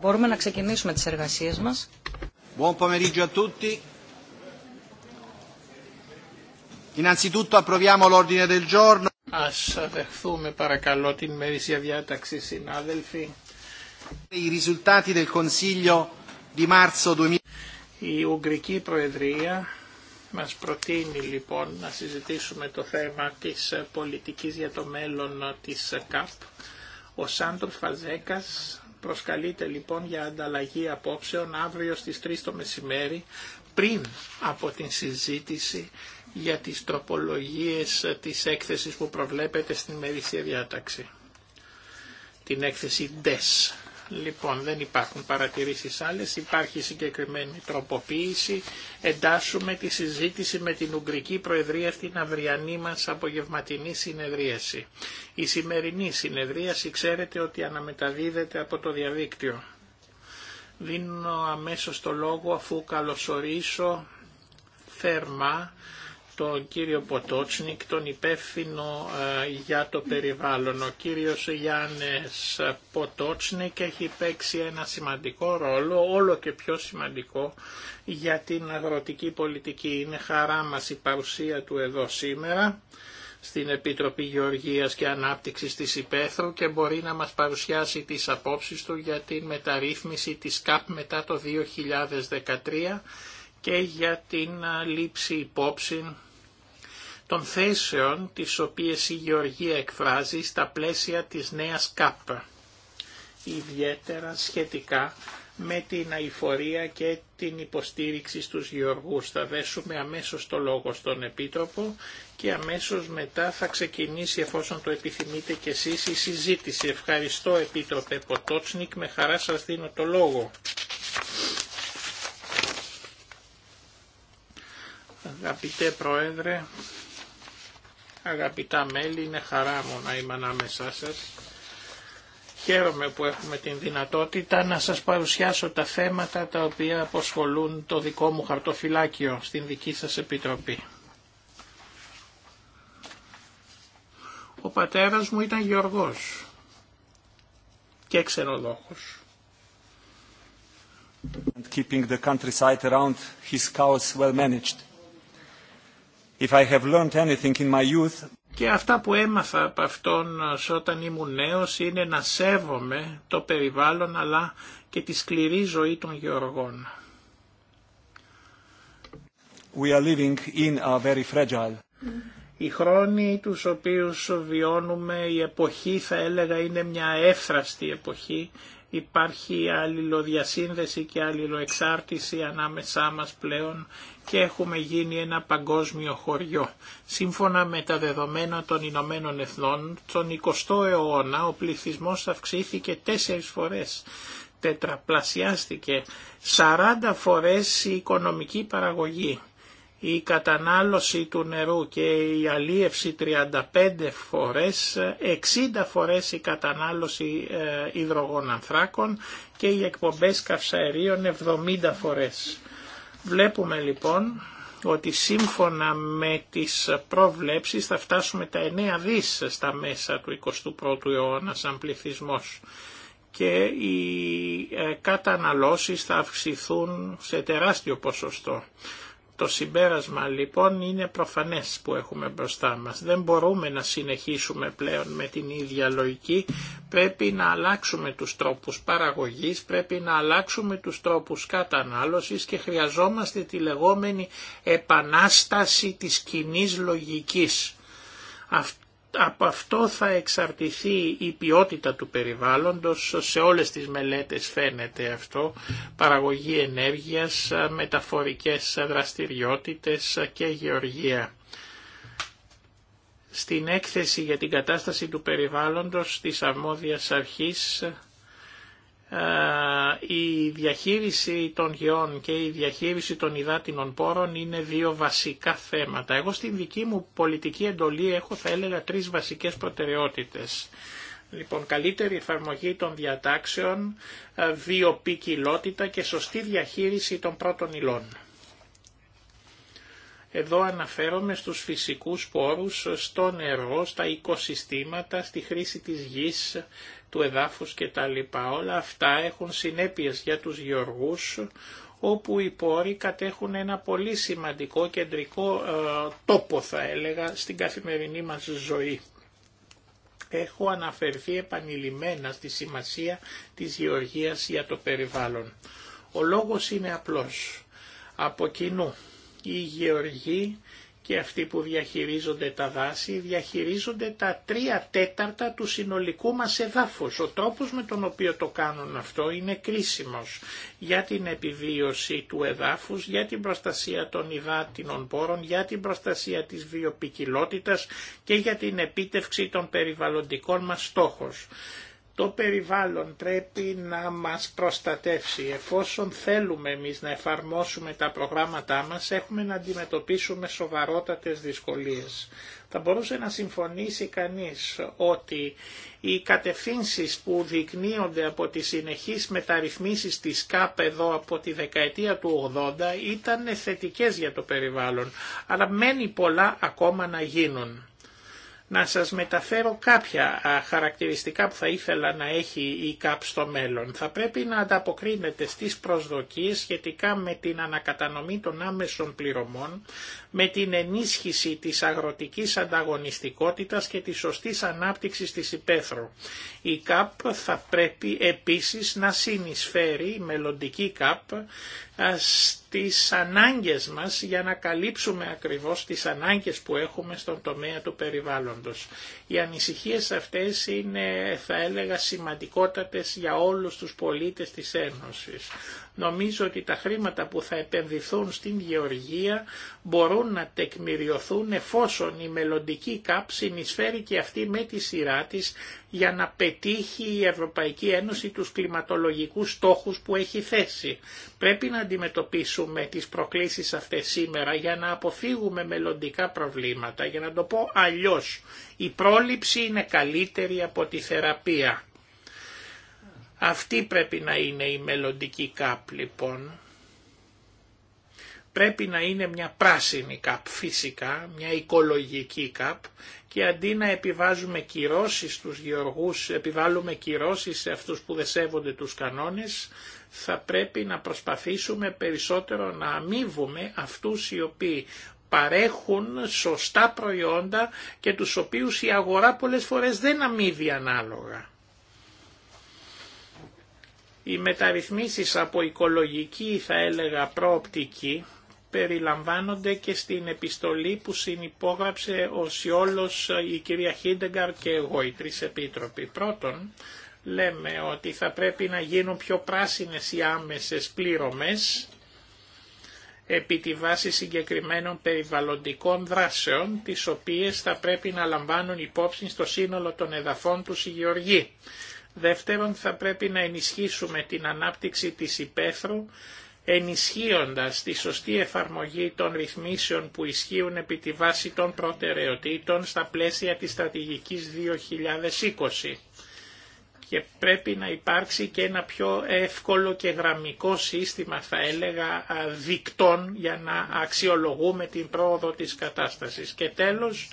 Μπορούμε να ξεκινήσουμε τις εργασίες μας. Buon pomeriggio a tutti. Innanzitutto approviamo l'ordine del giorno. Ας δεχθούμε παρακαλώ την μερίσια διάταξη συνάδελφοι. I risultati del Consiglio di marzo 2000. Η Ουγγρική Προεδρία μας προτείνει λοιπόν να συζητήσουμε το θέμα της πολιτικής για το μέλλον της ΚΑΠ. Ο Σάντορ Φαζέκας Προσκαλείται λοιπόν για ανταλλαγή απόψεων αύριο στις 3 το μεσημέρι πριν από την συζήτηση για τις τροπολογίες της έκθεσης που προβλέπεται στην μερίσια διάταξη. Την έκθεση DES. Λοιπόν, δεν υπάρχουν παρατηρήσεις άλλες, υπάρχει συγκεκριμένη τροποποίηση. Εντάσσουμε τη συζήτηση με την Ουγγρική Προεδρία στην αυριανή μας απογευματινή συνεδρίαση. Η σημερινή συνεδρίαση ξέρετε ότι αναμεταδίδεται από το διαδίκτυο. Δίνω αμέσως το λόγο αφού καλωσορίσω θερμά τον κύριο Ποτότσνικ, τον υπεύθυνο ε, για το περιβάλλον. Ο κύριος Γιάννης Ποτότσνικ έχει παίξει ένα σημαντικό ρόλο, όλο και πιο σημαντικό για την αγροτική πολιτική. Είναι χαρά μας η παρουσία του εδώ σήμερα στην Επιτροπή Γεωργίας και Ανάπτυξης της Υπέθρου και μπορεί να μας παρουσιάσει τις απόψεις του για την μεταρρύθμιση της ΚΑΠ μετά το 2013 και για την ε, λήψη υπόψη των θέσεων τις οποίες η Γεωργία εκφράζει στα πλαίσια της νέας ΚΑΠ, ιδιαίτερα σχετικά με την αηφορία και την υποστήριξη στους γεωργούς. Θα δέσουμε αμέσως το λόγο στον Επίτροπο και αμέσως μετά θα ξεκινήσει εφόσον το επιθυμείτε και εσείς η συζήτηση. Ευχαριστώ Επίτροπε Ποτότσνικ, με χαρά σας δίνω το λόγο. Αγαπητέ Πρόεδρε, Αγαπητά μέλη, είναι χαρά μου να είμαι ανάμεσά σας. Χαίρομαι που έχουμε την δυνατότητα να σας παρουσιάσω τα θέματα τα οποία αποσχολούν το δικό μου χαρτοφυλάκιο στην δική σας επιτροπή. Ο πατέρας μου ήταν γεωργός και ξενοδόχος. And keeping the countryside around his well managed. Και αυτά που έμαθα από αυτόν όταν ήμουν νέος είναι να σέβομαι το περιβάλλον αλλά και τη σκληρή ζωή των γεωργών. We are living in a very fragile. Οι χρόνοι τους οποίους βιώνουμε, η εποχή θα έλεγα είναι μια έφραστη εποχή υπάρχει αλληλοδιασύνδεση και αλληλοεξάρτηση ανάμεσά μας πλέον και έχουμε γίνει ένα παγκόσμιο χωριό. Σύμφωνα με τα δεδομένα των Ηνωμένων Εθνών, τον 20ο αιώνα ο πληθυσμός αυξήθηκε τέσσερις φορές τετραπλασιάστηκε 40 φορές η οικονομική παραγωγή η κατανάλωση του νερού και η αλίευση 35 φορές, 60 φορές η κατανάλωση ε, ανθράκων και οι εκπομπές καυσαερίων 70 φορές. Βλέπουμε λοιπόν ότι σύμφωνα με τις προβλέψεις θα φτάσουμε τα 9 δις στα μέσα του 21ου αιώνα σαν πληθυσμός και οι ε, καταναλώσεις θα αυξηθούν σε τεράστιο ποσοστό. Το συμπέρασμα λοιπόν είναι προφανές που έχουμε μπροστά μας. Δεν μπορούμε να συνεχίσουμε πλέον με την ίδια λογική. Πρέπει να αλλάξουμε τους τρόπους παραγωγής, πρέπει να αλλάξουμε τους τρόπους κατανάλωσης και χρειαζόμαστε τη λεγόμενη επανάσταση της κοινή λογικής. Αυτό από αυτό θα εξαρτηθεί η ποιότητα του περιβάλλοντος, σε όλες τις μελέτες φαίνεται αυτό, παραγωγή ενέργειας, μεταφορικές δραστηριότητες και γεωργία. Στην έκθεση για την κατάσταση του περιβάλλοντος της αρμόδιας αρχής ε, η διαχείριση των γεών και η διαχείριση των υδάτινων πόρων είναι δύο βασικά θέματα. Εγώ στην δική μου πολιτική εντολή έχω θα έλεγα τρεις βασικές προτεραιότητες. Λοιπόν, καλύτερη εφαρμογή των διατάξεων, ε, βιοπικιλότητα και σωστή διαχείριση των πρώτων υλών. Εδώ αναφέρομαι στους φυσικούς πόρους, στο νερό, στα οικοσυστήματα, στη χρήση της γης, του εδάφους λοιπά Όλα αυτά έχουν συνέπειες για τους γεωργούς όπου οι πόροι κατέχουν ένα πολύ σημαντικό κεντρικό ε, τόπο θα έλεγα στην καθημερινή μας ζωή. Έχω αναφερθεί επανειλημμένα στη σημασία της γεωργίας για το περιβάλλον. Ο λόγος είναι απλός. Από κοινού οι γεωργοί και αυτοί που διαχειρίζονται τα δάση διαχειρίζονται τα τρία τέταρτα του συνολικού μας εδάφους. Ο τρόπος με τον οποίο το κάνουν αυτό είναι κρίσιμος για την επιβίωση του εδάφους, για την προστασία των υδάτινων πόρων, για την προστασία της βιοπικιλότητας και για την επίτευξη των περιβαλλοντικών μας στόχων. Το περιβάλλον πρέπει να μας προστατεύσει. Εφόσον θέλουμε εμείς να εφαρμόσουμε τα προγράμματά μας, έχουμε να αντιμετωπίσουμε σοβαρότατες δυσκολίες. Θα μπορούσε να συμφωνήσει κανείς ότι οι κατευθύνσεις που δεικνύονται από τις συνεχείς μεταρρυθμίσεις της ΚΑΠ εδώ από τη δεκαετία του 80 ήταν θετικές για το περιβάλλον, αλλά μένει πολλά ακόμα να γίνουν να σας μεταφέρω κάποια χαρακτηριστικά που θα ήθελα να έχει η ΚΑΠ στο μέλλον. Θα πρέπει να ανταποκρίνεται στις προσδοκίες σχετικά με την ανακατανομή των άμεσων πληρωμών, με την ενίσχυση της αγροτικής ανταγωνιστικότητας και της σωστής ανάπτυξης της υπαίθρου. Η ΚΑΠ θα πρέπει επίσης να συνεισφέρει, η μελλοντική ΚΑΠ, στις ανάγκες μας για να καλύψουμε ακριβώς τις ανάγκες που έχουμε στον τομέα του περιβάλλοντος. Οι ανησυχίες αυτές είναι θα έλεγα σημαντικότατες για όλους τους πολίτες της Ένωσης. Νομίζω ότι τα χρήματα που θα επενδυθούν στην γεωργία μπορούν να τεκμηριωθούν εφόσον η μελλοντική ΚΑΠ συνεισφέρει και αυτή με τη σειρά της για να πετύχει η Ευρωπαϊκή Ένωση τους κλιματολογικούς στόχους που έχει θέσει. Πρέπει να αντιμετωπίσουμε τις προκλήσεις αυτές σήμερα για να αποφύγουμε μελλοντικά προβλήματα. Για να το πω αλλιώς, η πρόληψη είναι καλύτερη από τη θεραπεία. Αυτή πρέπει να είναι η μελλοντική ΚΑΠ λοιπόν. Πρέπει να είναι μια πράσινη ΚΑΠ φυσικά, μια οικολογική ΚΑΠ και αντί να επιβάζουμε κυρώσεις στους γεωργούς, επιβάλλουμε κυρώσεις σε αυτούς που δεν σέβονται τους κανόνες, θα πρέπει να προσπαθήσουμε περισσότερο να αμείβουμε αυτούς οι οποίοι παρέχουν σωστά προϊόντα και τους οποίους η αγορά πολλές φορές δεν αμείβει ανάλογα. Οι μεταρρυθμίσεις από οικολογική θα έλεγα προοπτική περιλαμβάνονται και στην επιστολή που συνυπόγραψε ο Σιόλος η κυρία Χίντεγκαρ και εγώ οι τρεις επίτροποι. Πρώτον, λέμε ότι θα πρέπει να γίνουν πιο πράσινες οι άμεσες πλήρωμες επί τη βάση συγκεκριμένων περιβαλλοντικών δράσεων, τις οποίες θα πρέπει να λαμβάνουν υπόψη στο σύνολο των εδαφών του η Δεύτερον, θα πρέπει να ενισχύσουμε την ανάπτυξη της υπαίθρου, ενισχύοντας τη σωστή εφαρμογή των ρυθμίσεων που ισχύουν επί τη βάση των προτεραιοτήτων στα πλαίσια της στρατηγικής 2020 και πρέπει να υπάρξει και ένα πιο εύκολο και γραμμικό σύστημα θα έλεγα δικτών για να αξιολογούμε την πρόοδο της κατάστασης. Και τέλος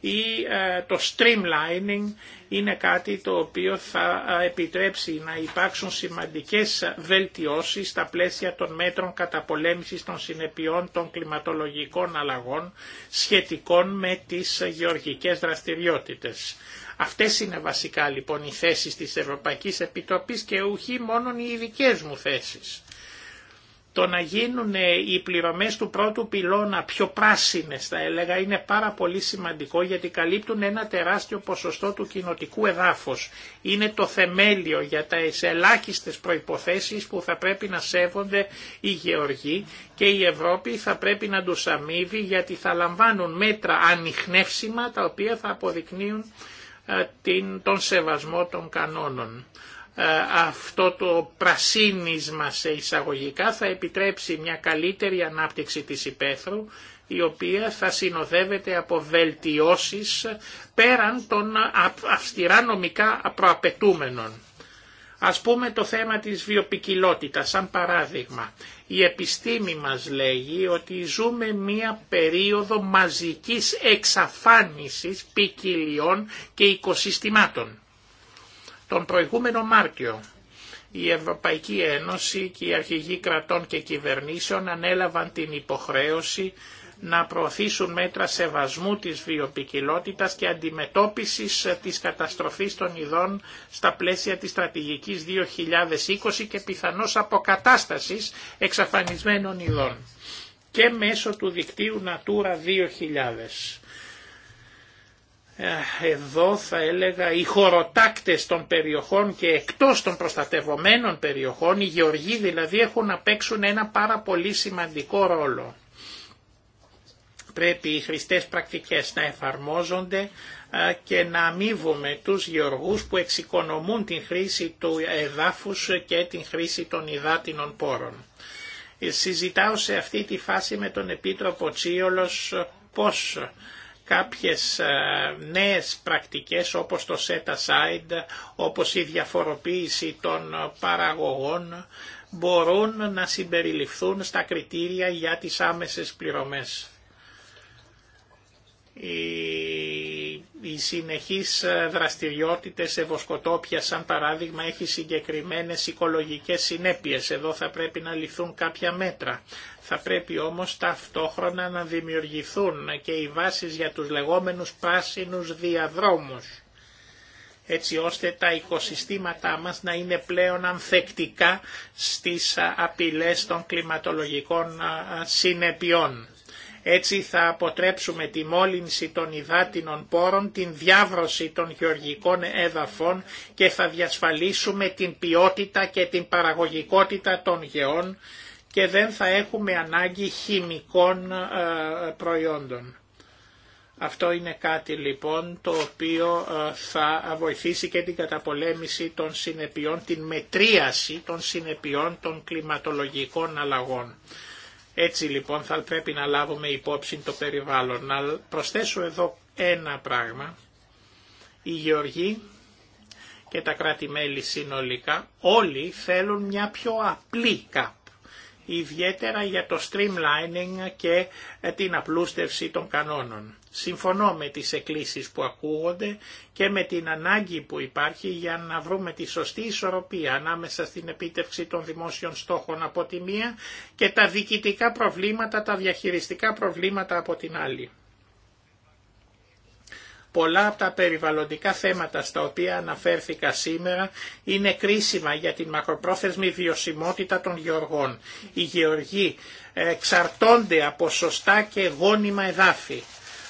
ή ε, το streamlining είναι κάτι το οποίο θα ε, επιτρέψει να υπάρξουν σημαντικές βελτιώσεις στα πλαίσια των μέτρων καταπολέμησης των συνεπειών των κλιματολογικών αλλαγών σχετικών με τις γεωργικές δραστηριότητες. Αυτές είναι βασικά λοιπόν οι θέσεις της Ευρωπαϊκής Επιτροπής και ουχή μόνο οι ειδικέ μου θέσεις. Το να γίνουν ε, οι πληρωμές του πρώτου πυλώνα πιο πράσινες θα έλεγα είναι πάρα πολύ σημαντικό γιατί καλύπτουν ένα τεράστιο ποσοστό του κοινοτικού εδάφους. Είναι το θεμέλιο για τα ελάχιστες προϋποθέσεις που θα πρέπει να σέβονται οι γεωργοί και η Ευρώπη θα πρέπει να τους αμείβει γιατί θα λαμβάνουν μέτρα ανιχνεύσιμα τα οποία θα αποδεικνύουν ε, τον σεβασμό των κανόνων. Ε, αυτό το πρασίνισμα σε εισαγωγικά θα επιτρέψει μια καλύτερη ανάπτυξη της υπαίθρου η οποία θα συνοδεύεται από βελτιώσεις πέραν των αυστηρά νομικά προαπαιτούμενων. Ας πούμε το θέμα της βιοπικιλότητας, σαν παράδειγμα. Η επιστήμη μας λέγει ότι ζούμε μία περίοδο μαζικής εξαφάνισης ποικιλιών και οικοσυστημάτων τον προηγούμενο Μάρτιο. Η Ευρωπαϊκή Ένωση και οι αρχηγοί κρατών και κυβερνήσεων ανέλαβαν την υποχρέωση να προωθήσουν μέτρα σεβασμού της βιοπικιλότητας και αντιμετώπισης της καταστροφής των ειδών στα πλαίσια της στρατηγικής 2020 και πιθανώς αποκατάστασης εξαφανισμένων ειδών και μέσω του δικτύου Natura 2000. Ε, εδώ θα έλεγα οι χωροτάκτες των περιοχών και εκτός των προστατευομένων περιοχών, οι γεωργοί δηλαδή έχουν να παίξουν ένα πάρα πολύ σημαντικό ρόλο. Πρέπει οι χρηστές πρακτικές να εφαρμόζονται και να αμείβουμε τους γεωργούς που εξοικονομούν την χρήση του εδάφους και την χρήση των υδάτινων πόρων. Ε, συζητάω σε αυτή τη φάση με τον Επίτροπο Τσίολος ε, πώς κάποιες ε, νέες πρακτικές όπως το set aside, όπως η διαφοροποίηση των παραγωγών μπορούν να συμπεριληφθούν στα κριτήρια για τις άμεσες πληρωμές. Οι συνεχείς ε, δραστηριότητες σε βοσκοτόπια σαν παράδειγμα έχει συγκεκριμένες οικολογικές συνέπειες. Εδώ θα πρέπει να ληφθούν κάποια μέτρα. Θα πρέπει όμως ταυτόχρονα να δημιουργηθούν και οι βάσεις για τους λεγόμενους πράσινους διαδρόμους, έτσι ώστε τα οικοσυστήματά μας να είναι πλέον ανθεκτικά στις απειλές των κλιματολογικών συνεπειών. Έτσι θα αποτρέψουμε τη μόλυνση των υδάτινων πόρων, την διάβρωση των γεωργικών έδαφων και θα διασφαλίσουμε την ποιότητα και την παραγωγικότητα των γεών και δεν θα έχουμε ανάγκη χημικών ε, προϊόντων. Αυτό είναι κάτι λοιπόν το οποίο ε, θα βοηθήσει και την καταπολέμηση των συνεπειών, την μετρίαση των συνεπειών των κλιματολογικών αλλαγών. Έτσι λοιπόν θα πρέπει να λάβουμε υπόψη το περιβάλλον. Να προσθέσω εδώ ένα πράγμα. Οι γεωργοί και τα κράτη-μέλη συνολικά όλοι θέλουν μια πιο απλή ΚΑΠ ιδιαίτερα για το streamlining και ε, την απλούστευση των κανόνων. Συμφωνώ με τις εκκλήσεις που ακούγονται και με την ανάγκη που υπάρχει για να βρούμε τη σωστή ισορροπία ανάμεσα στην επίτευξη των δημόσιων στόχων από τη μία και τα διοικητικά προβλήματα, τα διαχειριστικά προβλήματα από την άλλη. Πολλά από τα περιβαλλοντικά θέματα στα οποία αναφέρθηκα σήμερα είναι κρίσιμα για την μακροπρόθεσμη βιωσιμότητα των γεωργών. Οι γεωργοί εξαρτώνται από σωστά και γόνιμα εδάφη,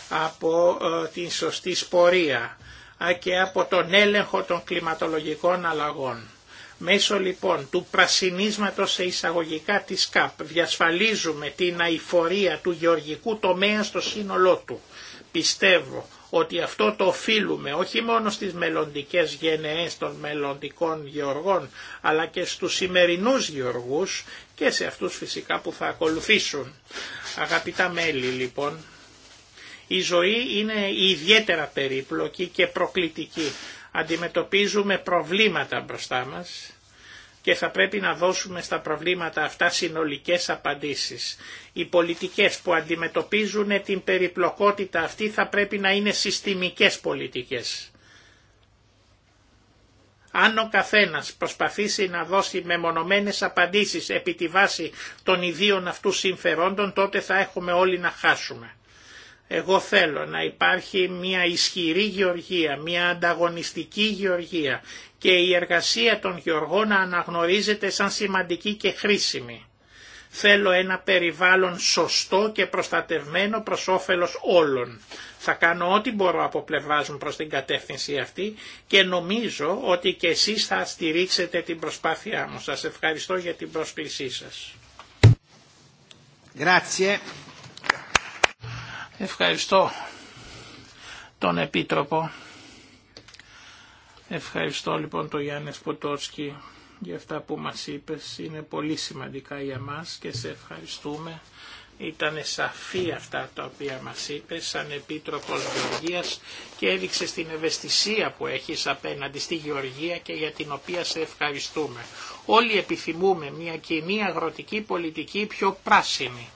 από ε, την σωστή σπορία και από τον έλεγχο των κλιματολογικών αλλαγών. Μέσω λοιπόν του πρασινίσματος σε εισαγωγικά της ΚΑΠ διασφαλίζουμε την αηφορία του γεωργικού τομέα στο σύνολό του. Πιστεύω ότι αυτό το οφείλουμε όχι μόνο στις μελλοντικέ γενναίες των μελλοντικών γεωργών, αλλά και στους σημερινούς γεωργούς και σε αυτούς φυσικά που θα ακολουθήσουν. Αγαπητά μέλη λοιπόν, η ζωή είναι ιδιαίτερα περίπλοκη και προκλητική. Αντιμετωπίζουμε προβλήματα μπροστά μας και θα πρέπει να δώσουμε στα προβλήματα αυτά συνολικές απαντήσεις. Οι πολιτικές που αντιμετωπίζουν την περιπλοκότητα αυτή θα πρέπει να είναι συστημικές πολιτικές. Αν ο καθένας προσπαθήσει να δώσει μεμονωμένες απαντήσεις επί τη βάση των ιδίων αυτού συμφερόντων, τότε θα έχουμε όλοι να χάσουμε. Εγώ θέλω να υπάρχει μια ισχυρή γεωργία, μια ανταγωνιστική γεωργία και η εργασία των γεωργών να αναγνωρίζεται σαν σημαντική και χρήσιμη. Θέλω ένα περιβάλλον σωστό και προστατευμένο προς όφελος όλων. Θα κάνω ό,τι μπορώ από πλευράς μου προς την κατεύθυνση αυτή και νομίζω ότι και εσείς θα στηρίξετε την προσπάθειά μου. Σας ευχαριστώ για την πρόσκλησή σας. Grazie. Ευχαριστώ τον Επίτροπο. Ευχαριστώ λοιπόν τον Γιάννη Σποτότσκι για αυτά που μας είπες. Είναι πολύ σημαντικά για μας και σε ευχαριστούμε. Ήταν σαφή αυτά τα οποία μας είπε, σαν Επίτροπος Γεωργίας και έδειξε την ευαισθησία που έχεις απέναντι στη Γεωργία και για την οποία σε ευχαριστούμε. Όλοι επιθυμούμε μια κοινή αγροτική πολιτική πιο πράσινη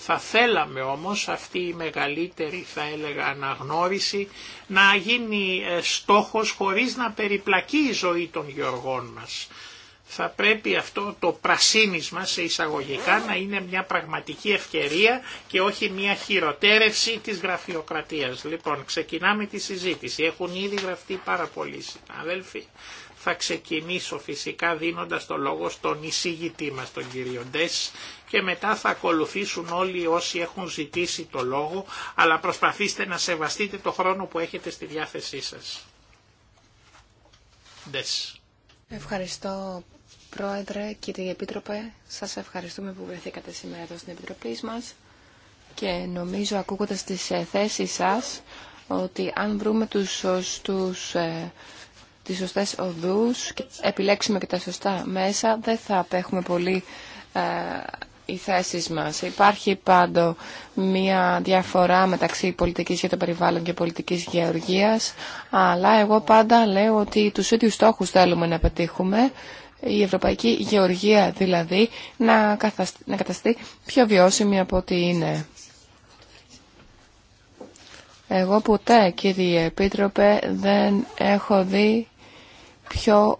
θα θέλαμε όμως αυτή η μεγαλύτερη θα έλεγα αναγνώριση να γίνει ε, στόχος χωρίς να περιπλακεί η ζωή των γεωργών μας. Θα πρέπει αυτό το πρασίνισμα σε εισαγωγικά να είναι μια πραγματική ευκαιρία και όχι μια χειροτέρευση της γραφειοκρατίας. Λοιπόν, ξεκινάμε τη συζήτηση. Έχουν ήδη γραφτεί πάρα πολλοί συνάδελφοι. Θα ξεκινήσω φυσικά δίνοντας το λόγο στον εισηγητή μας, τον κύριο Ντες, και μετά θα ακολουθήσουν όλοι όσοι έχουν ζητήσει το λόγο, αλλά προσπαθήστε να σεβαστείτε το χρόνο που έχετε στη διάθεσή σας. Ευχαριστώ Πρόεδρε, κύριε Επίτροπε, σας ευχαριστούμε που βρεθήκατε σήμερα εδώ στην Επιτροπή μας και νομίζω ακούγοντας τις ε, θέσεις σας ότι αν βρούμε τους σωστούς, ε, τις σωστές οδούς και επιλέξουμε και τα σωστά μέσα δεν θα απέχουμε πολύ ε, οι θέσεις μας. Υπάρχει πάντο μία διαφορά μεταξύ πολιτικής για το περιβάλλον και πολιτικής γεωργίας, αλλά εγώ πάντα λέω ότι τους ίδιους στόχους θέλουμε να πετύχουμε, η ευρωπαϊκή γεωργία δηλαδή, να να καταστεί πιο βιώσιμη από ό,τι είναι. Εγώ ποτέ, κύριε Επίτροπε, δεν έχω δει πιο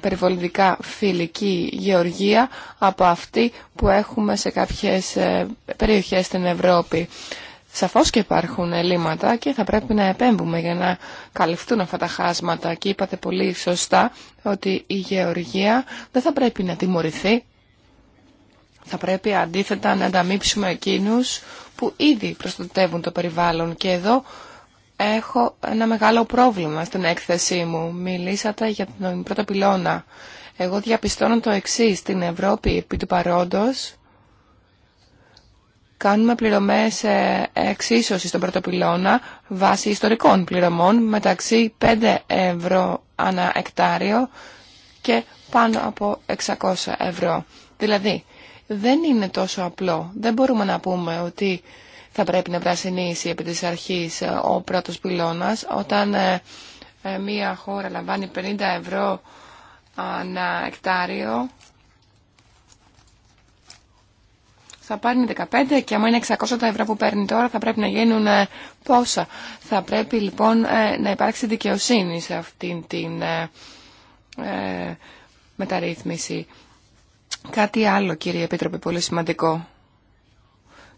περιβολητικά φιλική γεωργία από αυτή που έχουμε σε κάποιες ε, περιοχές στην Ευρώπη. Σαφώς και υπάρχουν ελλείμματα και θα πρέπει να επέμπουμε για να καλυφθούν αυτά τα χάσματα. Και είπατε πολύ σωστά ότι η γεωργία δεν θα πρέπει να τιμωρηθεί. Θα πρέπει αντίθετα να ανταμείψουμε εκείνους που ήδη προστατεύουν το περιβάλλον. Και εδώ έχω ένα μεγάλο πρόβλημα στην έκθεσή μου. Μιλήσατε για τον πρώτο πυλώνα. Εγώ διαπιστώνω το εξή στην Ευρώπη επί του παρόντος. Κάνουμε πληρωμές ε, εξίσωση στον πρώτο πυλώνα βάσει ιστορικών πληρωμών μεταξύ 5 ευρώ ανά εκτάριο και πάνω από 600 ευρώ. Δηλαδή, δεν είναι τόσο απλό. Δεν μπορούμε να πούμε ότι θα πρέπει να πρασινίσει επί της αρχής ε, ο πρώτος πυλώνας όταν ε, ε, μία χώρα λαμβάνει 50 ευρώ ανά εκτάριο θα πάρει 15 και άμα είναι 600 τα ευρώ που παίρνει τώρα θα πρέπει να γίνουν πόσα. Θα πρέπει λοιπόν να υπάρξει δικαιοσύνη σε αυτήν την μεταρρύθμιση. Κάτι άλλο κύριε Επίτροπε πολύ σημαντικό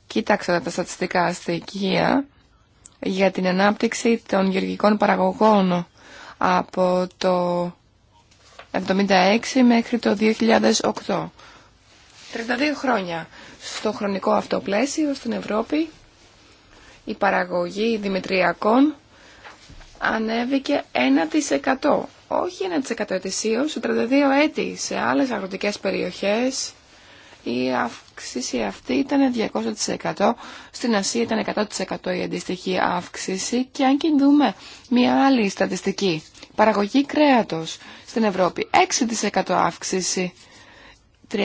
κοίταξα τα στατιστικά στοιχεία για την ανάπτυξη των γεωργικών παραγωγών από το 76 μέχρι το 2008. 32 χρόνια στο χρονικό αυτό πλαίσιο στην Ευρώπη η παραγωγή δημητριακών ανέβηκε 1%. Όχι 1% ετησίως, 32 έτη σε άλλες αγροτικές περιοχές η αύξηση αυτή ήταν 200%, στην Ασία ήταν 100% η αντίστοιχη αύξηση και αν κινδούμε μια άλλη στατιστική, παραγωγή κρέατος στην Ευρώπη, 6% αύξηση, 307%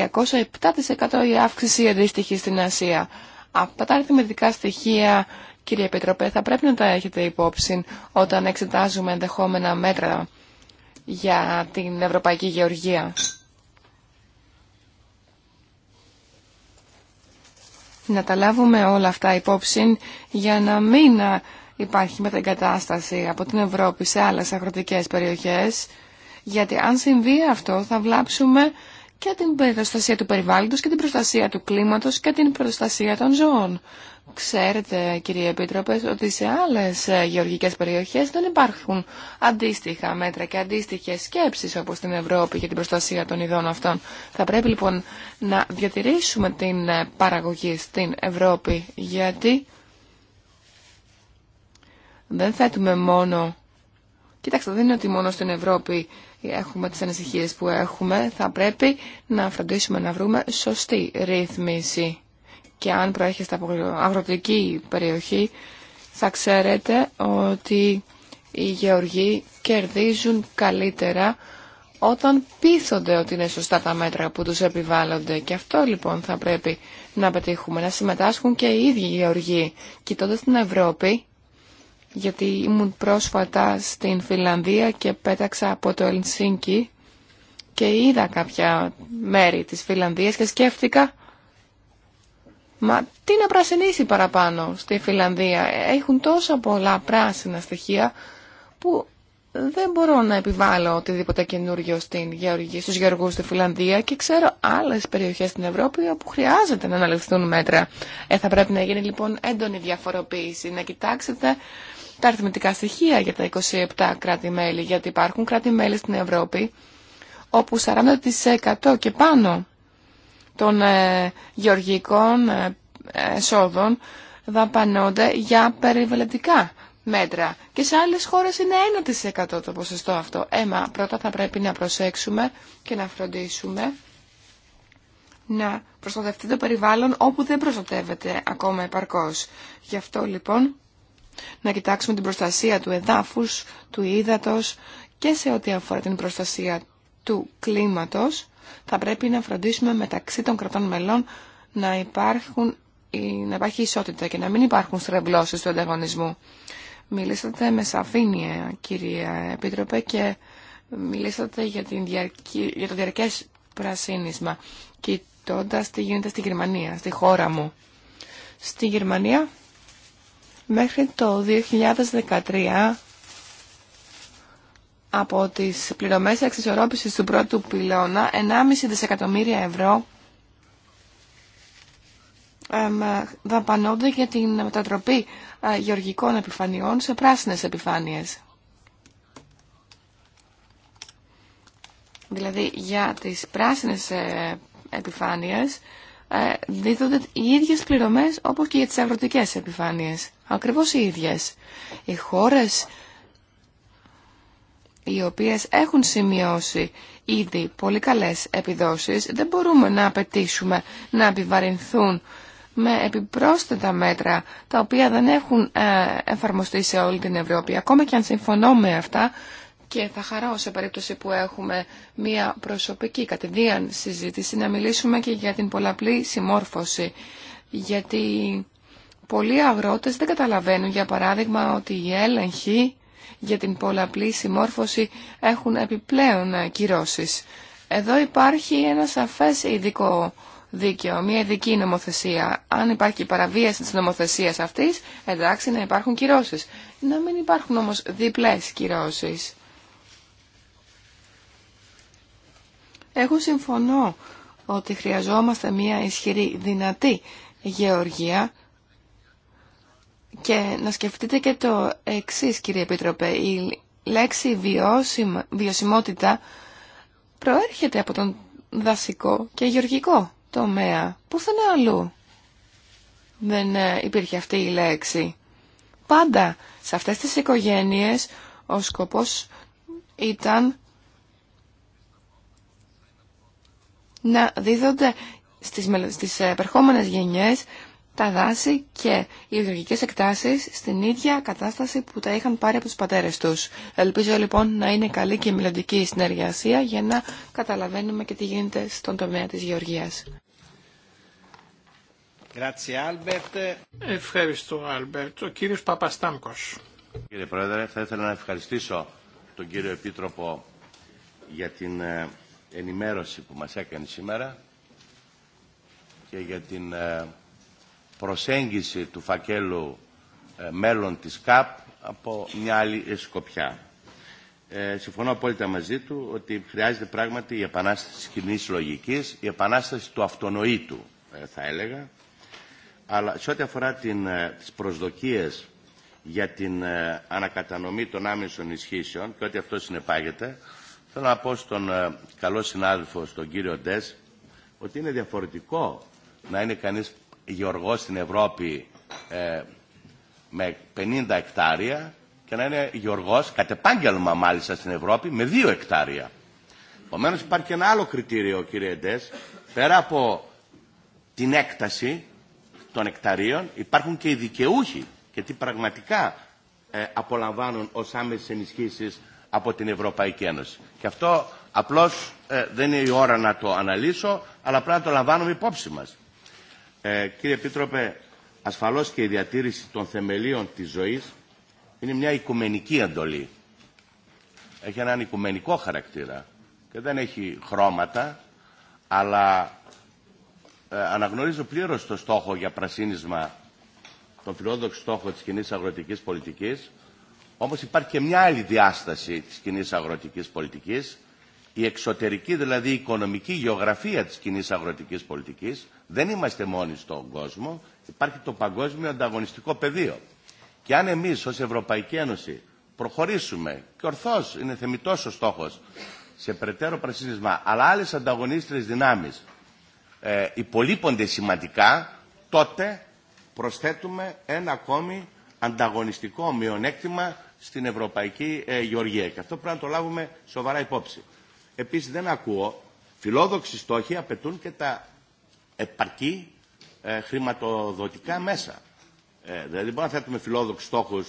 η αύξηση αντίστοιχη στην Ασία. Αυτά τα αριθμητικά στοιχεία, κύριε Επιτροπέ, θα πρέπει να τα έχετε υπόψη όταν εξετάζουμε ενδεχόμενα μέτρα για την Ευρωπαϊκή Γεωργία. να τα λάβουμε όλα αυτά υπόψη για να μην υπάρχει μεταγκατάσταση από την Ευρώπη σε άλλες αγροτικές περιοχές, γιατί αν συμβεί αυτό θα βλάψουμε και την προστασία του περιβάλλοντος και την προστασία του κλίματος και την προστασία των ζώων. Ξέρετε, κύριε Επίτροπε, ότι σε άλλες ε, γεωργικές περιοχές δεν υπάρχουν αντίστοιχα μέτρα και αντίστοιχες σκέψεις όπως στην Ευρώπη για την προστασία των ειδών αυτών. Θα πρέπει λοιπόν να διατηρήσουμε την ε, παραγωγή στην Ευρώπη γιατί δεν θέτουμε μόνο... Κοιτάξτε, δεν είναι ότι μόνο στην Ευρώπη έχουμε τις ανησυχίες που έχουμε, θα πρέπει να φροντίσουμε να βρούμε σωστή ρύθμιση. Και αν προέρχεστε από αγροτική περιοχή, θα ξέρετε ότι οι γεωργοί κερδίζουν καλύτερα όταν πείθονται ότι είναι σωστά τα μέτρα που τους επιβάλλονται. Και αυτό λοιπόν θα πρέπει να πετύχουμε, να συμμετάσχουν και οι ίδιοι οι γεωργοί. Κοιτώντας την Ευρώπη, γιατί ήμουν πρόσφατα στην Φιλανδία και πέταξα από το Ελσίνκι και είδα κάποια μέρη της Φιλανδίας και σκέφτηκα Μα τι να πρασινίσει παραπάνω στη Φιλανδία. Έχουν τόσα πολλά πράσινα στοιχεία που δεν μπορώ να επιβάλλω οτιδήποτε καινούργιο στην γεωργία, στους γεωργούς στη Φιλανδία και ξέρω άλλες περιοχές στην Ευρώπη όπου χρειάζεται να αναλυφθούν μέτρα. Ε, θα πρέπει να γίνει λοιπόν έντονη διαφοροποίηση, να κοιτάξετε τα αριθμητικά στοιχεία για τα 27 κράτη-μέλη, γιατί υπάρχουν κράτη-μέλη στην Ευρώπη όπου 40% και πάνω των ε, γεωργικών ε, εσόδων δαπανώνται για περιβαλλοντικά μέτρα. Και σε άλλες χώρες είναι 1% το ποσοστό αυτό. Έμα, πρώτα θα πρέπει να προσέξουμε και να φροντίσουμε να προστατευτεί το περιβάλλον όπου δεν προστατεύεται ακόμα επαρκώς. Γι' αυτό λοιπόν να κοιτάξουμε την προστασία του εδάφους, του ύδατος και σε ό,τι αφορά την προστασία του κλίματος θα πρέπει να φροντίσουμε μεταξύ των κρατών μελών να, υπάρχουν, να υπάρχει ισότητα και να μην υπάρχουν στρεμπλώσεις του ανταγωνισμού. Μιλήσατε με σαφήνεια κυρία Επίτροπε και μιλήσατε για, την για το διαρκές πρασίνισμα κοιτώντα τι γίνεται στη Γερμανία, στη χώρα μου. Στη Γερμανία Μέχρι το 2013 από τις πληρωμές εξισορρόπησης του πρώτου πυλώνα 1,5 δισεκατομμύρια ευρώ δαπανώνται για την μετατροπή ε, γεωργικών επιφανειών σε πράσινες επιφάνειες. Δηλαδή για τις πράσινες ε, επιφάνειες ε, δίδονται οι ίδιες πληρωμές όπως και για τις αγροτικές επιφάνειες ακριβώς οι ίδιες. Οι χώρες οι οποίες έχουν σημειώσει ήδη πολύ καλές επιδόσεις, δεν μπορούμε να απαιτήσουμε να επιβαρυνθούν με επιπρόσθετα μέτρα, τα οποία δεν έχουν ε, εφαρμοστεί σε όλη την Ευρώπη. Ακόμα και αν συμφωνώ με αυτά, και θα χαρώ σε περίπτωση που έχουμε μία προσωπική κατηδίαν συζήτηση να μιλήσουμε και για την πολλαπλή συμμόρφωση. Γιατί πολλοί αγρότες δεν καταλαβαίνουν, για παράδειγμα, ότι οι έλεγχοι για την πολλαπλή συμμόρφωση έχουν επιπλέον κυρώσεις. Εδώ υπάρχει ένα σαφές ειδικό δίκαιο, μια ειδική νομοθεσία. Αν υπάρχει παραβίαση της νομοθεσίας αυτής, εντάξει να υπάρχουν κυρώσεις. Να μην υπάρχουν όμως διπλές κυρώσεις. Εγώ συμφωνώ ότι χρειαζόμαστε μια ισχυρή, δυνατή γεωργία και να σκεφτείτε και το εξή, κύριε Επίτροπε. Η λέξη βιωσιμότητα προέρχεται από τον δασικό και γεωργικό τομέα. είναι αλλού δεν ε, υπήρχε αυτή η λέξη. Πάντα σε αυτές τις οικογένειες ο σκοπός ήταν να δίδονται στις, στις ε, επερχόμενες γενιές τα δάση και οι γεωργικές εκτάσεις στην ίδια κατάσταση που τα είχαν πάρει από του πατέρες τους. Ελπίζω λοιπόν να είναι καλή και η συνεργασία για να καταλαβαίνουμε και τι γίνεται στον τομέα της γεωργίας. Ευχαριστώ Άλμπερτ. Ο κύριος Παπαστάμκος. Κύριε Πρόεδρε, θα ήθελα να ευχαριστήσω τον κύριο Επίτροπο για την ε, ενημέρωση που μας έκανε σήμερα και για την ε, προσέγγιση του φακέλου ε, μέλων της ΚΑΠ από μια άλλη σκοπιά. Ε, συμφωνώ απόλυτα μαζί του ότι χρειάζεται πράγματι η επανάσταση της κοινή λογικής, η επανάσταση του αυτονοήτου, ε, θα έλεγα. Αλλά σε ό,τι αφορά την, ε, τις προσδοκίες για την ανακατανομή των άμεσων ισχύσεων και ό,τι αυτό συνεπάγεται, θέλω να πω στον καλό συνάδελφο, στον κύριο Ντές, ότι είναι διαφορετικό να είναι κανείς γεωργό στην Ευρώπη ε, με 50 εκτάρια και να είναι γεωργό, κατ' επάγγελμα μάλιστα στην Ευρώπη με 2 εκτάρια. Επομένω υπάρχει και ένα άλλο κριτήριο κύριε Ντές. Πέρα από την έκταση των εκταρίων υπάρχουν και οι δικαιούχοι και τι πραγματικά ε, απολαμβάνουν ως άμεσες ενισχύσεις από την Ευρωπαϊκή Ένωση. Και αυτό απλώς ε, δεν είναι η ώρα να το αναλύσω αλλά πρέπει να το λαμβάνουμε υπόψη μας. Ε, κύριε Επίτροπε, ασφαλώς και η διατήρηση των θεμελίων της ζωής είναι μια οικουμενική εντολή. Έχει έναν οικουμενικό χαρακτήρα και δεν έχει χρώματα, αλλά ε, αναγνωρίζω πλήρως το στόχο για πρασίνισμα, τον φιλόδοξο στόχο της κοινή αγροτικής πολιτικής, όμως υπάρχει και μια άλλη διάσταση της κοινή αγροτικής πολιτικής, η εξωτερική δηλαδή η οικονομική γεωγραφία της κοινή αγροτικής πολιτικής, δεν είμαστε μόνοι στον κόσμο, υπάρχει το παγκόσμιο ανταγωνιστικό πεδίο. Και αν εμείς ως Ευρωπαϊκή Ένωση προχωρήσουμε, και ορθώς είναι θεμητός ο στόχος, σε περαιτέρω πρασίνισμα, αλλά άλλες ανταγωνίστρες δυνάμεις ε, υπολείπονται σημαντικά, τότε προσθέτουμε ένα ακόμη ανταγωνιστικό μειονέκτημα στην Ευρωπαϊκή ε, Γεωργία. Και αυτό πρέπει να το λάβουμε σοβαρά υπόψη επίσης δεν ακούω, φιλόδοξοι στόχοι απαιτούν και τα επαρκή ε, χρηματοδοτικά μέσα. Ε, δηλαδή μπορούμε να θέτουμε φιλόδοξους στόχους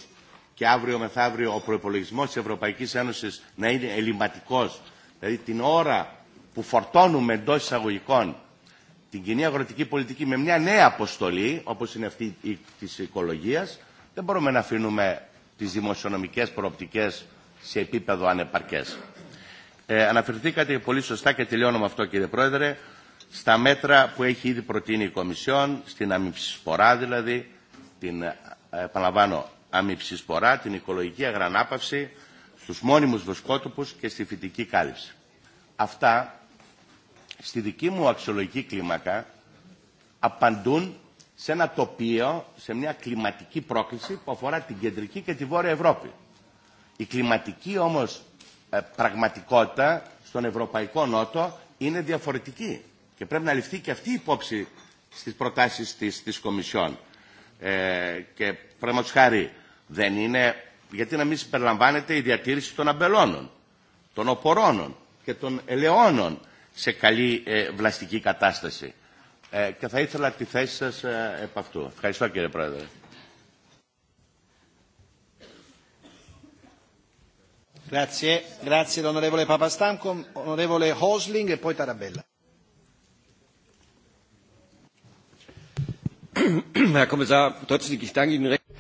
και αύριο μεθαύριο ο προπολογισμό της Ευρωπαϊκής Ένωσης να είναι ελληματικός. Δηλαδή την ώρα που φορτώνουμε εντό εισαγωγικών την κοινή αγροτική πολιτική με μια νέα αποστολή, όπως είναι αυτή της οικολογίας, δεν μπορούμε να αφήνουμε τις δημοσιονομικές προοπτικές σε επίπεδο ανεπαρκές. Ε, αναφερθήκατε πολύ σωστά και τελειώνω με αυτό κύριε Πρόεδρε στα μέτρα που έχει ήδη προτείνει η Κομισιόν, στην αμυψισπορά δηλαδή, την, ε, επαναλαμβάνω, αμυψισπορά, την οικολογική αγρανάπαυση, στους μόνιμους βοσκότοπους και στη φυτική κάλυψη. Αυτά, στη δική μου αξιολογική κλίμακα, απαντούν σε ένα τοπίο, σε μια κλιματική πρόκληση που αφορά την κεντρική και τη βόρεια Ευρώπη. Η κλιματική όμως ε, πραγματικότητα στον Ευρωπαϊκό Νότο είναι διαφορετική. Και πρέπει να ληφθεί και αυτή η υπόψη στις προτάσεις της, της Κομισιόν. Ε, και πράγματος χάρη δεν είναι... Γιατί να μην συμπεριλαμβάνεται η διατήρηση των αμπελώνων, των οπορώνων και των ελαιώνων σε καλή ε, βλαστική κατάσταση. και θα ήθελα τη θέση σας επ' αυτού. Ευχαριστώ κύριε Πρόεδρε. Grazie, grazie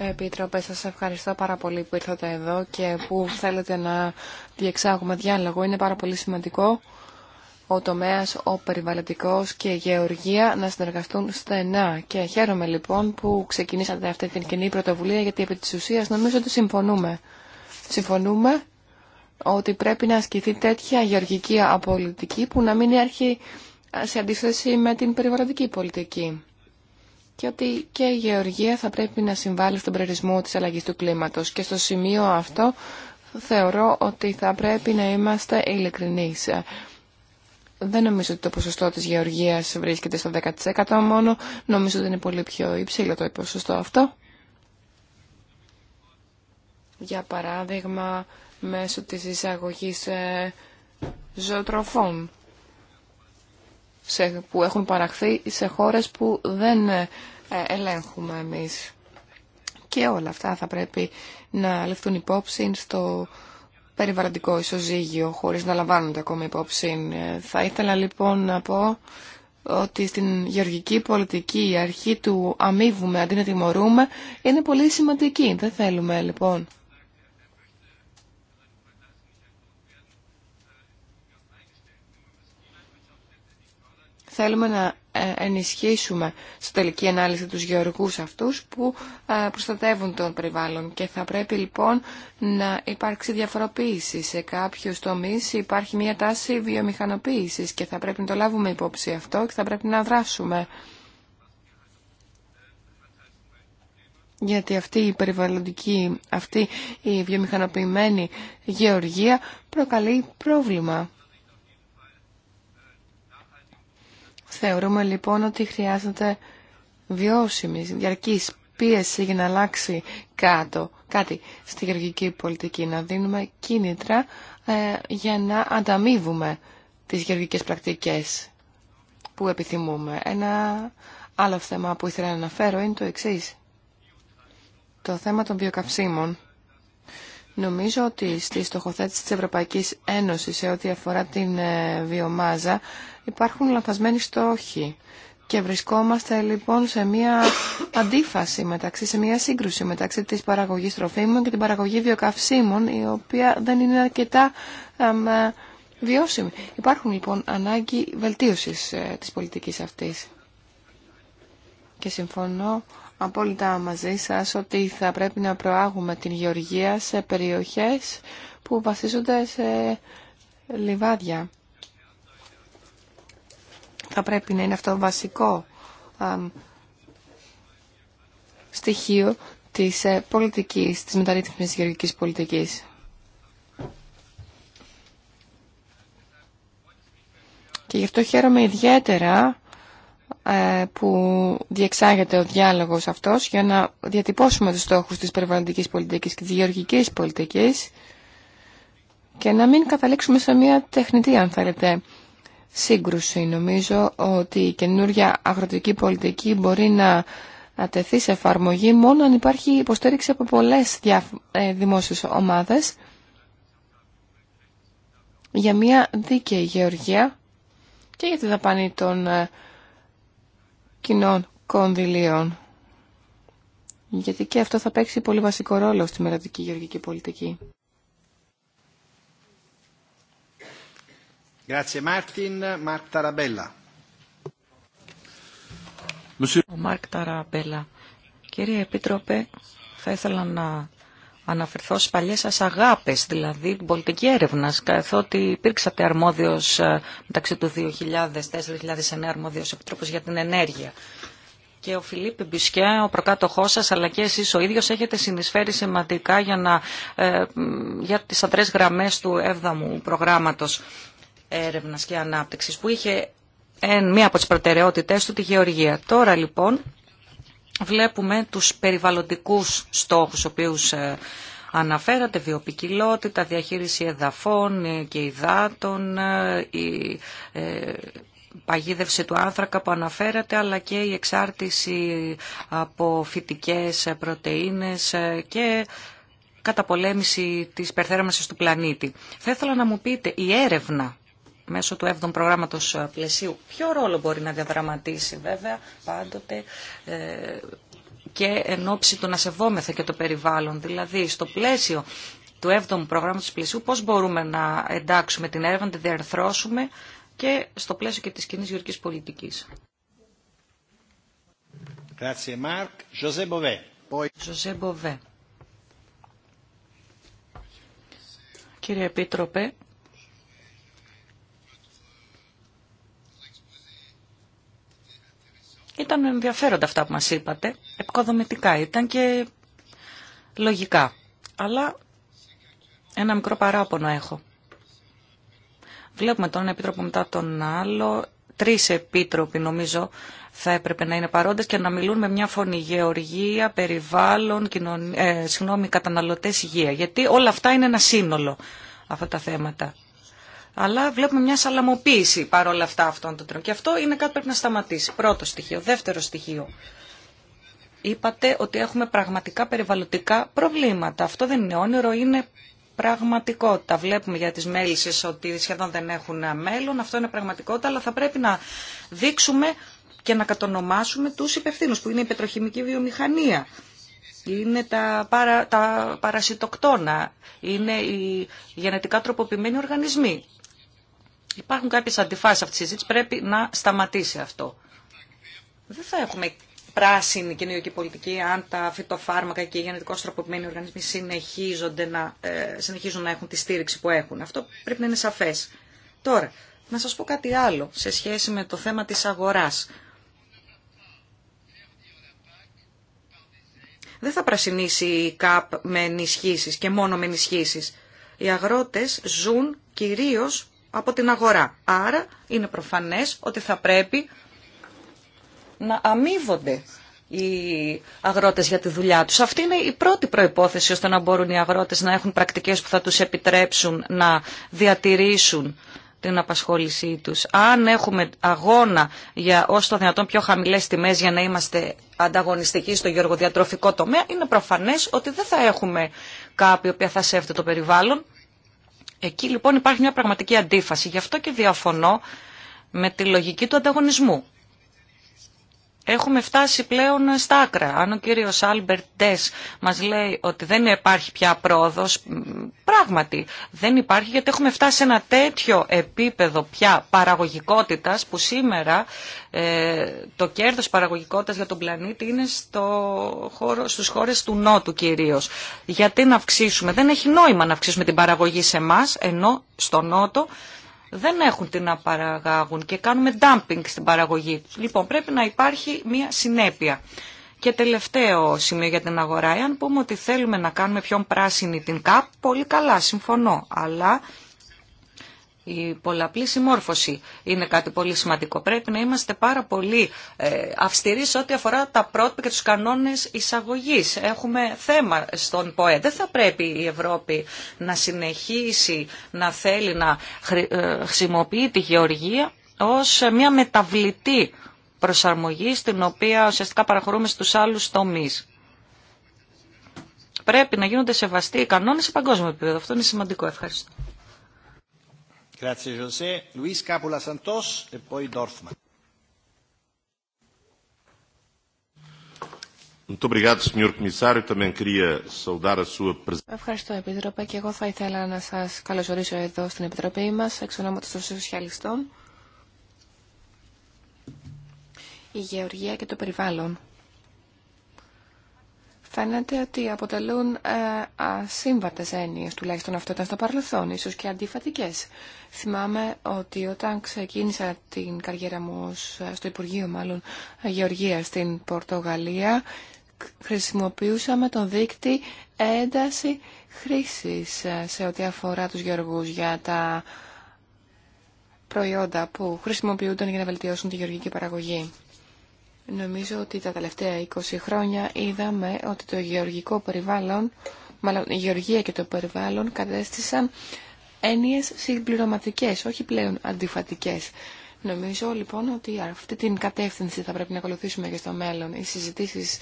Επίτροπε, σα ευχαριστώ πάρα πολύ που ήρθατε εδώ και που θέλετε να διεξάγουμε διάλογο. Είναι πάρα πολύ σημαντικό ο τομέας, ο περιβαλλοντικό και η γεωργία να συνεργαστούν στενά. Και χαίρομαι λοιπόν που ξεκινήσατε αυτή την κοινή πρωτοβουλία γιατί επί τη ουσία, νομίζω ότι συμφωνούμε. Συμφωνούμε ότι πρέπει να ασκηθεί τέτοια γεωργική απολυτική που να μην έρχει σε αντίθεση με την περιβαλλοντική πολιτική. Και ότι και η γεωργία θα πρέπει να συμβάλλει στον προορισμό της αλλαγής του κλίματος. Και στο σημείο αυτό θεωρώ ότι θα πρέπει να είμαστε ειλικρινεί. Δεν νομίζω ότι το ποσοστό της γεωργίας βρίσκεται στο 10% μόνο. Νομίζω ότι είναι πολύ πιο υψηλό το ποσοστό αυτό. Για παράδειγμα, μέσω της εισαγωγής ε, ζωοτροφών που έχουν παραχθεί σε χώρες που δεν ε, ελέγχουμε εμείς. Και όλα αυτά θα πρέπει να λεφτούν υπόψη στο περιβαλλοντικό ισοζύγιο, χωρίς να λαμβάνονται ακόμα υπόψη. Ε, θα ήθελα λοιπόν να πω ότι στην γεωργική πολιτική η αρχή του αμείβουμε αντί να τιμωρούμε είναι πολύ σημαντική. Δεν θέλουμε λοιπόν θέλουμε να ε, ενισχύσουμε στο τελική ανάλυση τους γεωργούς αυτούς που ε, προστατεύουν τον περιβάλλον και θα πρέπει λοιπόν να υπάρξει διαφοροποίηση. Σε κάποιους τομείς υπάρχει μια τάση βιομηχανοποίησης και θα πρέπει να το λάβουμε υπόψη αυτό και θα πρέπει να δράσουμε. γιατί αυτή η περιβαλλοντική, αυτή η βιομηχανοποιημένη γεωργία προκαλεί πρόβλημα. Θεωρούμε λοιπόν ότι χρειάζεται βιώσιμη, διαρκή πίεση για να αλλάξει κάτω, κάτι στη γεωργική πολιτική, να δίνουμε κίνητρα ε, για να ανταμείβουμε τις γεωργικές πρακτικές που επιθυμούμε. Ένα άλλο θέμα που ήθελα να αναφέρω είναι το εξής. Το θέμα των βιοκαυσίμων. Νομίζω ότι στη στοχοθέτηση της Ευρωπαϊκής Ένωσης σε ό,τι αφορά την ε, βιομάζα υπάρχουν λανθασμένοι στόχοι. Και βρισκόμαστε λοιπόν σε μια αντίφαση μεταξύ, σε μια σύγκρουση μεταξύ της παραγωγής τροφίμων και την παραγωγή βιοκαυσίμων, η οποία δεν είναι αρκετά ε, βιώσιμη. Υπάρχουν λοιπόν ανάγκη βελτίωσης ε, της πολιτικής αυτής. Και συμφωνώ απόλυτα μαζί σας ότι θα πρέπει να προάγουμε την γεωργία σε περιοχές που βασίζονται σε λιβάδια. Θα πρέπει να είναι αυτό βασικό στοιχείο της ε, πολιτικής, της μεταρρύθμισης γεωργικής πολιτικής. Και γι' αυτό χαίρομαι ιδιαίτερα ε, που διεξάγεται ο διάλογος αυτός για να διατυπώσουμε τους στόχους της περιβαλλοντικής πολιτικής και της γεωργικής πολιτικής και να μην καταλήξουμε σε μια τεχνητή, αν θέλετε, σύγκρουση. Νομίζω ότι η καινούργια αγροτική πολιτική μπορεί να τεθεί σε εφαρμογή μόνο αν υπάρχει υποστήριξη από πολλές ε, δημόσιες ομάδες για μια δίκαιη γεωργία και για τη δαπάνη των ε, κοινών κονδυλίων. Γιατί και αυτό θα παίξει πολύ βασικό ρόλο στη μερατική γεωργική πολιτική. Grazie Martin, Mark Tarabella. Ο Μάρκ Ταραμπέλα. Κύριε Επίτροπε, θα ήθελα να αναφερθώ στις παλιές σας αγάπες, δηλαδή την πολιτική έρευνα, καθότι υπήρξατε αρμόδιος ε, μεταξύ του 2004-2009 αρμόδιος επιτρόπος για την ενέργεια. Και ο Φιλίπ Μπισκέ, ο προκάτοχό σα, αλλά και εσεί ο ίδιο, έχετε συνεισφέρει σημαντικά για, να, ε, για τι αντρέ γραμμέ του 7ου προγράμματο έρευνα και ανάπτυξη, που είχε μία από τι προτεραιότητέ του τη γεωργία. Τώρα λοιπόν βλέπουμε τους περιβαλλοντικούς στόχους, οποίους ε, αναφέρατε, βιοπικιλότητα, διαχείριση εδαφών ε, και υδάτων, ε, η παγίδευση του άνθρακα που αναφέρατε, αλλά και η εξάρτηση από φυτικές πρωτεΐνες και καταπολέμηση της υπερθέρμανσης του πλανήτη. Θα ήθελα να μου πείτε, η έρευνα μέσω του 7ου προγράμματος ε, πλαισίου. Ποιο ρόλο μπορεί να διαδραματίσει βέβαια πάντοτε ε, και εν ώψη του να σεβόμεθα και το περιβάλλον. Δηλαδή στο πλαίσιο του 7ου προγράμματος πλαισίου πώς μπορούμε να εντάξουμε την έρευνα, να τη διαρθρώσουμε και στο πλαίσιο και της κοινή γεωργικής πολιτικής. José Κύριε Επίτροπε, Ήταν ενδιαφέροντα αυτά που μας είπατε, επικοδομητικά ήταν και λογικά. Αλλά ένα μικρό παράπονο έχω. Βλέπουμε τον επίτροπο μετά τον άλλο, τρεις επίτροποι νομίζω θα έπρεπε να είναι παρόντες και να μιλούν με μια φωνή γεωργία, περιβάλλον, κοινων... ε, καταναλωτές υγεία. Γιατί όλα αυτά είναι ένα σύνολο αυτά τα θέματα αλλά βλέπουμε μια σαλαμοποίηση παρόλα αυτά αυτών των τρών. Και αυτό είναι κάτι που πρέπει να σταματήσει. Πρώτο στοιχείο. Δεύτερο στοιχείο. Είπατε ότι έχουμε πραγματικά περιβαλλοντικά προβλήματα. Αυτό δεν είναι όνειρο, είναι πραγματικότητα. Βλέπουμε για τις μέλισσες ότι σχεδόν δεν έχουν μέλλον, αυτό είναι πραγματικότητα, αλλά θα πρέπει να δείξουμε και να κατονομάσουμε τους υπευθύνους, που είναι η πετροχημική βιομηχανία, είναι τα, παρα, τα παρασιτοκτόνα, είναι οι γενετικά τροποποιημένοι οργανισμοί. Υπάρχουν κάποιες αντιφάσεις αυτή τη συζήτηση, πρέπει να σταματήσει αυτό. Δεν θα έχουμε πράσινη κοινωνική πολιτική αν τα φυτοφάρμακα και οι γενετικώ τροποποιημένοι οργανισμοί συνεχίζονται να, ε, συνεχίζουν να έχουν τη στήριξη που έχουν. Αυτό πρέπει να είναι σαφέ. Τώρα, να σας πω κάτι άλλο σε σχέση με το θέμα τη αγορά. Δεν θα πρασινίσει η ΚΑΠ με ενισχύσει και μόνο με ενισχύσει. Οι αγρότες ζουν κυρίως από την αγορά. Άρα είναι προφανές ότι θα πρέπει να αμείβονται οι αγρότες για τη δουλειά τους. Αυτή είναι η πρώτη προϋπόθεση ώστε να μπορούν οι αγρότες να έχουν πρακτικές που θα τους επιτρέψουν να διατηρήσουν την απασχόλησή τους. Αν έχουμε αγώνα για όσο το δυνατόν πιο χαμηλές τιμές για να είμαστε ανταγωνιστικοί στο γεωργοδιατροφικό τομέα, είναι προφανές ότι δεν θα έχουμε κάποιοι που θα σέβεται το περιβάλλον, Εκεί λοιπόν υπάρχει μια πραγματική αντίφαση. Γι' αυτό και διαφωνώ με τη λογική του ανταγωνισμού. Έχουμε φτάσει πλέον στα άκρα. Αν ο κύριος Άλμπερτ Ντες μας λέει ότι δεν υπάρχει πια πρόοδος, πράγματι δεν υπάρχει γιατί έχουμε φτάσει σε ένα τέτοιο επίπεδο πια παραγωγικότητας που σήμερα ε, το κέρδος παραγωγικότητας για τον πλανήτη είναι στο χώρο, στους χώρες του Νότου κυρίως. Γιατί να αυξήσουμε, δεν έχει νόημα να αυξήσουμε την παραγωγή σε εμά, ενώ στο Νότο δεν έχουν τι να παραγάγουν και κάνουμε dumping στην παραγωγή. Λοιπόν, πρέπει να υπάρχει μια συνέπεια. Και τελευταίο σημείο για την αγορά, εάν πούμε ότι θέλουμε να κάνουμε πιο πράσινη την ΚΑΠ, πολύ καλά, συμφωνώ. Αλλά η πολλαπλή συμμόρφωση είναι κάτι πολύ σημαντικό. Πρέπει να είμαστε πάρα πολύ ε, αυστηροί σε ό,τι αφορά τα πρότυπα και τους κανόνες εισαγωγής. Έχουμε θέμα στον ΠΟΕ. Δεν θα πρέπει η Ευρώπη να συνεχίσει να θέλει να ε, χρησιμοποιεί τη γεωργία ως μια μεταβλητή προσαρμογή στην οποία ουσιαστικά παραχωρούμε στους άλλους τομείς. Πρέπει να γίνονται σεβαστοί οι κανόνες σε παγκόσμιο επίπεδο. Αυτό είναι σημαντικό. Ευχαριστώ ευχαριστω e Ευχαριστώ, Επίτροπε, και εγώ θα ήθελα να σα καλωσορίσω εδώ στην Επιτροπή μα, εξ ονόματος των Σοσιαλιστών, η Γεωργία και το Περιβάλλον φαίνεται ότι αποτελούν ε, ασύμβατες έννοιες, τουλάχιστον αυτό ήταν στο παρελθόν, ίσως και αντιφατικές. Θυμάμαι ότι όταν ξεκίνησα την καριέρα μου ε, στο Υπουργείο μάλλον ε, Γεωργία στην Πορτογαλία, χρησιμοποιούσαμε τον δείκτη ένταση χρήσης ε, σε ό,τι αφορά τους γεωργούς για τα προϊόντα που χρησιμοποιούνταν για να βελτιώσουν τη γεωργική παραγωγή. Νομίζω ότι τα τελευταία 20 χρόνια είδαμε ότι το γεωργικό περιβάλλον, μάλλον η γεωργία και το περιβάλλον κατέστησαν έννοιες συμπληρωματικές, όχι πλέον αντιφατικές. Νομίζω λοιπόν ότι αυτή την κατεύθυνση θα πρέπει να ακολουθήσουμε και στο μέλλον. Οι συζητήσεις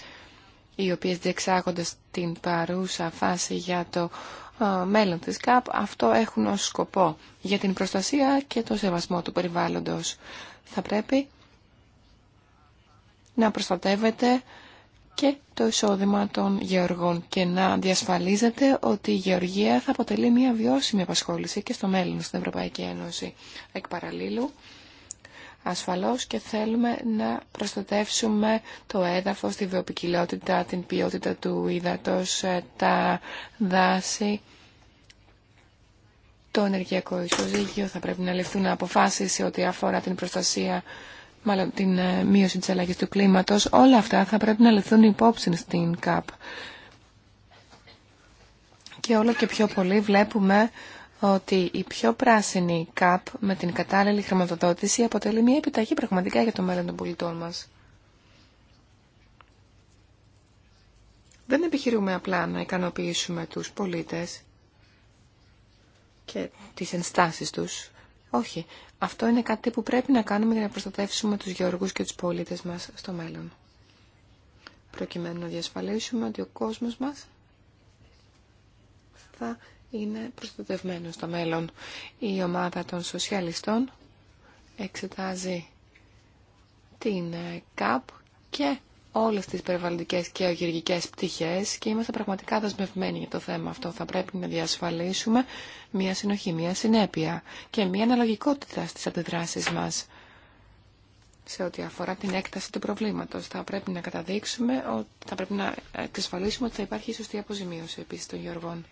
οι οποίες διεξάγονται στην παρούσα φάση για το ε, μέλλον της ΚΑΠ, αυτό έχουν ως σκοπό για την προστασία και το σεβασμό του περιβάλλοντος. Θα πρέπει να προστατεύεται και το εισόδημα των γεωργών και να διασφαλίζεται ότι η γεωργία θα αποτελεί μια βιώσιμη απασχόληση και στο μέλλον στην Ευρωπαϊκή Ένωση εκ παραλίλου. Ασφαλώς και θέλουμε να προστατεύσουμε το έδαφος, τη βιοπικιλότητα, την ποιότητα του ύδατος, ε, τα δάση. Το ενεργειακό ισοζύγιο θα πρέπει να ληφθούν αποφάσεις σε ό,τι αφορά την προστασία μάλλον την ε, μείωση της αλλαγής του κλίματος, όλα αυτά θα πρέπει να λεφθούν υπόψη στην ΚΑΠ. Και όλο και πιο πολύ βλέπουμε ότι η πιο πράσινη ΚΑΠ με την κατάλληλη χρηματοδότηση αποτελεί μια επιταγή πραγματικά για το μέλλον των πολιτών μας. Δεν επιχειρούμε απλά να ικανοποιήσουμε τους πολίτες και τις ενστάσεις τους. Όχι. Αυτό είναι κάτι που πρέπει να κάνουμε για να προστατεύσουμε τους γεωργούς και τους πολίτες μας στο μέλλον. Προκειμένου να διασφαλίσουμε ότι ο κόσμος μας θα είναι προστατευμένο στο μέλλον. Η ομάδα των σοσιαλιστών εξετάζει την ΚΑΠ και όλες τις περιβαλλοντικές και αγιεργικές πτυχές και είμαστε πραγματικά δεσμευμένοι για το θέμα αυτό. Θα πρέπει να διασφαλίσουμε μια συνοχή, μια συνέπεια και μια αναλογικότητα στις αντιδράσεις μας. Σε ό,τι αφορά την έκταση του προβλήματος, θα πρέπει να καταδείξουμε, ότι θα πρέπει να εξασφαλίσουμε ότι θα υπάρχει σωστή αποζημίωση επίσης των Γεωργών.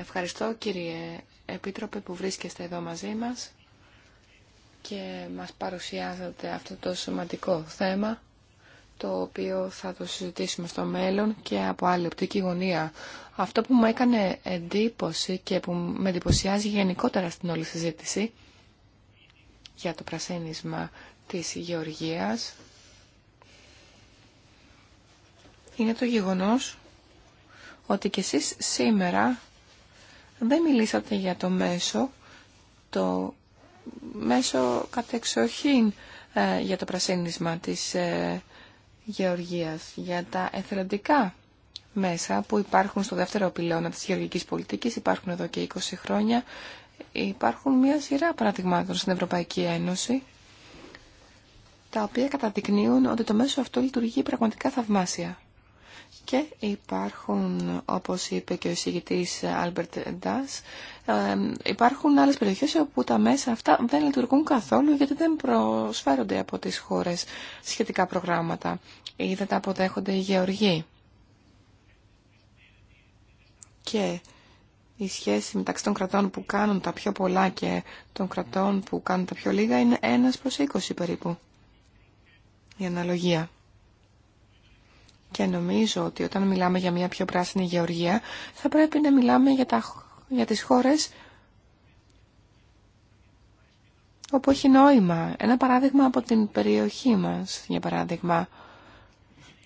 Ευχαριστώ κύριε Επίτροπε που βρίσκεστε εδώ μαζί μας και μας παρουσιάζετε αυτό το σημαντικό θέμα το οποίο θα το συζητήσουμε στο μέλλον και από άλλη οπτική γωνία. Αυτό που μου έκανε εντύπωση και που με εντυπωσιάζει γενικότερα στην όλη συζήτηση για το πρασένισμα της γεωργίας είναι το γεγονός ότι κι εσείς σήμερα δεν μιλήσατε για το μέσο, το μέσο κατεξοχήν ε, για το πρασίνισμα της ε, γεωργίας, για τα εθελοντικά μέσα που υπάρχουν στο δεύτερο πυλώνα της γεωργικής πολιτικής, υπάρχουν εδώ και 20 χρόνια, υπάρχουν μια σειρά παραδειγμάτων στην Ευρωπαϊκή Ένωση, τα οποία καταδεικνύουν ότι το μέσο αυτό λειτουργεί πραγματικά θαυμάσια. Και υπάρχουν, όπως είπε και ο εισηγητής Άλμπερτ Ντάς, υπάρχουν άλλες περιοχές όπου τα μέσα αυτά δεν λειτουργούν καθόλου γιατί δεν προσφέρονται από τις χώρες σχετικά προγράμματα ή δεν τα αποδέχονται οι γεωργοί. Και η σχέση μεταξύ των κρατών που κάνουν τα πιο πολλά και των κρατών που κάνουν τα πιο λίγα είναι 1 προς 20 περίπου. Η αναλογία. Και νομίζω ότι όταν μιλάμε για μια πιο πράσινη γεωργία θα πρέπει να μιλάμε για, τα, για τις χώρες όπου έχει νόημα. Ένα παράδειγμα από την περιοχή μας, για παράδειγμα,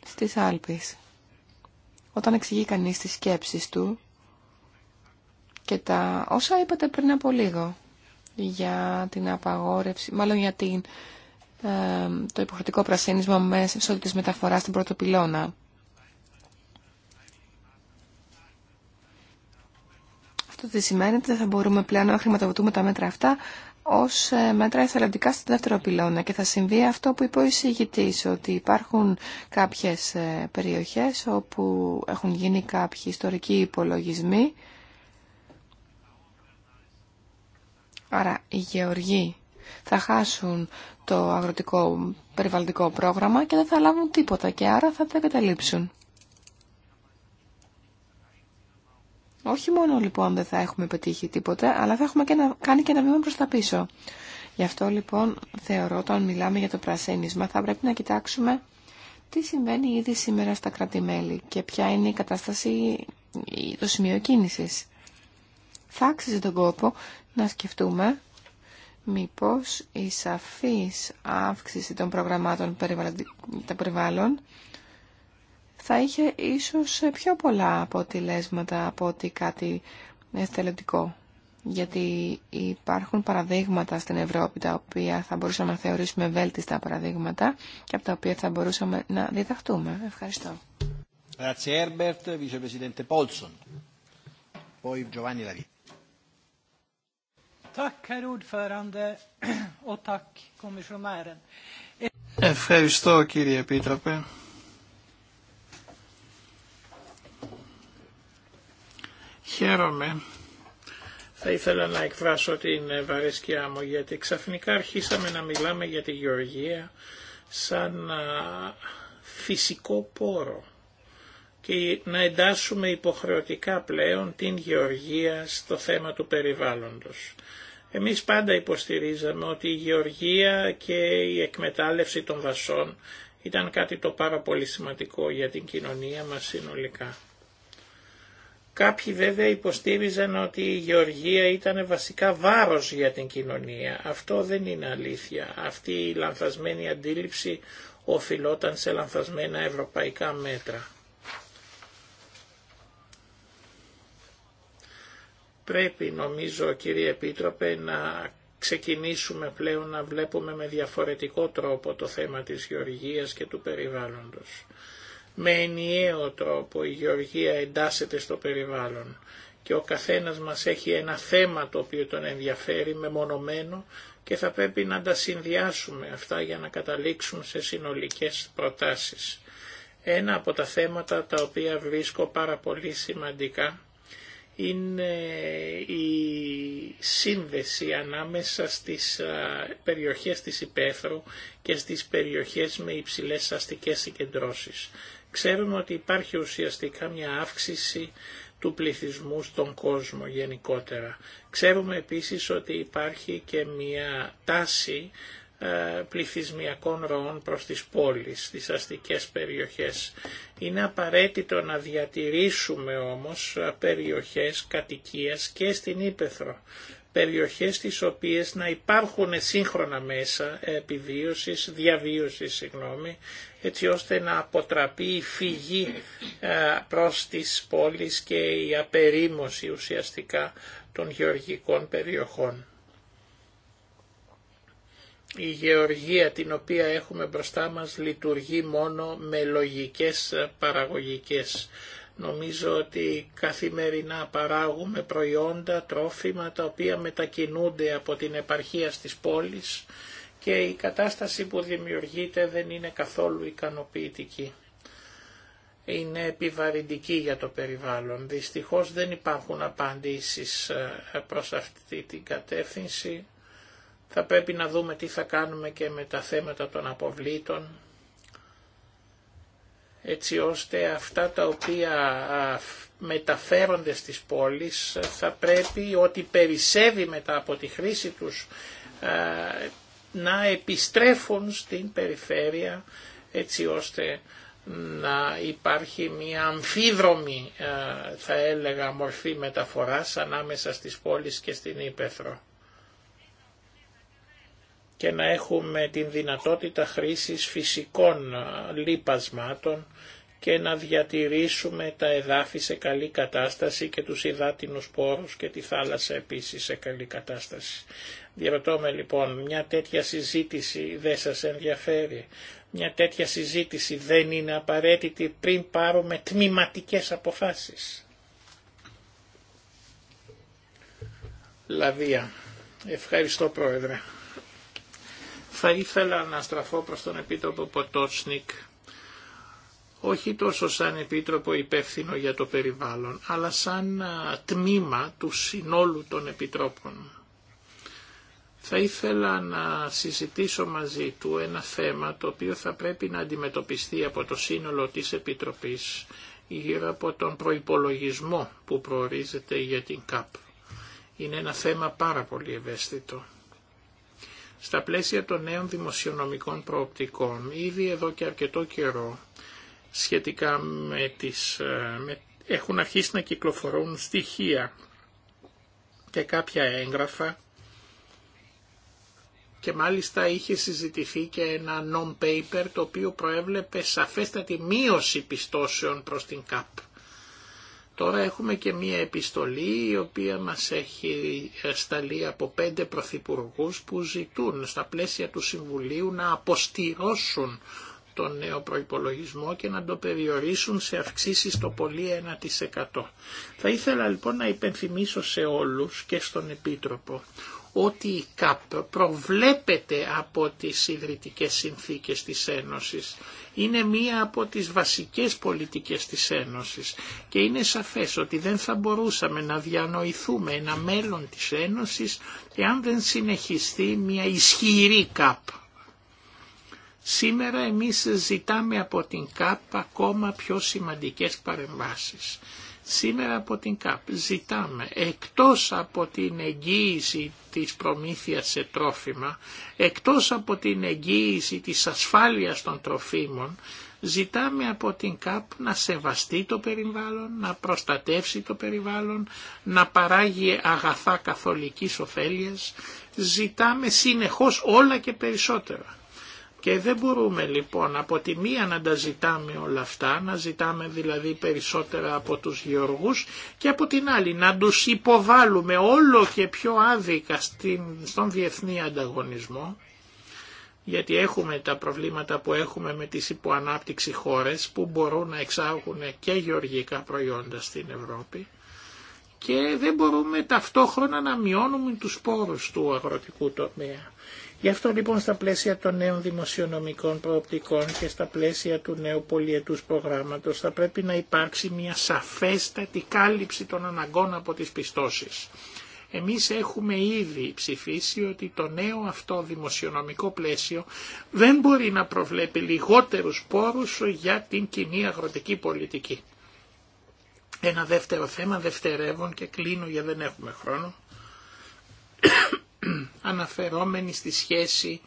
στις Άλπεις. Όταν εξηγεί κανείς τις σκέψεις του και τα όσα είπατε πριν από λίγο για την απαγόρευση, μάλλον για την ε, το υποχρεωτικό πρασίνισμα με της μεταφοράς στην πρώτο πυλώνα. Αυτό τι σημαίνει ότι δεν θα μπορούμε πλέον να χρηματοδοτούμε τα μέτρα αυτά ως ε, μέτρα εθελοντικά στην δεύτερο πυλώνα και θα συμβεί αυτό που είπε ο εισηγητής, ότι υπάρχουν κάποιες ε, περιοχές όπου έχουν γίνει κάποιοι ιστορικοί υπολογισμοί Άρα οι γεωργοί θα χάσουν το αγροτικό περιβαλλοντικό πρόγραμμα και δεν θα λάβουν τίποτα και άρα θα τα καταλήψουν. Όχι μόνο λοιπόν δεν θα έχουμε πετύχει τίποτα, αλλά θα έχουμε και να, κάνει και ένα βήμα προς τα πίσω. Γι' αυτό λοιπόν θεωρώ όταν μιλάμε για το πρασένισμα θα πρέπει να κοιτάξουμε τι συμβαίνει ήδη σήμερα στα κρατημέλη και ποια είναι η κατάσταση, το σημείο κίνησης. Θα άξιζε τον κόπο να σκεφτούμε μήπως η σαφής αύξηση των προγραμμάτων τα περιβάλλων θα είχε ίσως πιο πολλά αποτελέσματα από ότι κάτι εθελοντικό. Γιατί υπάρχουν παραδείγματα στην Ευρώπη τα οποία θα μπορούσαμε να θεωρήσουμε βέλτιστα παραδείγματα και από τα οποία θα μπορούσαμε να διδαχτούμε. Ευχαριστώ. Grazie Ευχαριστώ κύριε Επίτροπε. Χαίρομαι. Θα ήθελα να εκφράσω την βαρέσκειά μου γιατί ξαφνικά αρχίσαμε να μιλάμε για τη γεωργία σαν φυσικό πόρο και να εντάσσουμε υποχρεωτικά πλέον την γεωργία στο θέμα του περιβάλλοντος. Εμείς πάντα υποστηρίζαμε ότι η γεωργία και η εκμετάλλευση των βασών ήταν κάτι το πάρα πολύ σημαντικό για την κοινωνία μας συνολικά. Κάποιοι βέβαια υποστήριζαν ότι η γεωργία ήταν βασικά βάρος για την κοινωνία. Αυτό δεν είναι αλήθεια. Αυτή η λανθασμένη αντίληψη οφειλόταν σε λανθασμένα ευρωπαϊκά μέτρα. πρέπει νομίζω κύριε Επίτροπε να ξεκινήσουμε πλέον να βλέπουμε με διαφορετικό τρόπο το θέμα της γεωργίας και του περιβάλλοντος. Με ενιαίο τρόπο η γεωργία εντάσσεται στο περιβάλλον και ο καθένας μας έχει ένα θέμα το οποίο τον ενδιαφέρει μεμονωμένο και θα πρέπει να τα συνδυάσουμε αυτά για να καταλήξουν σε συνολικές προτάσεις. Ένα από τα θέματα τα οποία βρίσκω πάρα πολύ σημαντικά είναι η σύνδεση ανάμεσα στις περιοχές της υπαίθρου και στις περιοχές με υψηλές αστικές συγκεντρώσεις. Ξέρουμε ότι υπάρχει ουσιαστικά μια αύξηση του πληθυσμού στον κόσμο γενικότερα. Ξέρουμε επίσης ότι υπάρχει και μια τάση ε, πληθυσμιακών ροών προς τις πόλεις, τις αστικές περιοχές. Είναι απαραίτητο να διατηρήσουμε όμως ε, περιοχές κατοικίας και στην Ήπεθρο, περιοχές τις οποίες να υπάρχουν σύγχρονα μέσα ε, επιβίωσης, διαβίωσης, συγγνώμη, έτσι ώστε να αποτραπεί η φυγή προς τις πόλεις και η απερίμωση ουσιαστικά των γεωργικών περιοχών η γεωργία την οποία έχουμε μπροστά μας λειτουργεί μόνο με λογικές παραγωγικές. Νομίζω ότι καθημερινά παράγουμε προϊόντα, τρόφιμα τα οποία μετακινούνται από την επαρχία στις πόλεις και η κατάσταση που δημιουργείται δεν είναι καθόλου ικανοποιητική. Είναι επιβαρυντική για το περιβάλλον. Δυστυχώς δεν υπάρχουν απαντήσεις ε, προς αυτή την κατεύθυνση θα πρέπει να δούμε τι θα κάνουμε και με τα θέματα των αποβλήτων, έτσι ώστε αυτά τα οποία μεταφέρονται στις πόλεις θα πρέπει ότι περισσεύει μετά από τη χρήση τους να επιστρέφουν στην περιφέρεια έτσι ώστε να υπάρχει μια αμφίδρομη θα έλεγα μορφή μεταφοράς ανάμεσα στις πόλεις και στην Ήπεθρο και να έχουμε την δυνατότητα χρήσης φυσικών λίπασμάτων και να διατηρήσουμε τα εδάφη σε καλή κατάσταση και τους υδάτινους πόρους και τη θάλασσα επίσης σε καλή κατάσταση. Διαρωτώ λοιπόν, μια τέτοια συζήτηση δεν σας ενδιαφέρει. Μια τέτοια συζήτηση δεν είναι απαραίτητη πριν πάρουμε τμηματικές αποφάσεις. Λαβία. Ευχαριστώ Πρόεδρε. Θα ήθελα να στραφώ προς τον Επίτροπο Ποτότσνικ, όχι τόσο σαν Επίτροπο υπεύθυνο για το περιβάλλον, αλλά σαν τμήμα του συνόλου των Επιτρόπων. Θα ήθελα να συζητήσω μαζί του ένα θέμα το οποίο θα πρέπει να αντιμετωπιστεί από το σύνολο της Επιτροπής γύρω από τον προϋπολογισμό που προορίζεται για την ΚΑΠ. Είναι ένα θέμα πάρα πολύ ευαίσθητο. Στα πλαίσια των νέων δημοσιονομικών προοπτικών, ήδη εδώ και αρκετό καιρό, σχετικά με τις... Ε, έχουν αρχίσει να κυκλοφορούν στοιχεία και κάποια έγγραφα και μάλιστα είχε συζητηθεί και ένα non-paper το οποίο προέβλεπε σαφέστατη μείωση πιστώσεων προς την ΚΑΠ. Τώρα έχουμε και μία επιστολή η οποία μας έχει σταλεί από πέντε πρωθυπουργούς που ζητούν στα πλαίσια του Συμβουλίου να αποστηρώσουν τον νέο προϋπολογισμό και να το περιορίσουν σε αυξήσεις το πολύ 1%. Θα ήθελα λοιπόν να υπενθυμίσω σε όλους και στον Επίτροπο ότι η ΚΑΠ προβλέπεται από τις ιδρυτικές συνθήκες της Ένωσης είναι μία από τις βασικές πολιτικές της Ένωσης και είναι σαφές ότι δεν θα μπορούσαμε να διανοηθούμε ένα μέλλον της Ένωσης εάν δεν συνεχιστεί μία ισχυρή ΚΑΠ. Σήμερα εμείς ζητάμε από την ΚΑΠ ακόμα πιο σημαντικές παρεμβάσεις. Σήμερα από την ΚΑΠ ζητάμε εκτός από την εγγύηση της προμήθειας σε τρόφιμα, εκτός από την εγγύηση της ασφάλειας των τροφίμων, ζητάμε από την ΚΑΠ να σεβαστεί το περιβάλλον, να προστατεύσει το περιβάλλον, να παράγει αγαθά καθολικής ωφέλειας, ζητάμε συνεχώς όλα και περισσότερα. Και δεν μπορούμε λοιπόν από τη μία να τα ζητάμε όλα αυτά, να ζητάμε δηλαδή περισσότερα από τους γεωργούς και από την άλλη να τους υποβάλουμε όλο και πιο άδικα στην, στον διεθνή ανταγωνισμό γιατί έχουμε τα προβλήματα που έχουμε με τις υποανάπτυξη χώρες που μπορούν να εξάγουν και γεωργικά προϊόντα στην Ευρώπη και δεν μπορούμε ταυτόχρονα να μειώνουμε τους πόρους του αγροτικού τομέα. Γι' αυτό λοιπόν στα πλαίσια των νέων δημοσιονομικών προοπτικών και στα πλαίσια του νέου πολιετούς προγράμματος θα πρέπει να υπάρξει μια σαφέστατη κάλυψη των αναγκών από τις πιστώσεις. Εμείς έχουμε ήδη ψηφίσει ότι το νέο αυτό δημοσιονομικό πλαίσιο δεν μπορεί να προβλέπει λιγότερους πόρους για την κοινή αγροτική πολιτική. Ένα δεύτερο θέμα, δευτερεύον και κλείνω για δεν έχουμε χρόνο αναφερόμενη στη σχέση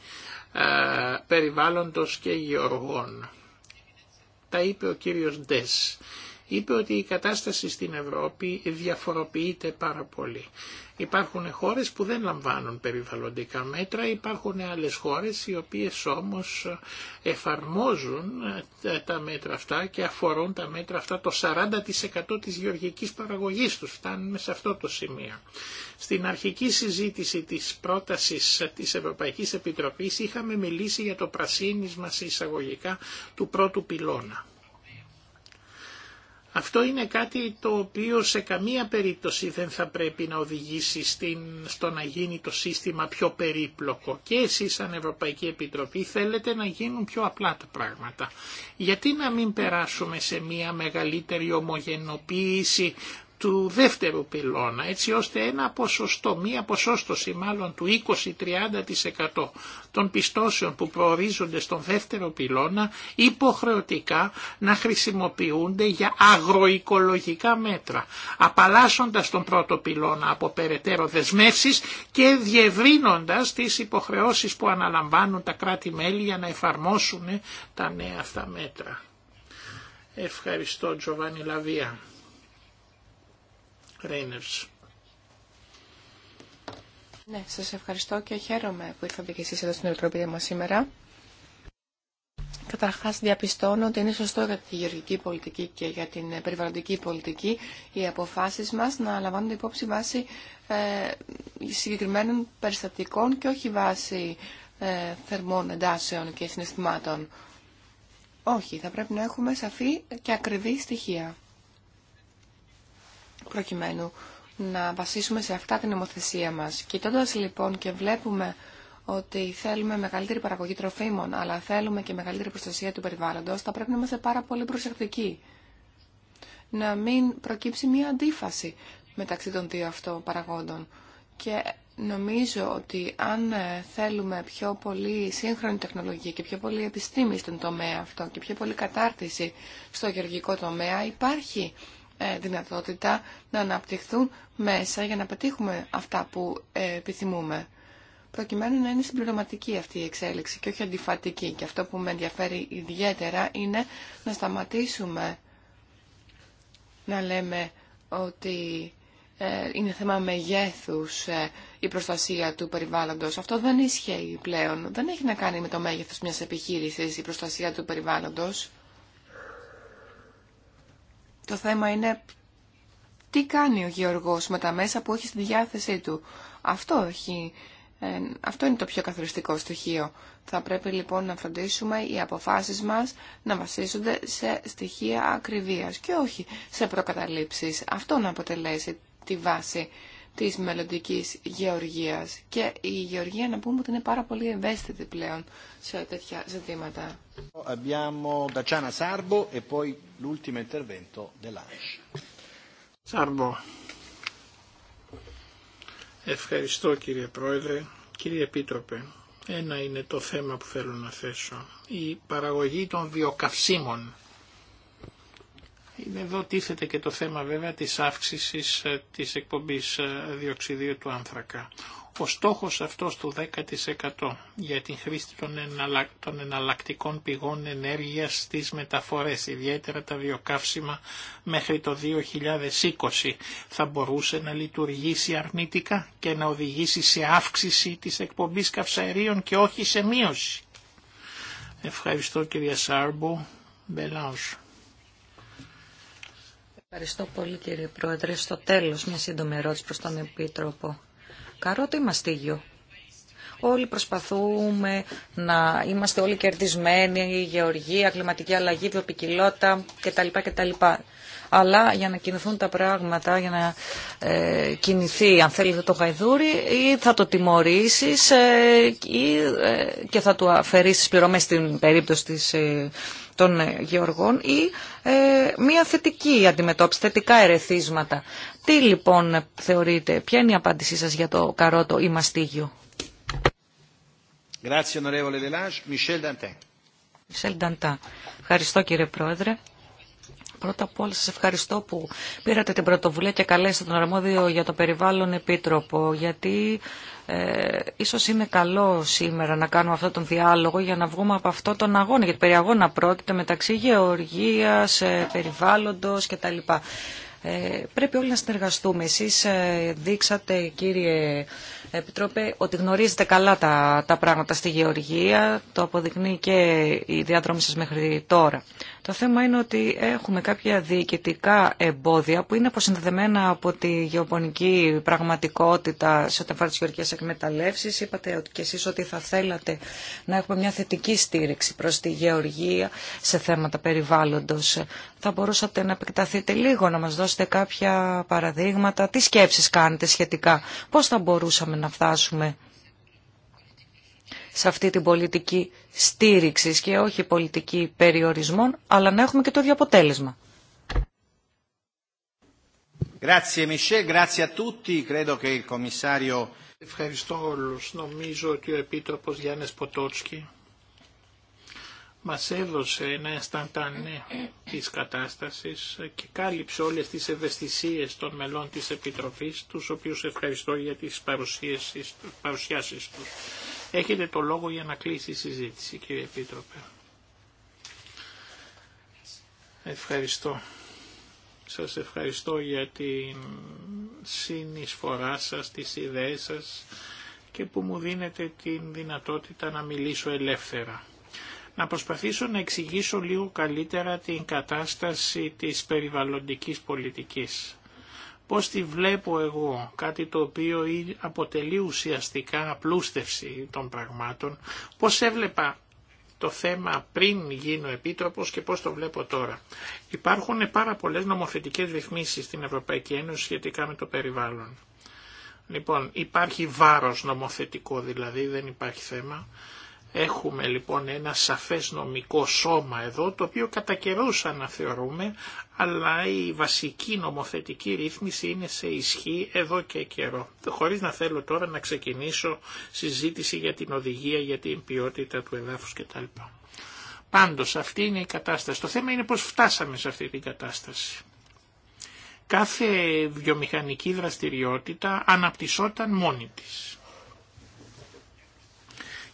περιβάλλοντος και γεωργών. Τα είπε ο κύριος Ντες είπε ότι η κατάσταση στην Ευρώπη διαφοροποιείται πάρα πολύ. Υπάρχουν χώρες που δεν λαμβάνουν περιβαλλοντικά μέτρα, υπάρχουν άλλες χώρες οι οποίες όμως εφαρμόζουν τα μέτρα αυτά και αφορούν τα μέτρα αυτά το 40% της γεωργικής παραγωγής τους. Φτάνουμε σε αυτό το σημείο. Στην αρχική συζήτηση της πρότασης της Ευρωπαϊκής Επιτροπής είχαμε μιλήσει για το πρασίνισμα σε εισαγωγικά του πρώτου πυλώνα. Αυτό είναι κάτι το οποίο σε καμία περίπτωση δεν θα πρέπει να οδηγήσει στην, στο να γίνει το σύστημα πιο περίπλοκο. Και εσείς σαν Ευρωπαϊκή Επιτροπή θέλετε να γίνουν πιο απλά τα πράγματα. Γιατί να μην περάσουμε σε μια μεγαλύτερη ομογενοποίηση του δεύτερου πυλώνα, έτσι ώστε ένα ποσοστό, μία ποσόστοση μάλλον του 20-30% των πιστώσεων που προορίζονται στον δεύτερο πυλώνα υποχρεωτικά να χρησιμοποιούνται για αγροοικολογικά μέτρα, απαλλάσσοντας τον πρώτο πυλώνα από περαιτέρω δεσμεύσεις και διευρύνοντας τις υποχρεώσεις που αναλαμβάνουν τα κράτη-μέλη για να εφαρμόσουν τα νέα αυτά μέτρα. Ευχαριστώ Τζοβάνι Λαβία. Ναι, σας ευχαριστώ και χαίρομαι που ήρθατε και εσείς εδώ στην Ευρωπαϊκή μας σήμερα. Καταρχάς διαπιστώνω ότι είναι σωστό για τη γεωργική πολιτική και για την ε, περιβαλλοντική πολιτική οι αποφάσεις μας να λαμβάνονται υπόψη βάση ε, συγκεκριμένων περιστατικών και όχι βάση ε, θερμών εντάσεων και συναισθημάτων. Όχι, θα πρέπει να έχουμε σαφή και ακριβή στοιχεία προκειμένου να βασίσουμε σε αυτά την νομοθεσία μας. Κοιτώντας λοιπόν και βλέπουμε ότι θέλουμε μεγαλύτερη παραγωγή τροφίμων, αλλά θέλουμε και μεγαλύτερη προστασία του περιβάλλοντος, θα πρέπει να είμαστε πάρα πολύ προσεκτικοί. Να μην προκύψει μια αντίφαση μεταξύ των δύο αυτών παραγόντων. Και νομίζω ότι αν ε, θέλουμε πιο πολύ σύγχρονη τεχνολογία και πιο πολύ επιστήμη στον τομέα αυτό και πιο πολύ κατάρτιση στο γεωργικό τομέα, υπάρχει ε, δυνατότητα να αναπτυχθούν μέσα για να πετύχουμε αυτά που ε, επιθυμούμε. Προκειμένου να είναι συμπληρωματική αυτή η εξέλιξη και όχι αντιφατική. Και αυτό που με ενδιαφέρει ιδιαίτερα είναι να σταματήσουμε να λέμε ότι ε, είναι θέμα μεγέθους η προστασία του περιβάλλοντος. Αυτό δεν ισχύει πλέον. Δεν έχει να κάνει με το μέγεθος μιας επιχείρησης η προστασία του περιβάλλοντος. Το θέμα είναι τι κάνει ο Γεωργός με τα μέσα που έχει στη διάθεσή του. Αυτό, έχει, ε, αυτό είναι το πιο καθοριστικό στοιχείο. Θα πρέπει λοιπόν να φροντίσουμε οι αποφάσεις μας να βασίζονται σε στοιχεία ακριβίας και όχι σε προκαταλήψεις. Αυτό να αποτελέσει τη βάση της μελλοντική γεωργίας. Και η γεωργία να πούμε ότι είναι πάρα πολύ ευαίσθητη πλέον σε τέτοια ζητήματα. Abbiamo Daciana Sarbo e poi l'ultimo intervento Sarbo. Ευχαριστώ κύριε Πρόεδρε. Κύριε Επίτροπε, ένα είναι το θέμα που θέλω να θέσω. Η παραγωγή των βιοκαυσίμων είναι εδώ τίθεται και το θέμα βέβαια της αύξησης ε, της εκπομπής ε, διοξιδίου του άνθρακα. Ο στόχος αυτός του 10% για την χρήση των εναλλακτικών πηγών ενέργειας στις μεταφορές, ιδιαίτερα τα βιοκαύσιμα μέχρι το 2020, θα μπορούσε να λειτουργήσει αρνητικά και να οδηγήσει σε αύξηση της εκπομπής καυσαερίων και όχι σε μείωση. Ευχαριστώ κυρία Σάρμπου. Ευχαριστώ πολύ κύριε Πρόεδρε. Στο τέλος μια σύντομη ερώτηση προς τον Επίτροπο. Καρότο ή μαστίγιο. Όλοι προσπαθούμε να είμαστε όλοι κερδισμένοι, η γεωργία, κλιματική αλλαγή, βιοπικιλότητα κτλ. κτλ αλλά για να κινηθούν τα πράγματα, για να ε, κινηθεί αν θέλετε το γαϊδούρι ή θα το τιμωρήσεις ε, ή, ε, και θα του αφαιρήσεις πληρωμές στην περίπτωση της, των γεωργών ή μια θετική αντιμετώπιση, θετικά ερεθίσματα. Τι λοιπόν θεωρείτε, ποια είναι η απάντησή σας για το καρότο ή μαστίγιο. Ευχαριστώ κύριε Πρόεδρε. Πρώτα απ' όλα σας ευχαριστώ που πήρατε την πρωτοβουλία και καλέσατε τον αρμόδιο για το περιβάλλον επίτροπο, γιατί ε, ίσως είναι καλό σήμερα να κάνουμε αυτόν τον διάλογο για να βγούμε από αυτόν τον αγώνα, γιατί περί αγώνα πρόκειται μεταξύ γεωργίας, ε, περιβάλλοντος κτλ. Ε, πρέπει όλοι να συνεργαστούμε. Εσείς ε, δείξατε κύριε Επιτρόπε, ότι γνωρίζετε καλά τα, τα πράγματα στη Γεωργία, το αποδεικνύει και η διάδρομη σας μέχρι τώρα. Το θέμα είναι ότι έχουμε κάποια διοικητικά εμπόδια που είναι αποσυνδεδεμένα από τη γεωπονική πραγματικότητα σε ό,τι αφορά τις γεωργικές εκμεταλλεύσεις. Είπατε ότι και εσείς ότι θα θέλατε να έχουμε μια θετική στήριξη προς τη γεωργία σε θέματα περιβάλλοντος θα μπορούσατε να επεκταθείτε λίγο, να μας δώσετε κάποια παραδείγματα. Τι σκέψεις κάνετε σχετικά, πώς θα μπορούσαμε να φτάσουμε σε αυτή την πολιτική στήριξη και όχι πολιτική περιορισμών, αλλά να έχουμε και το ίδιο αποτέλεσμα. Ευχαριστώ όλους. Νομίζω ότι ο Επίτροπος Γιάννης Ποτότσκι μας έδωσε ένα αισθαντανέ της κατάστασης και κάλυψε όλες τις ευαισθησίες των μελών της επιτροφής τους οποίους ευχαριστώ για τις παρουσιάσεις τους. Έχετε το λόγο για να κλείσει η συζήτηση, κύριε Επίτροπε. Ευχαριστώ. Σας ευχαριστώ για την συνεισφορά σας, τις ιδέες σας και που μου δίνετε την δυνατότητα να μιλήσω ελεύθερα να προσπαθήσω να εξηγήσω λίγο καλύτερα την κατάσταση της περιβαλλοντικής πολιτικής. Πώς τη βλέπω εγώ, κάτι το οποίο αποτελεί ουσιαστικά απλούστευση των πραγμάτων, πώς έβλεπα το θέμα πριν γίνω επίτροπος και πώς το βλέπω τώρα. Υπάρχουν πάρα πολλές νομοθετικές ρυθμίσεις στην Ευρωπαϊκή Ένωση σχετικά με το περιβάλλον. Λοιπόν, υπάρχει βάρος νομοθετικό δηλαδή, δεν υπάρχει θέμα. Έχουμε λοιπόν ένα σαφές νομικό σώμα εδώ, το οποίο κατά καιρούς αναθεωρούμε, αλλά η βασική νομοθετική ρύθμιση είναι σε ισχύ εδώ και καιρό. Χωρίς να θέλω τώρα να ξεκινήσω συζήτηση για την οδηγία, για την ποιότητα του εδάφους κτλ. Πάντως αυτή είναι η κατάσταση. Το θέμα είναι πώς φτάσαμε σε αυτή την κατάσταση. Κάθε βιομηχανική δραστηριότητα αναπτυσσόταν μόνη της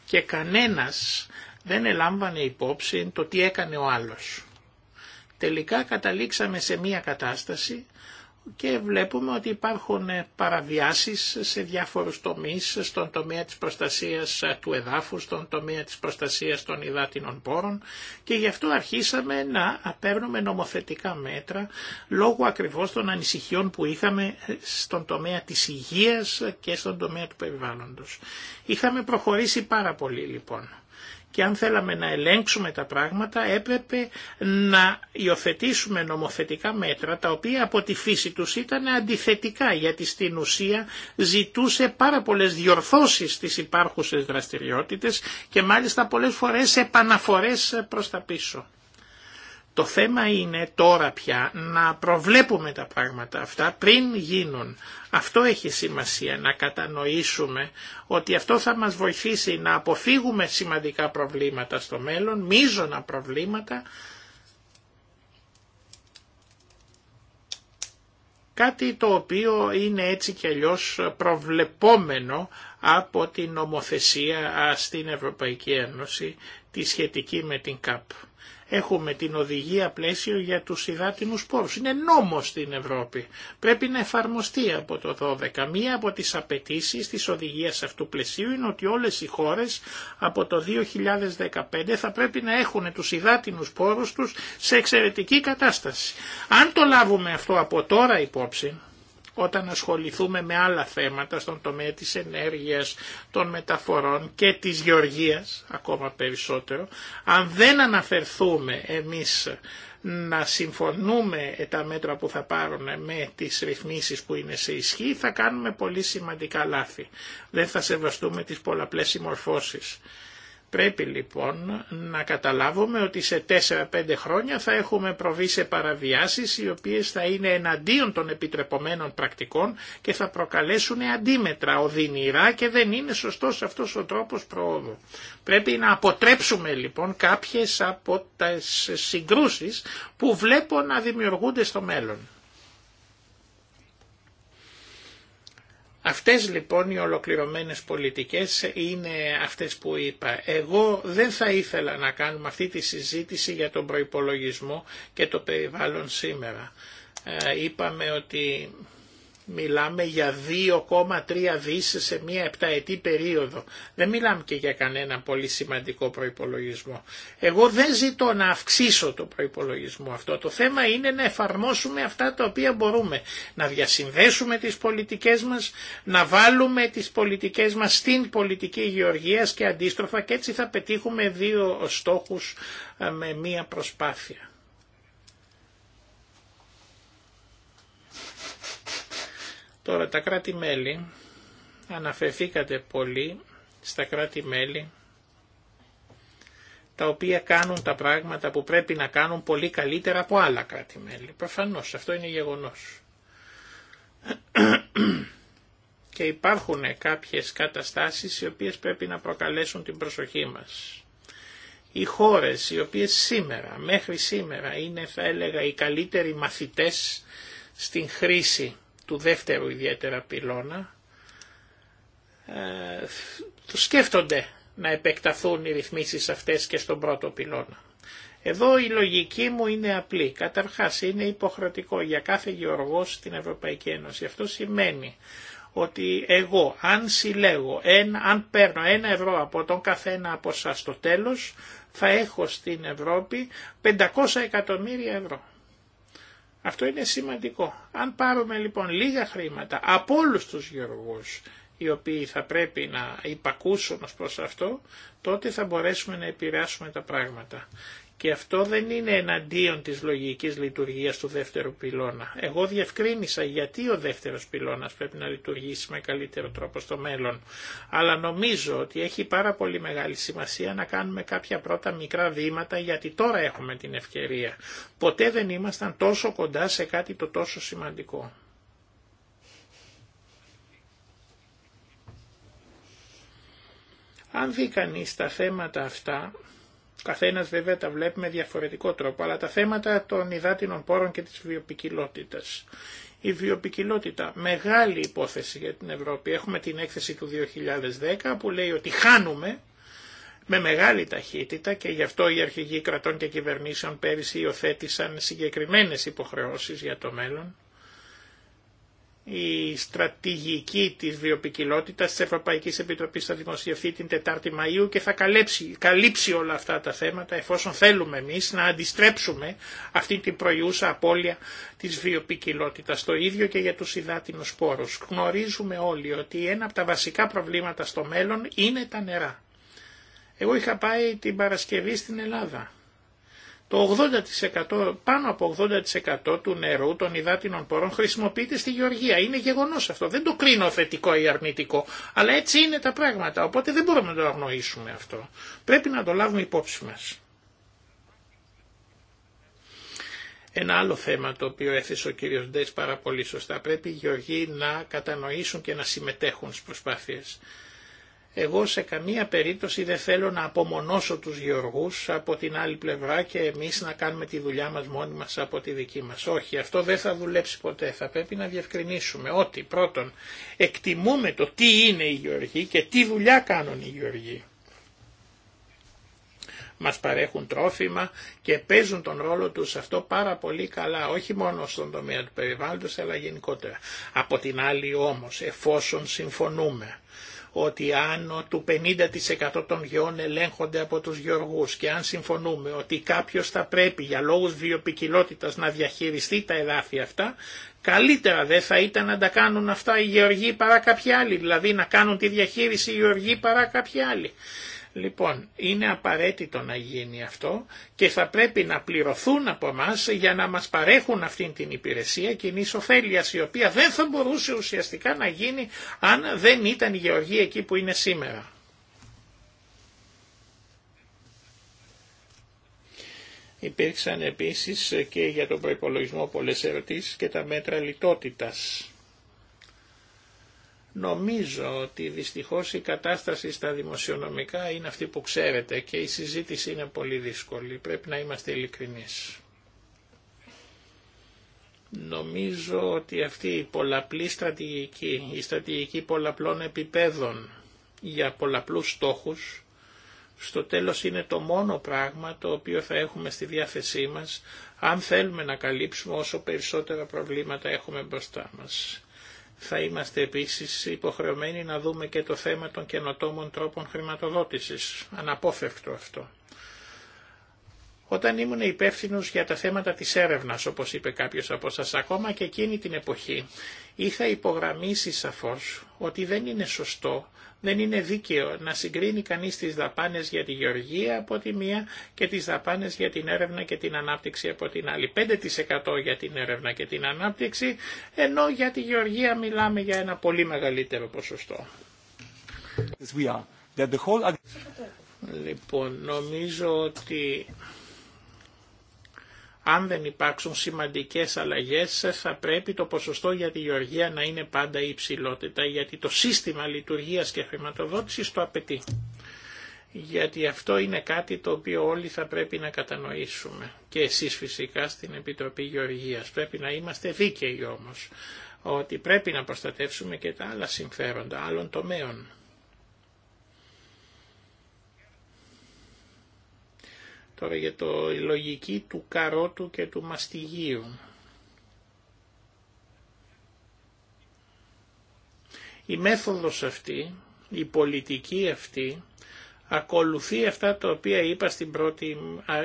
και κανένας δεν ελάμβανε υπόψη το τι έκανε ο άλλος. Τελικά καταλήξαμε σε μία κατάσταση και βλέπουμε ότι υπάρχουν ε, παραβιάσεις σε διάφορους τομείς, στον τομέα της προστασίας ε, του εδάφου, στον τομέα της προστασίας των υδάτινων πόρων και γι' αυτό αρχίσαμε να παίρνουμε νομοθετικά μέτρα λόγω ακριβώς των ανησυχιών που είχαμε ε, στον τομέα της υγείας και στον τομέα του περιβάλλοντος. Είχαμε προχωρήσει πάρα πολύ λοιπόν και αν θέλαμε να ελέγξουμε τα πράγματα έπρεπε να υιοθετήσουμε νομοθετικά μέτρα τα οποία από τη φύση τους ήταν αντιθετικά γιατί στην ουσία ζητούσε πάρα πολλές διορθώσεις στις υπάρχουσες δραστηριότητες και μάλιστα πολλές φορές επαναφορές προς τα πίσω. Το θέμα είναι τώρα πια να προβλέπουμε τα πράγματα αυτά πριν γίνουν. Αυτό έχει σημασία, να κατανοήσουμε ότι αυτό θα μας βοηθήσει να αποφύγουμε σημαντικά προβλήματα στο μέλλον, μείζωνα προβλήματα, κάτι το οποίο είναι έτσι και αλλιώ προβλεπόμενο από την νομοθεσία στην Ευρωπαϊκή Ένωση, τη σχετική με την ΚΑΠ. Έχουμε την οδηγία πλαίσιο για τους υδάτινους πόρους. Είναι νόμος στην Ευρώπη. Πρέπει να εφαρμοστεί από το 12. Μία από τις απαιτήσεις της οδηγίας αυτού πλαισίου είναι ότι όλες οι χώρες από το 2015 θα πρέπει να έχουν τους υδάτινους πόρους τους σε εξαιρετική κατάσταση. Αν το λάβουμε αυτό από τώρα υπόψη, όταν ασχοληθούμε με άλλα θέματα στον τομέα της ενέργειας, των μεταφορών και της γεωργίας ακόμα περισσότερο, αν δεν αναφερθούμε εμείς να συμφωνούμε τα μέτρα που θα πάρουν με τις ρυθμίσεις που είναι σε ισχύ, θα κάνουμε πολύ σημαντικά λάθη. Δεν θα σεβαστούμε τις πολλαπλές συμμορφώσεις. Πρέπει λοιπόν να καταλάβουμε ότι σε 4-5 χρόνια θα έχουμε προβεί σε παραβιάσεις οι οποίες θα είναι εναντίον των επιτρεπομένων πρακτικών και θα προκαλέσουν αντίμετρα οδυνηρά και δεν είναι σωστός αυτός ο τρόπος προόδου. Πρέπει να αποτρέψουμε λοιπόν κάποιες από τις συγκρούσεις που βλέπω να δημιουργούνται στο μέλλον. Αυτές λοιπόν οι ολοκληρωμένες πολιτικές είναι αυτές που είπα. Εγώ δεν θα ήθελα να κάνουμε αυτή τη συζήτηση για τον προϋπολογισμό και το περιβάλλον σήμερα. Ε, είπαμε ότι Μιλάμε για 2,3 δις σε μία επταετή περίοδο. Δεν μιλάμε και για κανένα πολύ σημαντικό προϋπολογισμό. Εγώ δεν ζητώ να αυξήσω το προϋπολογισμό αυτό. Το θέμα είναι να εφαρμόσουμε αυτά τα οποία μπορούμε. Να διασυνδέσουμε τις πολιτικές μας, να βάλουμε τις πολιτικές μας στην πολιτική γεωργίας και αντίστροφα και έτσι θα πετύχουμε δύο στόχους ε, με μία προσπάθεια. Τώρα τα κράτη-μέλη, αναφερθήκατε πολύ στα κράτη-μέλη τα οποία κάνουν τα πράγματα που πρέπει να κάνουν πολύ καλύτερα από άλλα κράτη-μέλη. Προφανώς, αυτό είναι γεγονός. Και υπάρχουν κάποιες καταστάσεις οι οποίες πρέπει να προκαλέσουν την προσοχή μας. Οι χώρες οι οποίες σήμερα, μέχρι σήμερα, είναι θα έλεγα οι καλύτεροι μαθητές στην χρήση του δεύτερου ιδιαίτερα πυλώνα ε, σκέφτονται να επεκταθούν οι ρυθμίσεις αυτές και στον πρώτο πυλώνα. Εδώ η λογική μου είναι απλή. Καταρχάς είναι υποχρεωτικό για κάθε γεωργό στην Ευρωπαϊκή Ένωση. Αυτό σημαίνει ότι εγώ αν συλλέγω, ένα, αν παίρνω ένα ευρώ από τον καθένα από σας στο τέλος, θα έχω στην Ευρώπη 500 εκατομμύρια ευρώ. Αυτό είναι σημαντικό. Αν πάρουμε λοιπόν λίγα χρήματα από όλους τους γεωργούς οι οποίοι θα πρέπει να υπακούσουν ως προς αυτό, τότε θα μπορέσουμε να επηρεάσουμε τα πράγματα. Και αυτό δεν είναι εναντίον της λογικής λειτουργίας του δεύτερου πυλώνα. Εγώ διευκρίνησα γιατί ο δεύτερος πυλώνας πρέπει να λειτουργήσει με καλύτερο τρόπο στο μέλλον. Αλλά νομίζω ότι έχει πάρα πολύ μεγάλη σημασία να κάνουμε κάποια πρώτα μικρά βήματα γιατί τώρα έχουμε την ευκαιρία. Ποτέ δεν ήμασταν τόσο κοντά σε κάτι το τόσο σημαντικό. Αν δει κανείς τα θέματα αυτά, καθένας βέβαια τα βλέπει με διαφορετικό τρόπο, αλλά τα θέματα των υδάτινων πόρων και της βιοπικιλότητας. Η βιοπικιλότητα, μεγάλη υπόθεση για την Ευρώπη. Έχουμε την έκθεση του 2010 που λέει ότι χάνουμε με μεγάλη ταχύτητα και γι' αυτό οι αρχηγοί κρατών και κυβερνήσεων πέρυσι υιοθέτησαν συγκεκριμένες υποχρεώσεις για το μέλλον η στρατηγική της βιοπικιλότητας της Ευρωπαϊκής Επιτροπής θα δημοσιευθεί την 4η Μαΐου και θα καλύψει, καλύψει όλα αυτά τα θέματα εφόσον θέλουμε εμείς να αντιστρέψουμε αυτή την προϊούσα απώλεια της βιοπικιλότητας. Το ίδιο και για τους υδάτινους πόρους. Γνωρίζουμε όλοι ότι ένα από τα βασικά προβλήματα στο μέλλον είναι τα νερά. Εγώ είχα πάει την Παρασκευή στην Ελλάδα το 80%, πάνω από 80% του νερού των υδάτινων πόρων χρησιμοποιείται στη γεωργία. Είναι γεγονός αυτό. Δεν το κρίνω θετικό ή αρνητικό. Αλλά έτσι είναι τα πράγματα. Οπότε δεν μπορούμε να το αγνοήσουμε αυτό. Πρέπει να το λάβουμε υπόψη μας. Ένα άλλο θέμα το οποίο έθεσε ο κύριος Ντέις πάρα πολύ σωστά. Πρέπει οι γεωργοί να κατανοήσουν και να συμμετέχουν στις προσπάθειες. Εγώ σε καμία περίπτωση δεν θέλω να απομονώσω τους γεωργούς από την άλλη πλευρά και εμείς να κάνουμε τη δουλειά μας μόνοι μας από τη δική μας. Όχι, αυτό δεν θα δουλέψει ποτέ. Θα πρέπει να διευκρινίσουμε ότι πρώτον εκτιμούμε το τι είναι οι γεωργοί και τι δουλειά κάνουν οι γεωργοί. Μας παρέχουν τρόφιμα και παίζουν τον ρόλο τους αυτό πάρα πολύ καλά, όχι μόνο στον τομέα του περιβάλλοντος αλλά γενικότερα. Από την άλλη όμως, εφόσον συμφωνούμε ότι αν του 50% των γεών ελέγχονται από τους γεωργούς και αν συμφωνούμε ότι κάποιος θα πρέπει για λόγους βιοπικιλότητας να διαχειριστεί τα εδάφια αυτά, καλύτερα δεν θα ήταν να τα κάνουν αυτά οι γεωργοί παρά κάποιοι άλλοι, δηλαδή να κάνουν τη διαχείριση οι γεωργοί παρά κάποιοι άλλοι. Λοιπόν, είναι απαραίτητο να γίνει αυτό και θα πρέπει να πληρωθούν από εμά για να μας παρέχουν αυτή την υπηρεσία κοινή ωφέλεια, η οποία δεν θα μπορούσε ουσιαστικά να γίνει αν δεν ήταν η Γεωργία εκεί που είναι σήμερα. Υπήρξαν επίσης και για τον προϋπολογισμό πολλές ερωτήσεις και τα μέτρα λιτότητας Νομίζω ότι δυστυχώς η κατάσταση στα δημοσιονομικά είναι αυτή που ξέρετε και η συζήτηση είναι πολύ δύσκολη. Πρέπει να είμαστε ειλικρινείς. Νομίζω ότι αυτή η πολλαπλή στρατηγική, η στρατηγική πολλαπλών επιπέδων για πολλαπλούς στόχους, στο τέλος είναι το μόνο πράγμα το οποίο θα έχουμε στη διάθεσή μας αν θέλουμε να καλύψουμε όσο περισσότερα προβλήματα έχουμε μπροστά μας. Θα είμαστε επίσης υποχρεωμένοι να δούμε και το θέμα των καινοτόμων τρόπων χρηματοδότησης. Αναπόφευκτο αυτό. Όταν ήμουν υπεύθυνο για τα θέματα της έρευνας, όπως είπε κάποιος από σας, ακόμα και εκείνη την εποχή, είχα υπογραμμίσει σαφώς ότι δεν είναι σωστό δεν είναι δίκαιο να συγκρίνει κανείς τις δαπάνες για τη γεωργία από τη μία και τις δαπάνες για την έρευνα και την ανάπτυξη από την άλλη. 5% για την έρευνα και την ανάπτυξη, ενώ για τη γεωργία μιλάμε για ένα πολύ μεγαλύτερο ποσοστό. Λοιπόν, νομίζω ότι αν δεν υπάρξουν σημαντικές αλλαγές θα πρέπει το ποσοστό για τη γεωργία να είναι πάντα υψηλότητα γιατί το σύστημα λειτουργίας και χρηματοδότησης το απαιτεί. Γιατί αυτό είναι κάτι το οποίο όλοι θα πρέπει να κατανοήσουμε και εσείς φυσικά στην Επιτροπή Γεωργίας. Πρέπει να είμαστε δίκαιοι όμως ότι πρέπει να προστατεύσουμε και τα άλλα συμφέροντα άλλων τομέων. Τώρα για το, η λογική του καρότου και του μαστιγίου. Η μέθοδος αυτή, η πολιτική αυτή, ακολουθεί αυτά τα οποία είπα στην, πρώτη,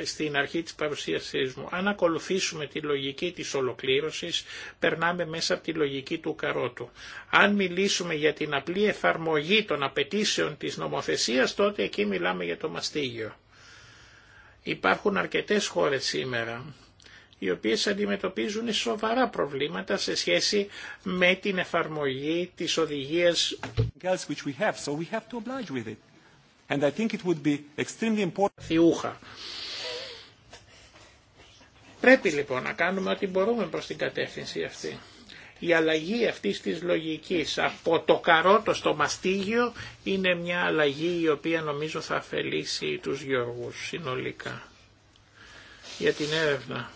στην αρχή της παρουσίασής μου. Αν ακολουθήσουμε τη λογική της ολοκλήρωσης, περνάμε μέσα από τη λογική του καρότου. Αν μιλήσουμε για την απλή εφαρμογή των απαιτήσεων της νομοθεσίας, τότε εκεί μιλάμε για το μαστίγιο. Υπάρχουν αρκετές χώρες σήμερα οι οποίες αντιμετωπίζουν σοβαρά προβλήματα σε σχέση με την εφαρμογή της οδηγίας. Θιούχα. Πρέπει λοιπόν να κάνουμε ό,τι μπορούμε προς την κατεύθυνση αυτή. Η αλλαγή αυτής της λογικής από το καρότο στο μαστίγιο είναι μια αλλαγή η οποία νομίζω θα αφελήσει τους Γιώργους συνολικά για την έρευνα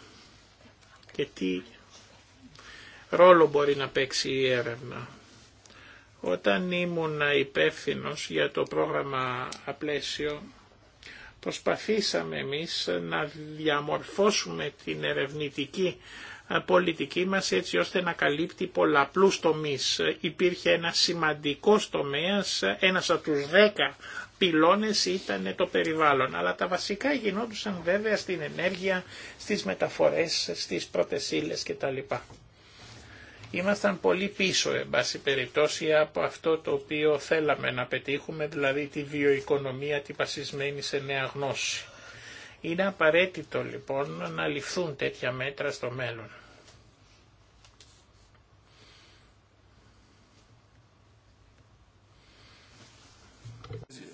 και τι ρόλο μπορεί να παίξει η έρευνα. Όταν ήμουν υπεύθυνο για το πρόγραμμα Απλαίσιο, προσπαθήσαμε εμείς να διαμορφώσουμε την ερευνητική πολιτική μας έτσι ώστε να καλύπτει πολλαπλούς τομείς. Υπήρχε ένα σημαντικό τομέα, ένας από τους δέκα πυλώνες ήταν το περιβάλλον, αλλά τα βασικά γινόντουσαν βέβαια στην ενέργεια, στις μεταφορές, στις πρωτεσίλες κτλ. Ήμασταν πολύ πίσω, εν πάση περιπτώσει, από αυτό το οποίο θέλαμε να πετύχουμε, δηλαδή τη βιοοικονομία τη βασισμένη σε νέα γνώση. Είναι απαραίτητο λοιπόν να ληφθούν τέτοια μέτρα στο μέλλον.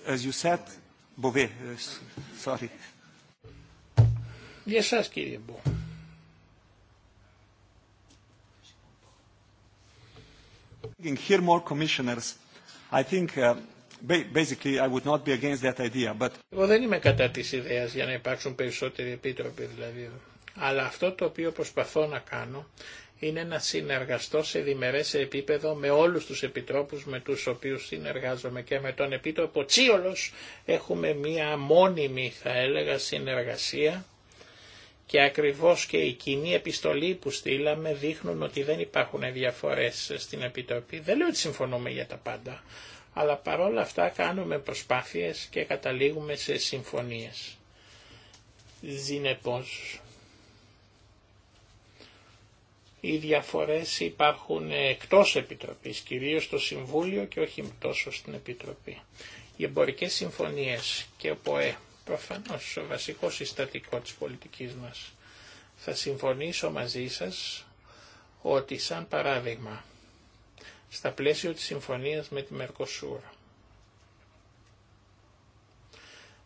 As you said, Bove, uh, sorry. Για σας κύριε Μπού. Here more commissioners. I think uh, εγώ δεν είμαι κατά της ιδέας για να υπάρξουν περισσότεροι επίτροποι δηλαδή. Αλλά αυτό το οποίο προσπαθώ να κάνω είναι να συνεργαστώ σε διμερές επίπεδο με όλους τους επιτρόπους με τους οποίους συνεργάζομαι και με τον επίτροπο Τσίολος έχουμε μία μόνιμη θα έλεγα συνεργασία και ακριβώς και η κοινή επιστολή που στείλαμε δείχνουν ότι δεν υπάρχουν διαφορές στην Επιτροπή. Δεν λέω ότι συμφωνούμε για τα πάντα, αλλά παρόλα αυτά κάνουμε προσπάθειες και καταλήγουμε σε συμφωνίες. Δυνεπώς οι διαφορές υπάρχουν εκτός Επιτροπής, κυρίως στο Συμβούλιο και όχι τόσο στην Επιτροπή. Οι εμπορικές συμφωνίες και ο ΠΟΕ, προφανώς ο βασικό συστατικό της πολιτικής μας. Θα συμφωνήσω μαζί σας ότι σαν παράδειγμα στα πλαίσια της συμφωνίας με τη Μερκοσούρα.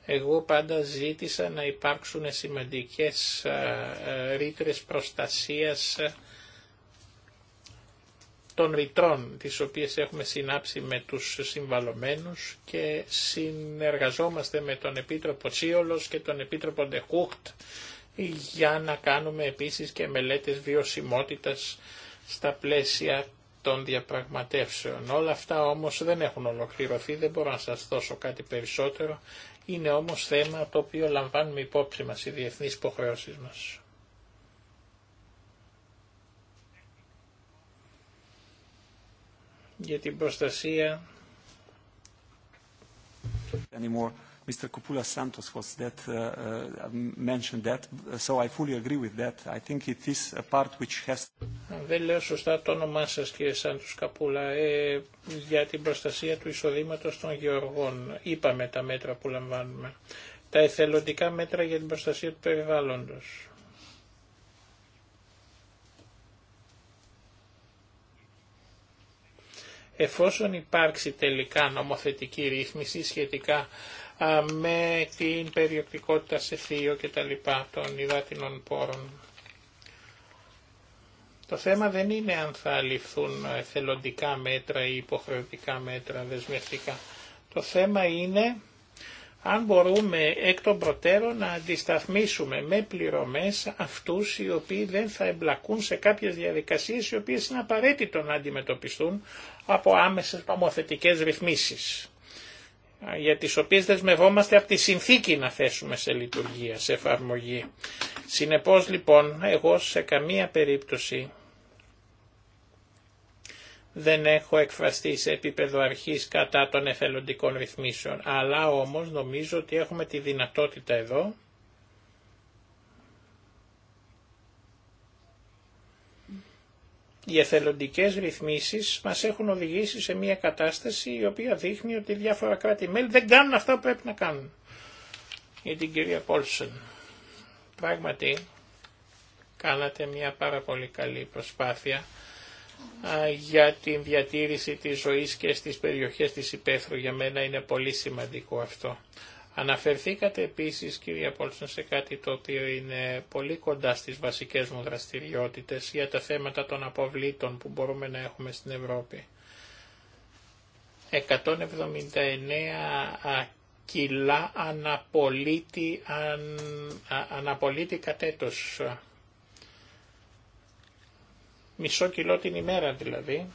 Εγώ πάντα ζήτησα να υπάρξουν σημαντικές ε, ε, ρήτρε προστασίας ε, των ρητρών, τις οποίες έχουμε συνάψει με τους συμβαλωμένους και συνεργαζόμαστε με τον Επίτροπο Τσίολος και τον Επίτροπο Ντεχούχτ για να κάνουμε επίσης και μελέτες βιωσιμότητας στα πλαίσια των διαπραγματεύσεων. Όλα αυτά όμως δεν έχουν ολοκληρωθεί, δεν μπορώ να σας δώσω κάτι περισσότερο. Είναι όμως θέμα το οποίο λαμβάνουμε υπόψη μας οι διεθνείς υποχρεώσεις μας. Για την προστασία... Anymore. Mr. Santos was that uh, uh, mentioned that, so I fully agree with that. I think it is a part which has. Δεν λέω σωστά το όνομά σα, κύριε Σάντου Καπούλα ε, για την προστασία του εισοδήματο των γεωργών. Είπαμε τα μέτρα που λαμβάνουμε. Τα εθελοντικά μέτρα για την προστασία του περιβάλλοντο. εφόσον υπάρξει τελικά νομοθετική ρύθμιση σχετικά με την περιοπτικότητα σε θείο και τα λοιπά των υδάτινων πόρων. Το θέμα δεν είναι αν θα ληφθούν θελοντικά μέτρα ή υποχρεωτικά μέτρα δεσμευτικά. Το θέμα είναι αν μπορούμε εκ των προτέρων να αντισταθμίσουμε με πληρωμές αυτούς οι οποίοι δεν θα εμπλακούν σε κάποιες διαδικασίες οι οποίες είναι απαραίτητο να αντιμετωπιστούν από άμεσες παμοθετικές ρυθμίσεις για τις οποίες δεσμευόμαστε από τη συνθήκη να θέσουμε σε λειτουργία, σε εφαρμογή. Συνεπώς λοιπόν εγώ σε καμία περίπτωση δεν έχω εκφραστεί σε επίπεδο αρχής κατά των εθελοντικών ρυθμίσεων, αλλά όμως νομίζω ότι έχουμε τη δυνατότητα εδώ Οι εθελοντικές ρυθμίσεις μας έχουν οδηγήσει σε μια κατάσταση η οποία δείχνει ότι διάφορα κράτη-μέλη δεν κάνουν αυτά που πρέπει να κάνουν. Για την κυρία Πόλσον, πράγματι κάνατε μια πάρα πολύ καλή προσπάθεια για την διατήρηση της ζωής και στις περιοχές της υπαίθρου. Για μένα είναι πολύ σημαντικό αυτό. Αναφερθήκατε επίσης κύριε Πόλσον σε κάτι το οποίο είναι πολύ κοντά στις βασικές μου δραστηριότητες για τα θέματα των αποβλήτων που μπορούμε να έχουμε στην Ευρώπη. 179 κιλά αναπολίτη, αν, αναπολίτη Μισό κιλό την ημέρα δηλαδή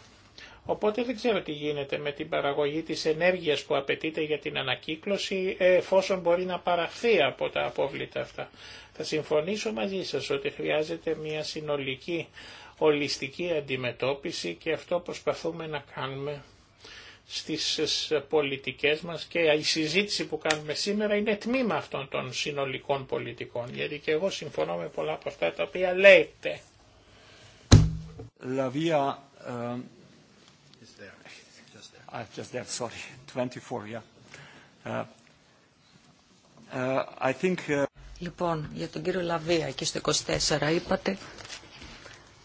Οπότε δεν ξέρω τι γίνεται με την παραγωγή της ενέργειας που απαιτείται για την ανακύκλωση εφόσον μπορεί να παραχθεί από τα απόβλητα αυτά. Θα συμφωνήσω μαζί σας ότι χρειάζεται μια συνολική ολιστική αντιμετώπιση και αυτό προσπαθούμε να κάνουμε στις πολιτικές μας και η συζήτηση που κάνουμε σήμερα είναι τμήμα αυτών των συνολικών πολιτικών γιατί και εγώ συμφωνώ με πολλά από αυτά τα οποία λέτε. Ε, there. Λοιπόν, για τον κύριο Λαβία, εκεί στο 24 είπατε,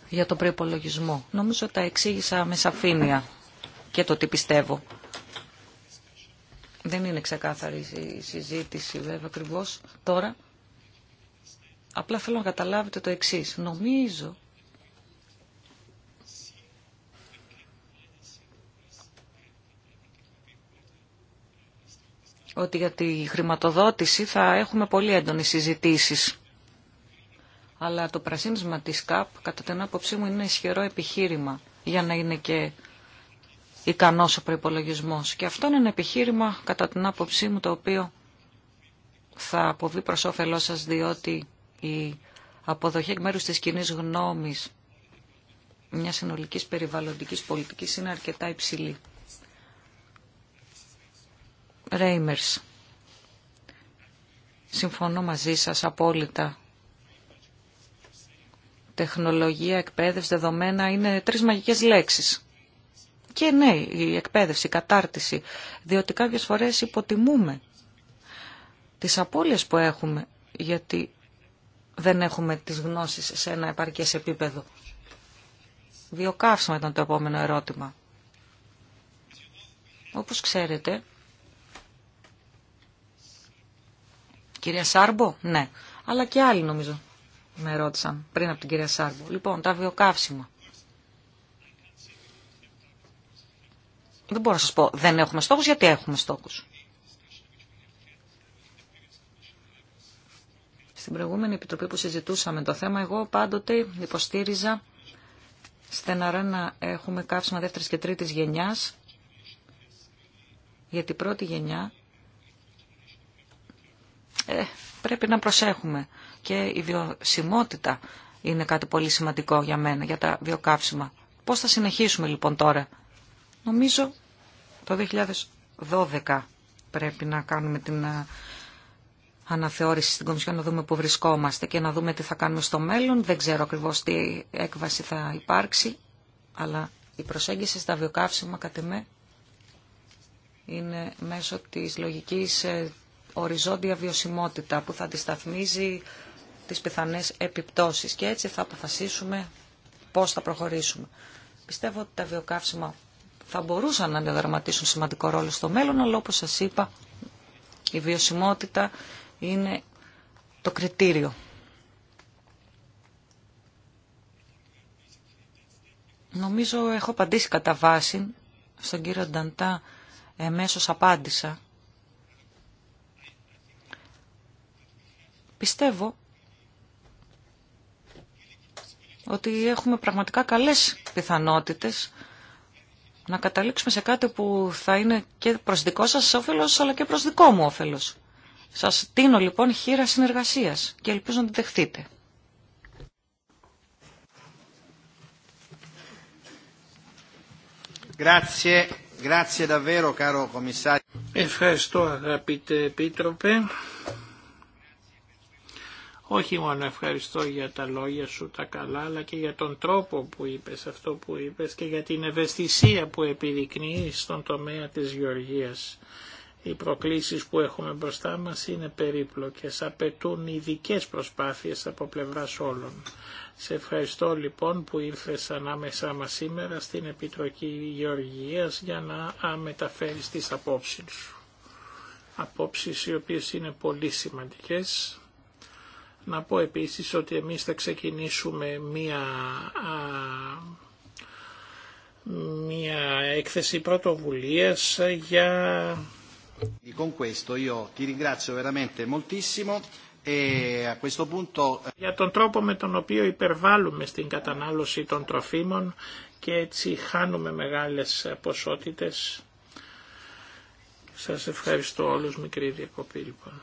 για τον προπολογισμό. Νομίζω τα εξήγησα με σαφήνεια και το τι πιστεύω. Δεν είναι ξεκάθαρη η συζήτηση βέβαια ακριβώ τώρα. Απλά θέλω να καταλάβετε το εξής. Νομίζω ότι για τη χρηματοδότηση θα έχουμε πολύ έντονες συζητήσεις. Αλλά το πρασίνισμα της ΚΑΠ, κατά την άποψή μου, είναι ισχυρό επιχείρημα για να είναι και ικανός ο προϋπολογισμός Και αυτό είναι ένα επιχείρημα, κατά την άποψή μου, το οποίο θα αποβεί προς όφελό σας, διότι η αποδοχή εκ μέρους της κοινή γνώμης μια συνολικής περιβαλλοντικής πολιτικής είναι αρκετά υψηλή. Ρέιμερς, συμφωνώ μαζί σας απόλυτα. Τεχνολογία, εκπαίδευση, δεδομένα είναι τρεις μαγικές λέξεις. Και ναι, η εκπαίδευση, η κατάρτιση, διότι κάποιες φορές υποτιμούμε τις απώλειες που έχουμε, γιατί δεν έχουμε τις γνώσεις σε ένα επαρκές επίπεδο. Βιοκαύσμα ήταν το επόμενο ερώτημα. Όπως ξέρετε, Κυρία Σάρμπο, ναι. Αλλά και άλλοι νομίζω με ρώτησαν πριν από την κυρία Σάρμπο. Λοιπόν, τα βιοκαύσιμα. Δεν μπορώ να σας πω δεν έχουμε στόχους, γιατί έχουμε στόχους. Στην προηγούμενη επιτροπή που συζητούσαμε το θέμα, εγώ πάντοτε υποστήριζα στεναρά να έχουμε καύσιμα δεύτερης και τρίτης γενιάς, γιατί η πρώτη γενιά ε, πρέπει να προσέχουμε. Και η βιωσιμότητα είναι κάτι πολύ σημαντικό για μένα, για τα βιοκαύσιμα. Πώς θα συνεχίσουμε λοιπόν τώρα. Νομίζω το 2012 πρέπει να κάνουμε την ε, αναθεώρηση στην Κομισιόν, να δούμε πού βρισκόμαστε και να δούμε τι θα κάνουμε στο μέλλον. Δεν ξέρω ακριβώς τι έκβαση θα υπάρξει, αλλά η προσέγγιση στα βιοκαύσιμα κατ' είναι μέσω της λογικής ε, οριζόντια βιωσιμότητα που θα αντισταθμίζει τις πιθανές επιπτώσεις και έτσι θα αποφασίσουμε πώς θα προχωρήσουμε. Πιστεύω ότι τα βιοκαύσιμα θα μπορούσαν να διαδραματίσουν σημαντικό ρόλο στο μέλλον, αλλά όπως σας είπα η βιωσιμότητα είναι το κριτήριο. Νομίζω έχω απαντήσει κατά βάση στον κύριο Νταντά εμέσως απάντησα Πιστεύω ότι έχουμε πραγματικά καλές πιθανότητες να καταλήξουμε σε κάτι που θα είναι και προς δικό σας όφελος αλλά και προς δικό μου όφελος. Σας τίνω λοιπόν χείρα συνεργασίας και ελπίζω να τη δεχτείτε. Ευχαριστώ αγαπητέ επίτροπε. Όχι μόνο ευχαριστώ για τα λόγια σου τα καλά, αλλά και για τον τρόπο που είπες αυτό που είπες και για την ευαισθησία που επιδεικνύει στον τομέα της γεωργίας. Οι προκλήσεις που έχουμε μπροστά μας είναι περίπλοκες, απαιτούν ειδικέ προσπάθειες από πλευρά όλων. Σε ευχαριστώ λοιπόν που ήρθες ανάμεσά μας σήμερα στην Επιτροπή Γεωργίας για να μεταφέρεις τις απόψεις σου. Απόψεις οι οποίες είναι πολύ σημαντικές να πω επίσης ότι εμείς θα ξεκινήσουμε μία, μία έκθεση πρωτοβουλίας για... Con questo τον τρόπο με τον οποίο υπερβάλλουμε στην κατανάλωση των τροφίμων και έτσι χάνουμε μεγάλες ποσότητες. Σας ευχαριστώ όλους. Μικρή διακοπή λοιπόν.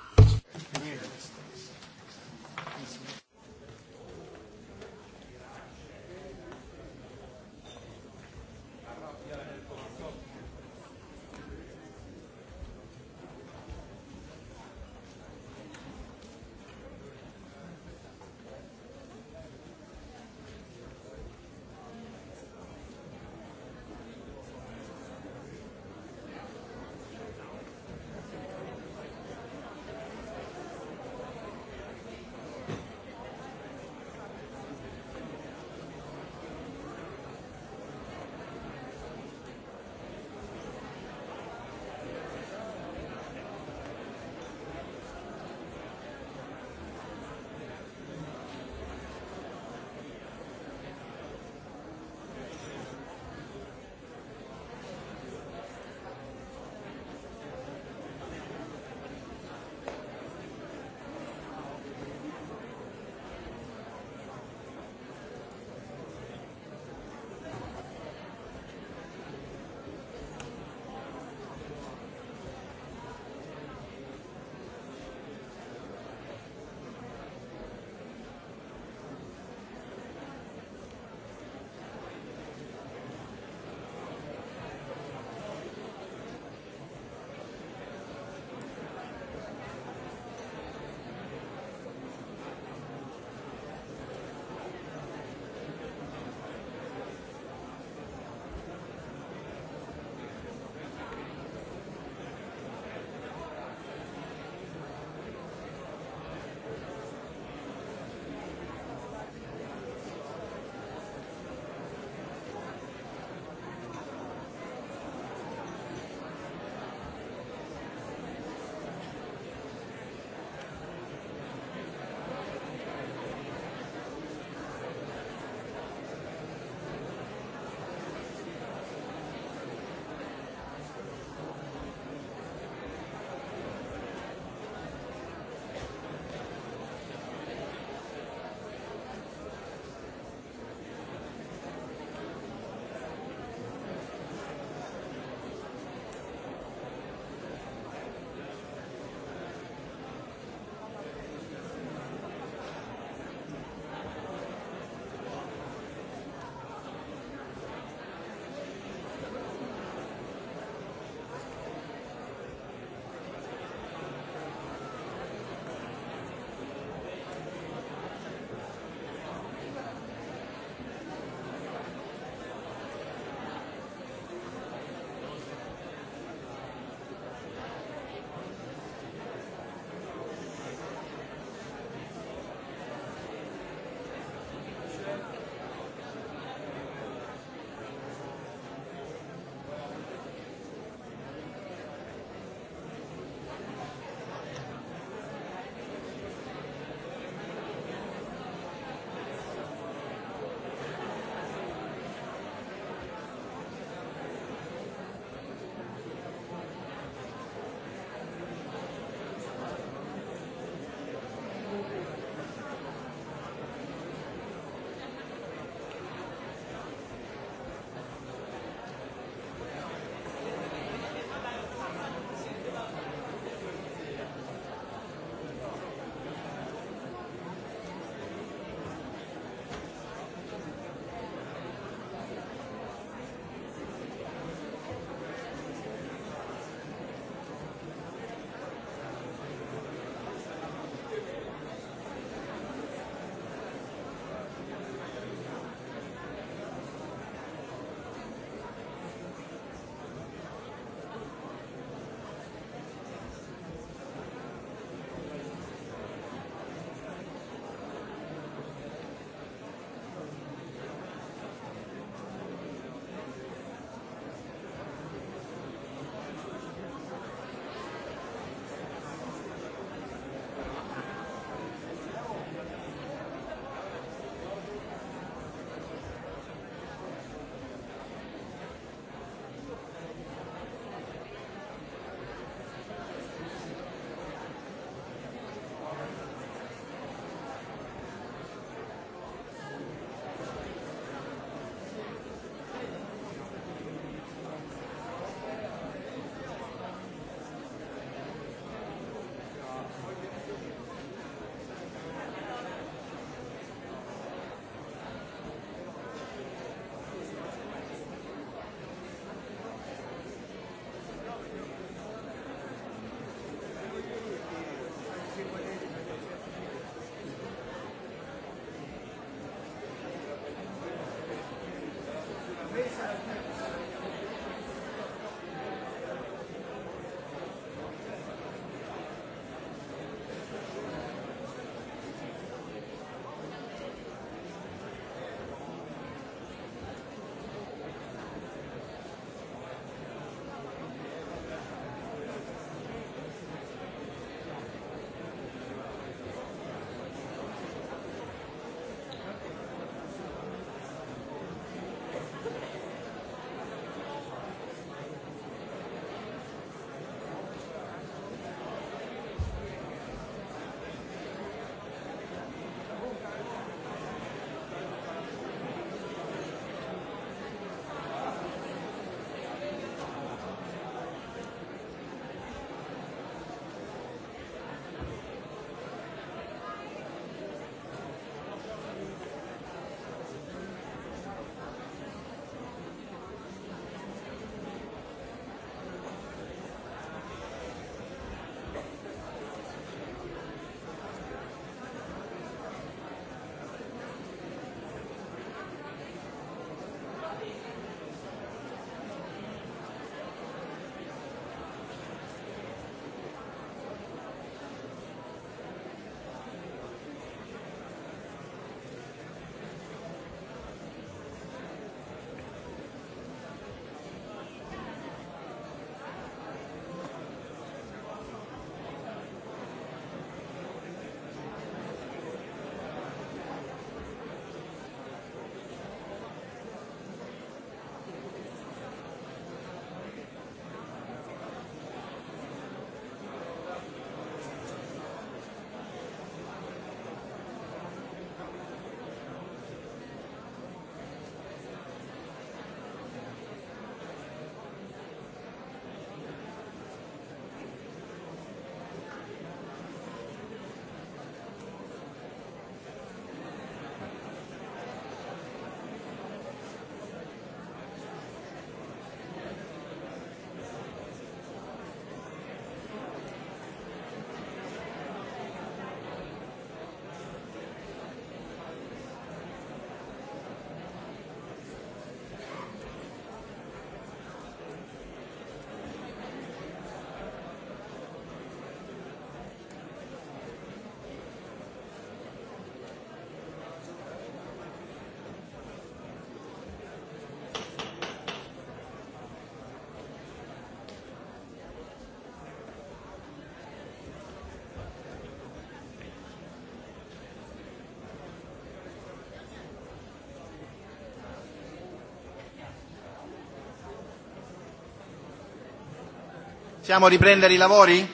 Possiamo riprendere i lavori?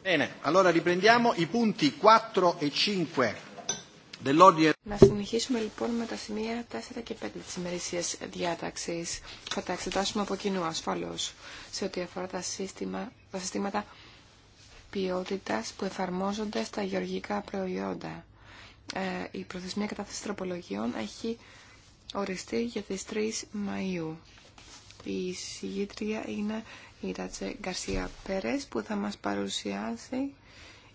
Bene, allora riprendiamo i punti 4 e 5 dell'ordine συνεχίσουμε λοιπόν με τα σημεία 4 και 5 της ημερησία διάταξη Θα τα εξετάσουμε από κοινού ασφαλώ σε ό,τι αφορά τα, σύστημα, τα συστήματα ποιότητα που εφαρμόζονται στα γεωργικά προϊόντα. Ε, η προθεσμία κατάθεση τροπολογιών έχει οριστεί για τις 3 Μαΐου. Η συγγήτρια είναι η Ράτσε Γκαρσία Πέρες που θα μας παρουσιάσει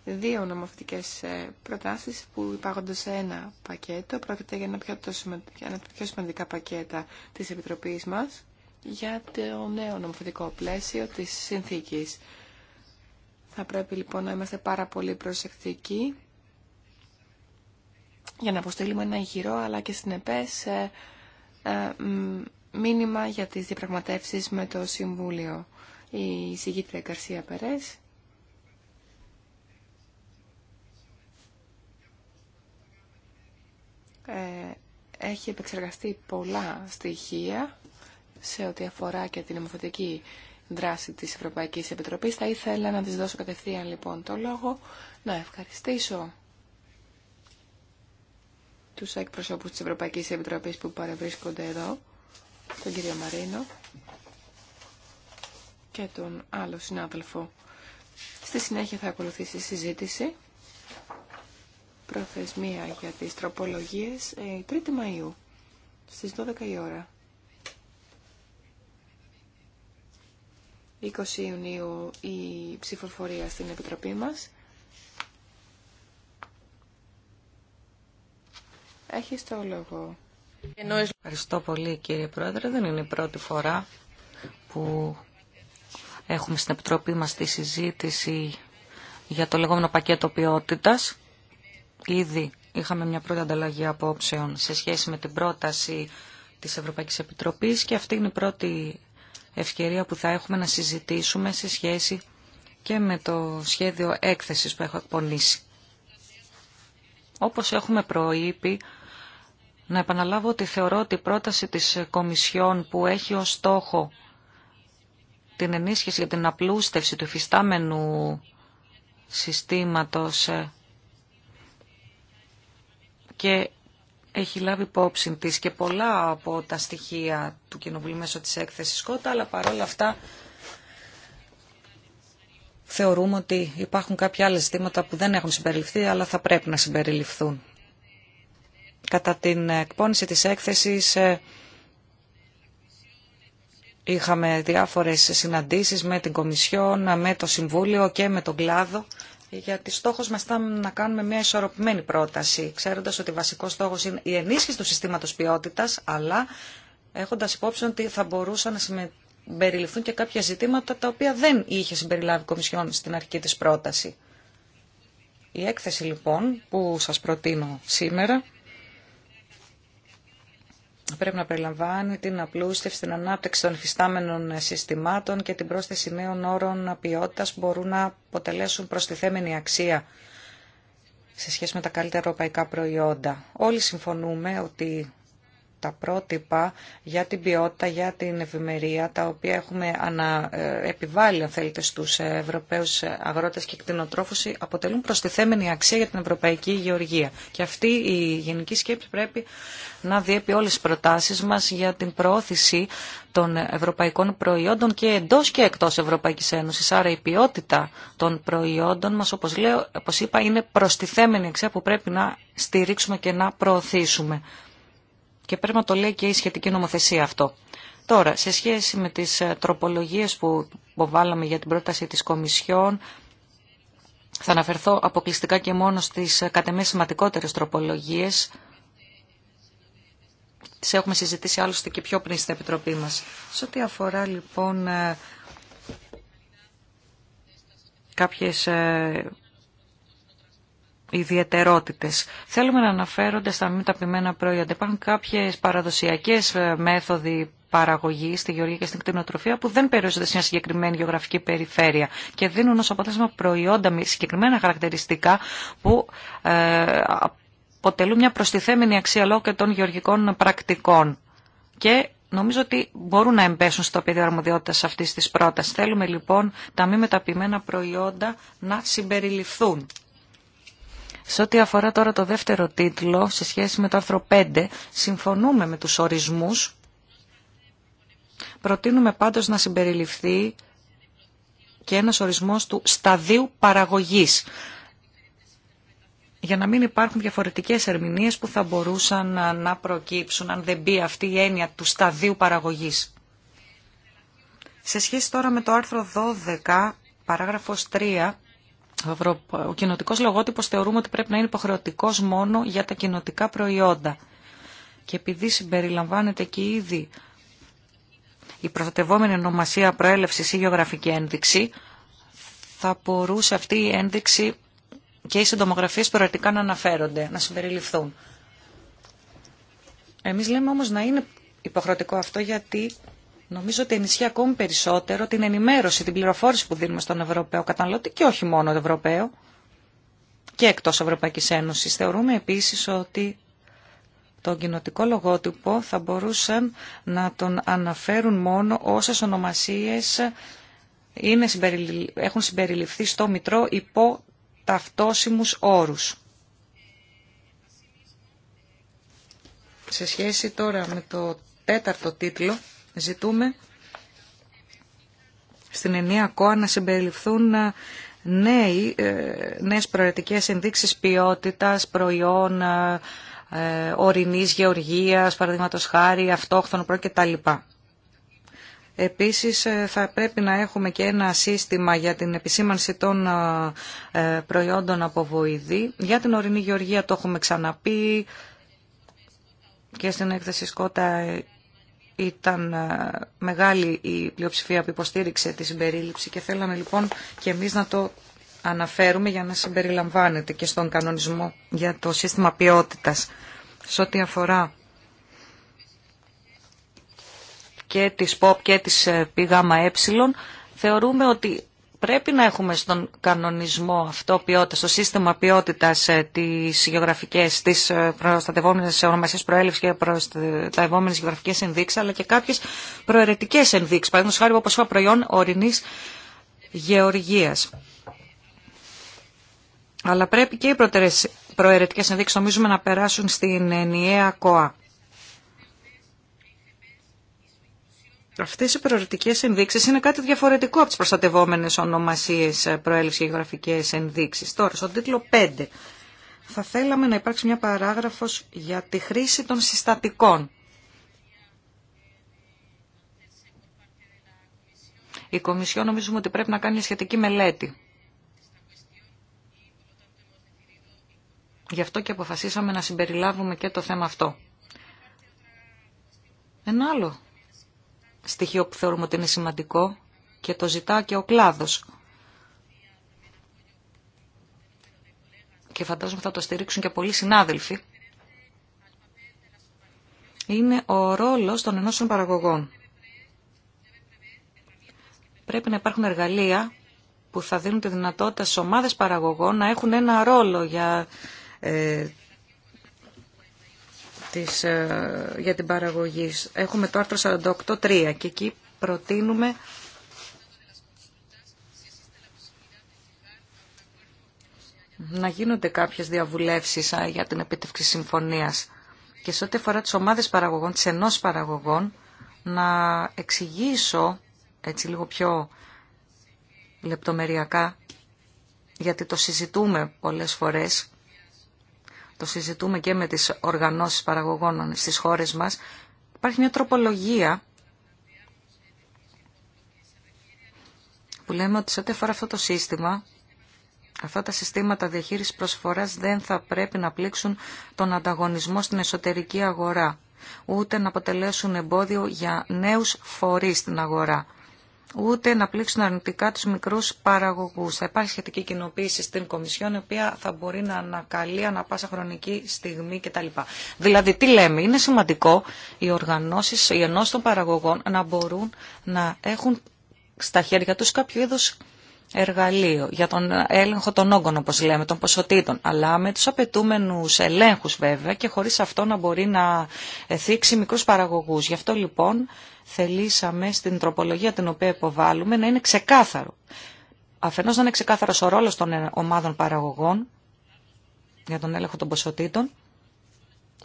δύο νομοθετικέ ε, προτάσεις που υπάγονται σε ένα πακέτο. Πρόκειται για ένα πιο, ένα πιο σημαντικά πακέτα της Επιτροπής μας για το νέο νομοθετικό πλαίσιο της συνθήκης. Θα πρέπει λοιπόν να είμαστε πάρα πολύ προσεκτικοί για να αποστείλουμε ένα γυρό αλλά και στην ε, ε μήνυμα για τις διαπραγματεύσεις με το Συμβούλιο. Η συγκίτρια Καρσία Περές Ε, έχει επεξεργαστεί πολλά στοιχεία σε ό,τι αφορά και την νομοθετική δράση της Ευρωπαϊκής Επιτροπής. Θα ήθελα να της δώσω κατευθείαν λοιπόν το λόγο, να ευχαριστήσω τους εκπροσώπους της Ευρωπαϊκής Επιτροπής που παρευρίσκονται εδώ, τον κύριο Μαρίνο και τον άλλο συνάδελφο. Στη συνέχεια θα ακολουθήσει η συζήτηση προθεσμία για τις τροπολογίες 3η ε, Μαΐου στις 12 η ώρα. 20 Ιουνίου η ψηφοφορία στην Επιτροπή μας. Έχεις το λόγο. Ευχαριστώ πολύ κύριε Πρόεδρε. Δεν είναι η πρώτη φορά που έχουμε στην Επιτροπή μας τη συζήτηση για το λεγόμενο πακέτο ποιότητας Ήδη είχαμε μια πρώτη ανταλλαγή απόψεων σε σχέση με την πρόταση της Ευρωπαϊκής Επιτροπής και αυτή είναι η πρώτη ευκαιρία που θα έχουμε να συζητήσουμε σε σχέση και με το σχέδιο έκθεσης που έχω εκπονήσει. Όπως έχουμε προείπει, να επαναλάβω ότι θεωρώ ότι η πρόταση της Κομισιόν που έχει ως στόχο την ενίσχυση για την απλούστευση του υφιστάμενου συστήματος ε, και έχει λάβει υπόψη τη και πολλά από τα στοιχεία του Κοινοβουλίου μέσω της έκθεσης ΚΟΤΑ, αλλά παρόλα αυτά θεωρούμε ότι υπάρχουν κάποια άλλα ζητήματα που δεν έχουν συμπεριληφθεί, αλλά θα πρέπει να συμπεριληφθούν. Κατά την εκπόνηση της έκθεσης ε, είχαμε διάφορες συναντήσεις με την Κομισιόν, με το Συμβούλιο και με τον κλάδο γιατί στόχος μας ήταν να κάνουμε μια ισορροπημένη πρόταση, ξέροντας ότι βασικός στόχος είναι η ενίσχυση του συστήματος ποιότητας, αλλά έχοντας υπόψη ότι θα μπορούσαν να συμπεριληφθούν και κάποια ζητήματα τα οποία δεν είχε συμπεριλάβει η Κομισιόν στην αρχική της πρόταση. Η έκθεση λοιπόν που σας προτείνω σήμερα πρέπει να περιλαμβάνει την απλούστευση, την ανάπτυξη των υφιστάμενων συστημάτων και την πρόσθεση νέων όρων ποιότητας που μπορούν να αποτελέσουν προστιθέμενη αξία σε σχέση με τα καλύτερα ευρωπαϊκά προϊόντα. Όλοι συμφωνούμε ότι τα πρότυπα για την ποιότητα, για την ευημερία, τα οποία έχουμε ανα, ε, επιβάλει, αν θέλετε, στους Ευρωπαίους αγρότες και κτηνοτρόφους, αποτελούν προστιθέμενη αξία για την Ευρωπαϊκή Γεωργία. Και αυτή η γενική σκέψη πρέπει να διέπει όλες τις προτάσεις μας για την προώθηση των ευρωπαϊκών προϊόντων και εντός και εκτός Ευρωπαϊκής Ένωσης. Άρα η ποιότητα των προϊόντων μας, όπως, λέω, όπως είπα, είναι προστιθέμενη αξία που πρέπει να στηρίξουμε και να προωθήσουμε. Και πρέπει να το λέει και η σχετική νομοθεσία αυτό. Τώρα, σε σχέση με τις ε, τροπολογίες που βάλαμε για την πρόταση της Κομισιόν, θα αναφερθώ αποκλειστικά και μόνο στις ε, κατεμέ σημαντικότερες τροπολογίες. Τις έχουμε συζητήσει άλλωστε και πιο πριν στην Επιτροπή μας. Σε ό,τι αφορά λοιπόν ε, κάποιες ιδιαιτερότητες. Θέλουμε να αναφέρονται στα μη ταπημένα προϊόντα. Υπάρχουν κάποιες παραδοσιακές ε, μέθοδοι παραγωγή στη γεωργία και στην κτηνοτροφία που δεν περιορίζονται σε μια συγκεκριμένη γεωγραφική περιφέρεια και δίνουν ως αποτέλεσμα προϊόντα με συγκεκριμένα χαρακτηριστικά που ε, αποτελούν μια προστιθέμενη αξία λόγω και των γεωργικών πρακτικών. Και νομίζω ότι μπορούν να εμπέσουν στο πεδίο αρμοδιότητα αυτή τη πρόταση. Θέλουμε λοιπόν τα μη μεταποιημένα προϊόντα να συμπεριληφθούν σε ό,τι αφορά τώρα το δεύτερο τίτλο, σε σχέση με το άρθρο 5, συμφωνούμε με τους ορισμούς. Προτείνουμε πάντως να συμπεριληφθεί και ένας ορισμός του σταδίου παραγωγής για να μην υπάρχουν διαφορετικές ερμηνείες που θα μπορούσαν να προκύψουν αν δεν μπει αυτή η έννοια του σταδίου παραγωγής. Σε σχέση τώρα με το άρθρο 12, παράγραφος 3, ο κοινοτικό λογότυπος θεωρούμε ότι πρέπει να είναι υποχρεωτικό μόνο για τα κοινοτικά προϊόντα. Και επειδή συμπεριλαμβάνεται και ήδη η προστατευόμενη ονομασία προέλευση ή γεωγραφική ένδειξη, θα μπορούσε αυτή η ένδειξη και οι συντομογραφίε προαιρετικά να αναφέρονται, να συμπεριληφθούν. Εμείς λέμε όμως να είναι υποχρεωτικό αυτό γιατί Νομίζω ότι ενισχύει ακόμη περισσότερο την ενημέρωση, την πληροφόρηση που δίνουμε στον Ευρωπαίο καταναλωτή και όχι μόνο τον Ευρωπαίο και εκτός Ευρωπαϊκής Ένωσης. Θεωρούμε επίσης ότι τον κοινοτικό λογότυπο θα μπορούσαν να τον αναφέρουν μόνο όσες ονομασίες έχουν συμπεριληφθεί στο Μητρό υπό ταυτόσιμους όρους. Σε σχέση τώρα με το τέταρτο τίτλο, Ζητούμε στην ενία ΚΟΑ να συμπεριληφθούν ε, νέοι, ε, νέες προαιρετικές ενδείξεις ποιότητας, προϊόν, ε, ορεινής γεωργίας, παραδείγματος χάρη, αυτόχθονο προ κτλ. Επίσης θα πρέπει να έχουμε και ένα σύστημα για την επισήμανση των προϊόντων από βοηδή. Για την ορεινή γεωργία το έχουμε ξαναπεί και στην έκθεση Σκότα ήταν ε, μεγάλη η πλειοψηφία που υποστήριξε τη συμπερίληψη και θέλαμε λοιπόν και εμείς να το αναφέρουμε για να συμπεριλαμβάνεται και στον κανονισμό για το σύστημα ποιότητας. Σε ό,τι αφορά και τις ΠΟΠ και τις ΠΓΕ, ε, θεωρούμε ότι πρέπει να έχουμε στον κανονισμό αυτό ποιότητα, στο σύστημα ποιότητας ε, τις γεωγραφικές, τις ε, προστατευόμενε ονομασίες προέλευσης και προστατευόμενε γεωγραφικέ ενδείξεις, αλλά και κάποιε προαιρετικέ ενδείξει, Παραδείγματο χάρη όπως είπα προϊόν ορεινή γεωργίας. Αλλά πρέπει και οι προαιρετικέ ενδείξει νομίζουμε να περάσουν στην ενιαία ΚΟΑ. Αυτές οι προαιρετικές ενδείξεις είναι κάτι διαφορετικό από τις προστατευόμενες ονομασίες ε, προέλευση και γραφικές ενδείξεις. Τώρα, στον τίτλο 5 θα θέλαμε να υπάρξει μια παράγραφος για τη χρήση των συστατικών. Η Κομισιό νομίζουμε ότι πρέπει να κάνει μια σχετική μελέτη. Γι' αυτό και αποφασίσαμε να συμπεριλάβουμε και το θέμα αυτό. Ένα άλλο στοιχείο που θεωρούμε ότι είναι σημαντικό και το ζητά και ο κλάδος. Και φαντάζομαι θα το στηρίξουν και πολλοί συνάδελφοι. Είναι ο ρόλος των ενώσεων παραγωγών. Πρέπει να υπάρχουν εργαλεία που θα δίνουν τη δυνατότητα σε ομάδες παραγωγών να έχουν ένα ρόλο για ε, ε, για την παραγωγή. Έχουμε το άρθρο 48.3 και εκεί προτείνουμε να γίνονται κάποιες διαβουλεύσεις ε, για την επίτευξη συμφωνίας και σε ό,τι αφορά τις ομάδες παραγωγών, τις ενός παραγωγών, να εξηγήσω έτσι λίγο πιο λεπτομεριακά, γιατί το συζητούμε πολλές φορές, το συζητούμε και με τις οργανώσεις παραγωγών στις χώρες μας, υπάρχει μια τροπολογία που λέμε ότι σε ό,τι αφορά αυτό το σύστημα, αυτά τα συστήματα διαχείρισης προσφοράς δεν θα πρέπει να πλήξουν τον ανταγωνισμό στην εσωτερική αγορά, ούτε να αποτελέσουν εμπόδιο για νέους φορείς στην αγορά ούτε να πλήξουν αρνητικά τους μικρούς παραγωγούς. Θα υπάρχει σχετική κοινοποίηση στην Κομισιόν, η οποία θα μπορεί να ανακαλεί ανα πάσα χρονική στιγμή κτλ. Δηλαδή, τι λέμε, είναι σημαντικό οι οργανώσεις, οι ενώσεις των παραγωγών να μπορούν να έχουν στα χέρια τους κάποιο είδους εργαλείο για τον έλεγχο των όγκων, όπως λέμε, των ποσοτήτων, αλλά με τους απαιτούμενους ελέγχους βέβαια και χωρίς αυτό να μπορεί να θίξει μικρούς παραγωγούς. Γι' αυτό λοιπόν θελήσαμε στην τροπολογία την οποία υποβάλλουμε να είναι ξεκάθαρο. Αφενός να είναι ξεκάθαρος ο ρόλος των ομάδων παραγωγών για τον έλεγχο των ποσοτήτων,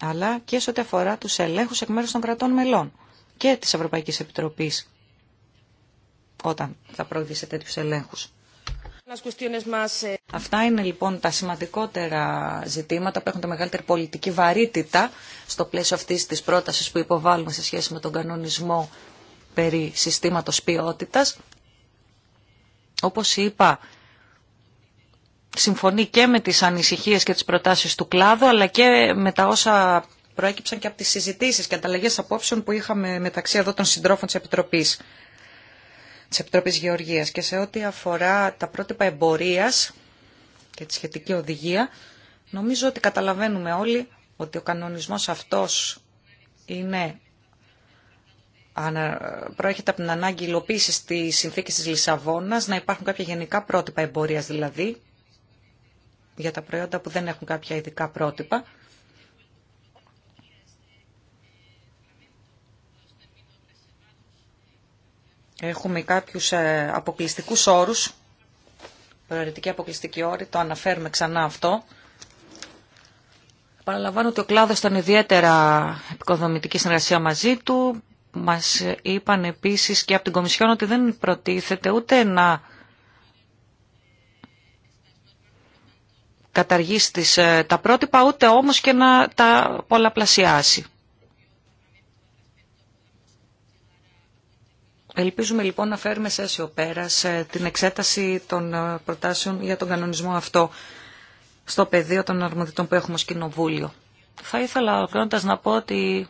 αλλά και σε ό,τι αφορά τους ελέγχους εκ μέρους των κρατών μελών και της Ευρωπαϊκής Επιτροπής όταν θα πρόκειται σε τέτοιους ελέγχους. Eh, Αυτά είναι λοιπόν τα σημαντικότερα ζητήματα που έχουν τη μεγαλύτερη πολιτική βαρύτητα στο πλαίσιο αυτής της πρότασης που υποβάλλουμε σε σχέση με τον κανονισμό περί συστήματος ποιότητας. Όπως είπα, συμφωνεί και με τις ανησυχίες και τις προτάσεις του κλάδου, αλλά και με τα όσα προέκυψαν και από τις συζητήσεις και ανταλλαγές απόψεων που είχαμε μεταξύ εδώ των συντρόφων της Επιτροπής της Επιτροπής Γεωργίας και σε ό,τι αφορά τα πρότυπα εμπορίας και τη σχετική οδηγία, νομίζω ότι καταλαβαίνουμε όλοι ότι ο κανονισμός αυτός είναι προέρχεται από την ανάγκη υλοποίηση τη συνθήκη τη Λισαβόνα, να υπάρχουν κάποια γενικά πρότυπα εμπορία δηλαδή, για τα προϊόντα που δεν έχουν κάποια ειδικά πρότυπα. Έχουμε κάποιους ε, αποκλειστικούς όρους, προαιρετική αποκλειστική όρη, το αναφέρουμε ξανά αυτό. Παραλαμβάνω ότι ο κλάδος ήταν ιδιαίτερα επικοδομητική συνεργασία μαζί του. Μας είπαν επίσης και από την Κομισιόν ότι δεν προτίθεται ούτε να καταργήσει ε, τα πρότυπα, ούτε όμως και να τα πολλαπλασιάσει. Ελπίζουμε λοιπόν να φέρουμε σε αίσιο πέρα ε, την εξέταση των ε, προτάσεων για τον κανονισμό αυτό στο πεδίο των αρμοδιτών που έχουμε ως κοινοβούλιο. Θα ήθελα ολοκληρώνοντας να πω ότι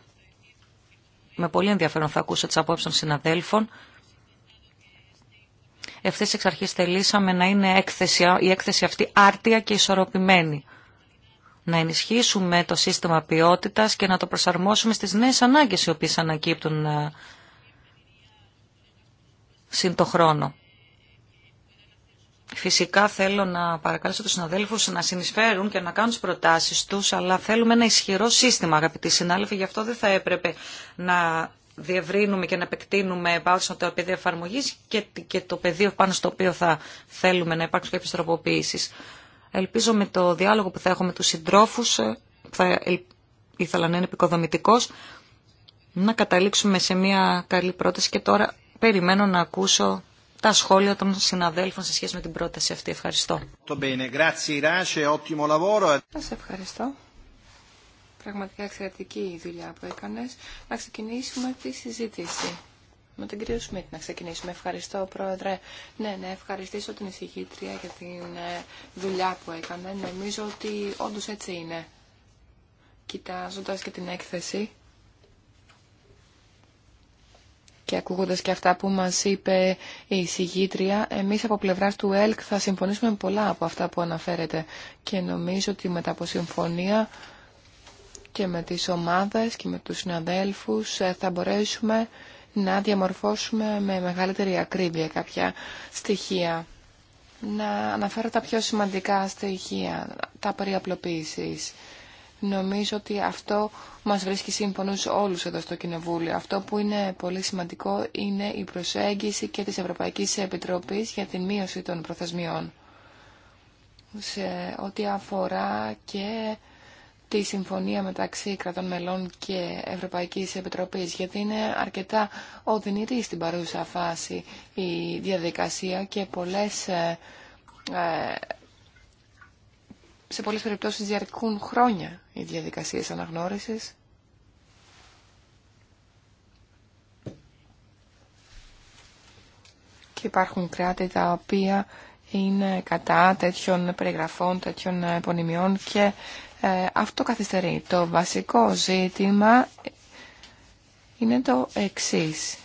με πολύ ενδιαφέρον θα ακούσω τις απόψεις των συναδέλφων. Ευθύ εξ αρχή θελήσαμε να είναι έκθεση, η έκθεση αυτή άρτια και ισορροπημένη. Να ενισχύσουμε το σύστημα ποιότητα και να το προσαρμόσουμε στι νέε ανάγκε οι οποίε ανακύπτουν ε, συν το χρόνο. Φυσικά θέλω να παρακαλέσω τους συναδέλφους να συνεισφέρουν και να κάνουν τις προτάσεις τους, αλλά θέλουμε ένα ισχυρό σύστημα, αγαπητοί συνάδελφοι, γι' αυτό δεν θα έπρεπε να διευρύνουμε και να επεκτείνουμε πάνω στο πεδίο εφαρμογή και, και το πεδίο πάνω στο οποίο θα θέλουμε να υπάρξουν κάποιε τροποποιήσεις. Ελπίζω με το διάλογο που θα έχω με τους συντρόφους, που θα ήθελα να είναι επικοδομητικός, να καταλήξουμε σε μια καλή πρόταση και τώρα περιμένω να ακούσω τα σχόλια των συναδέλφων σε σχέση με την πρόταση αυτή. Ευχαριστώ. Σας ευχαριστώ. Πραγματικά εξαιρετική η δουλειά που έκανες. Να ξεκινήσουμε τη συζήτηση. Με τον κύριο Σμιτ να ξεκινήσουμε. Ευχαριστώ, Πρόεδρε. Ναι, ναι, ευχαριστήσω την εισηγήτρια για την ε, δουλειά που έκανε. Νομίζω ότι όντως έτσι είναι. Κοιτάζοντας και την έκθεση, Και ακούγοντας και αυτά που μας είπε η συγγήτρια, εμείς από πλευράς του ΕΛΚ θα συμφωνήσουμε πολλά από αυτά που αναφέρετε. Και νομίζω ότι μετά από συμφωνία και με τις ομάδες και με τους συναδέλφους ε, θα μπορέσουμε να διαμορφώσουμε με μεγαλύτερη ακρίβεια κάποια στοιχεία. Να αναφέρω τα πιο σημαντικά στοιχεία, τα περί Νομίζω ότι αυτό μας βρίσκει σύμφωνους όλους εδώ στο Κοινοβούλιο. Αυτό που είναι πολύ σημαντικό είναι η προσέγγιση και της Ευρωπαϊκής Επιτροπής για την μείωση των προθεσμιών. Σε ό,τι αφορά και τη συμφωνία μεταξύ κρατών μελών και Ευρωπαϊκής Επιτροπής, γιατί είναι αρκετά οδυνηρή στην παρούσα φάση η διαδικασία και πολλές ε, ε, σε πολλές περιπτώσεις διαρκούν χρόνια οι διαδικασίες αναγνώρισης. Και υπάρχουν κράτη τα οποία είναι κατά τέτοιων περιγραφών, τέτοιων επωνυμιών και ε, αυτό καθυστερεί. Το βασικό ζήτημα είναι το εξής.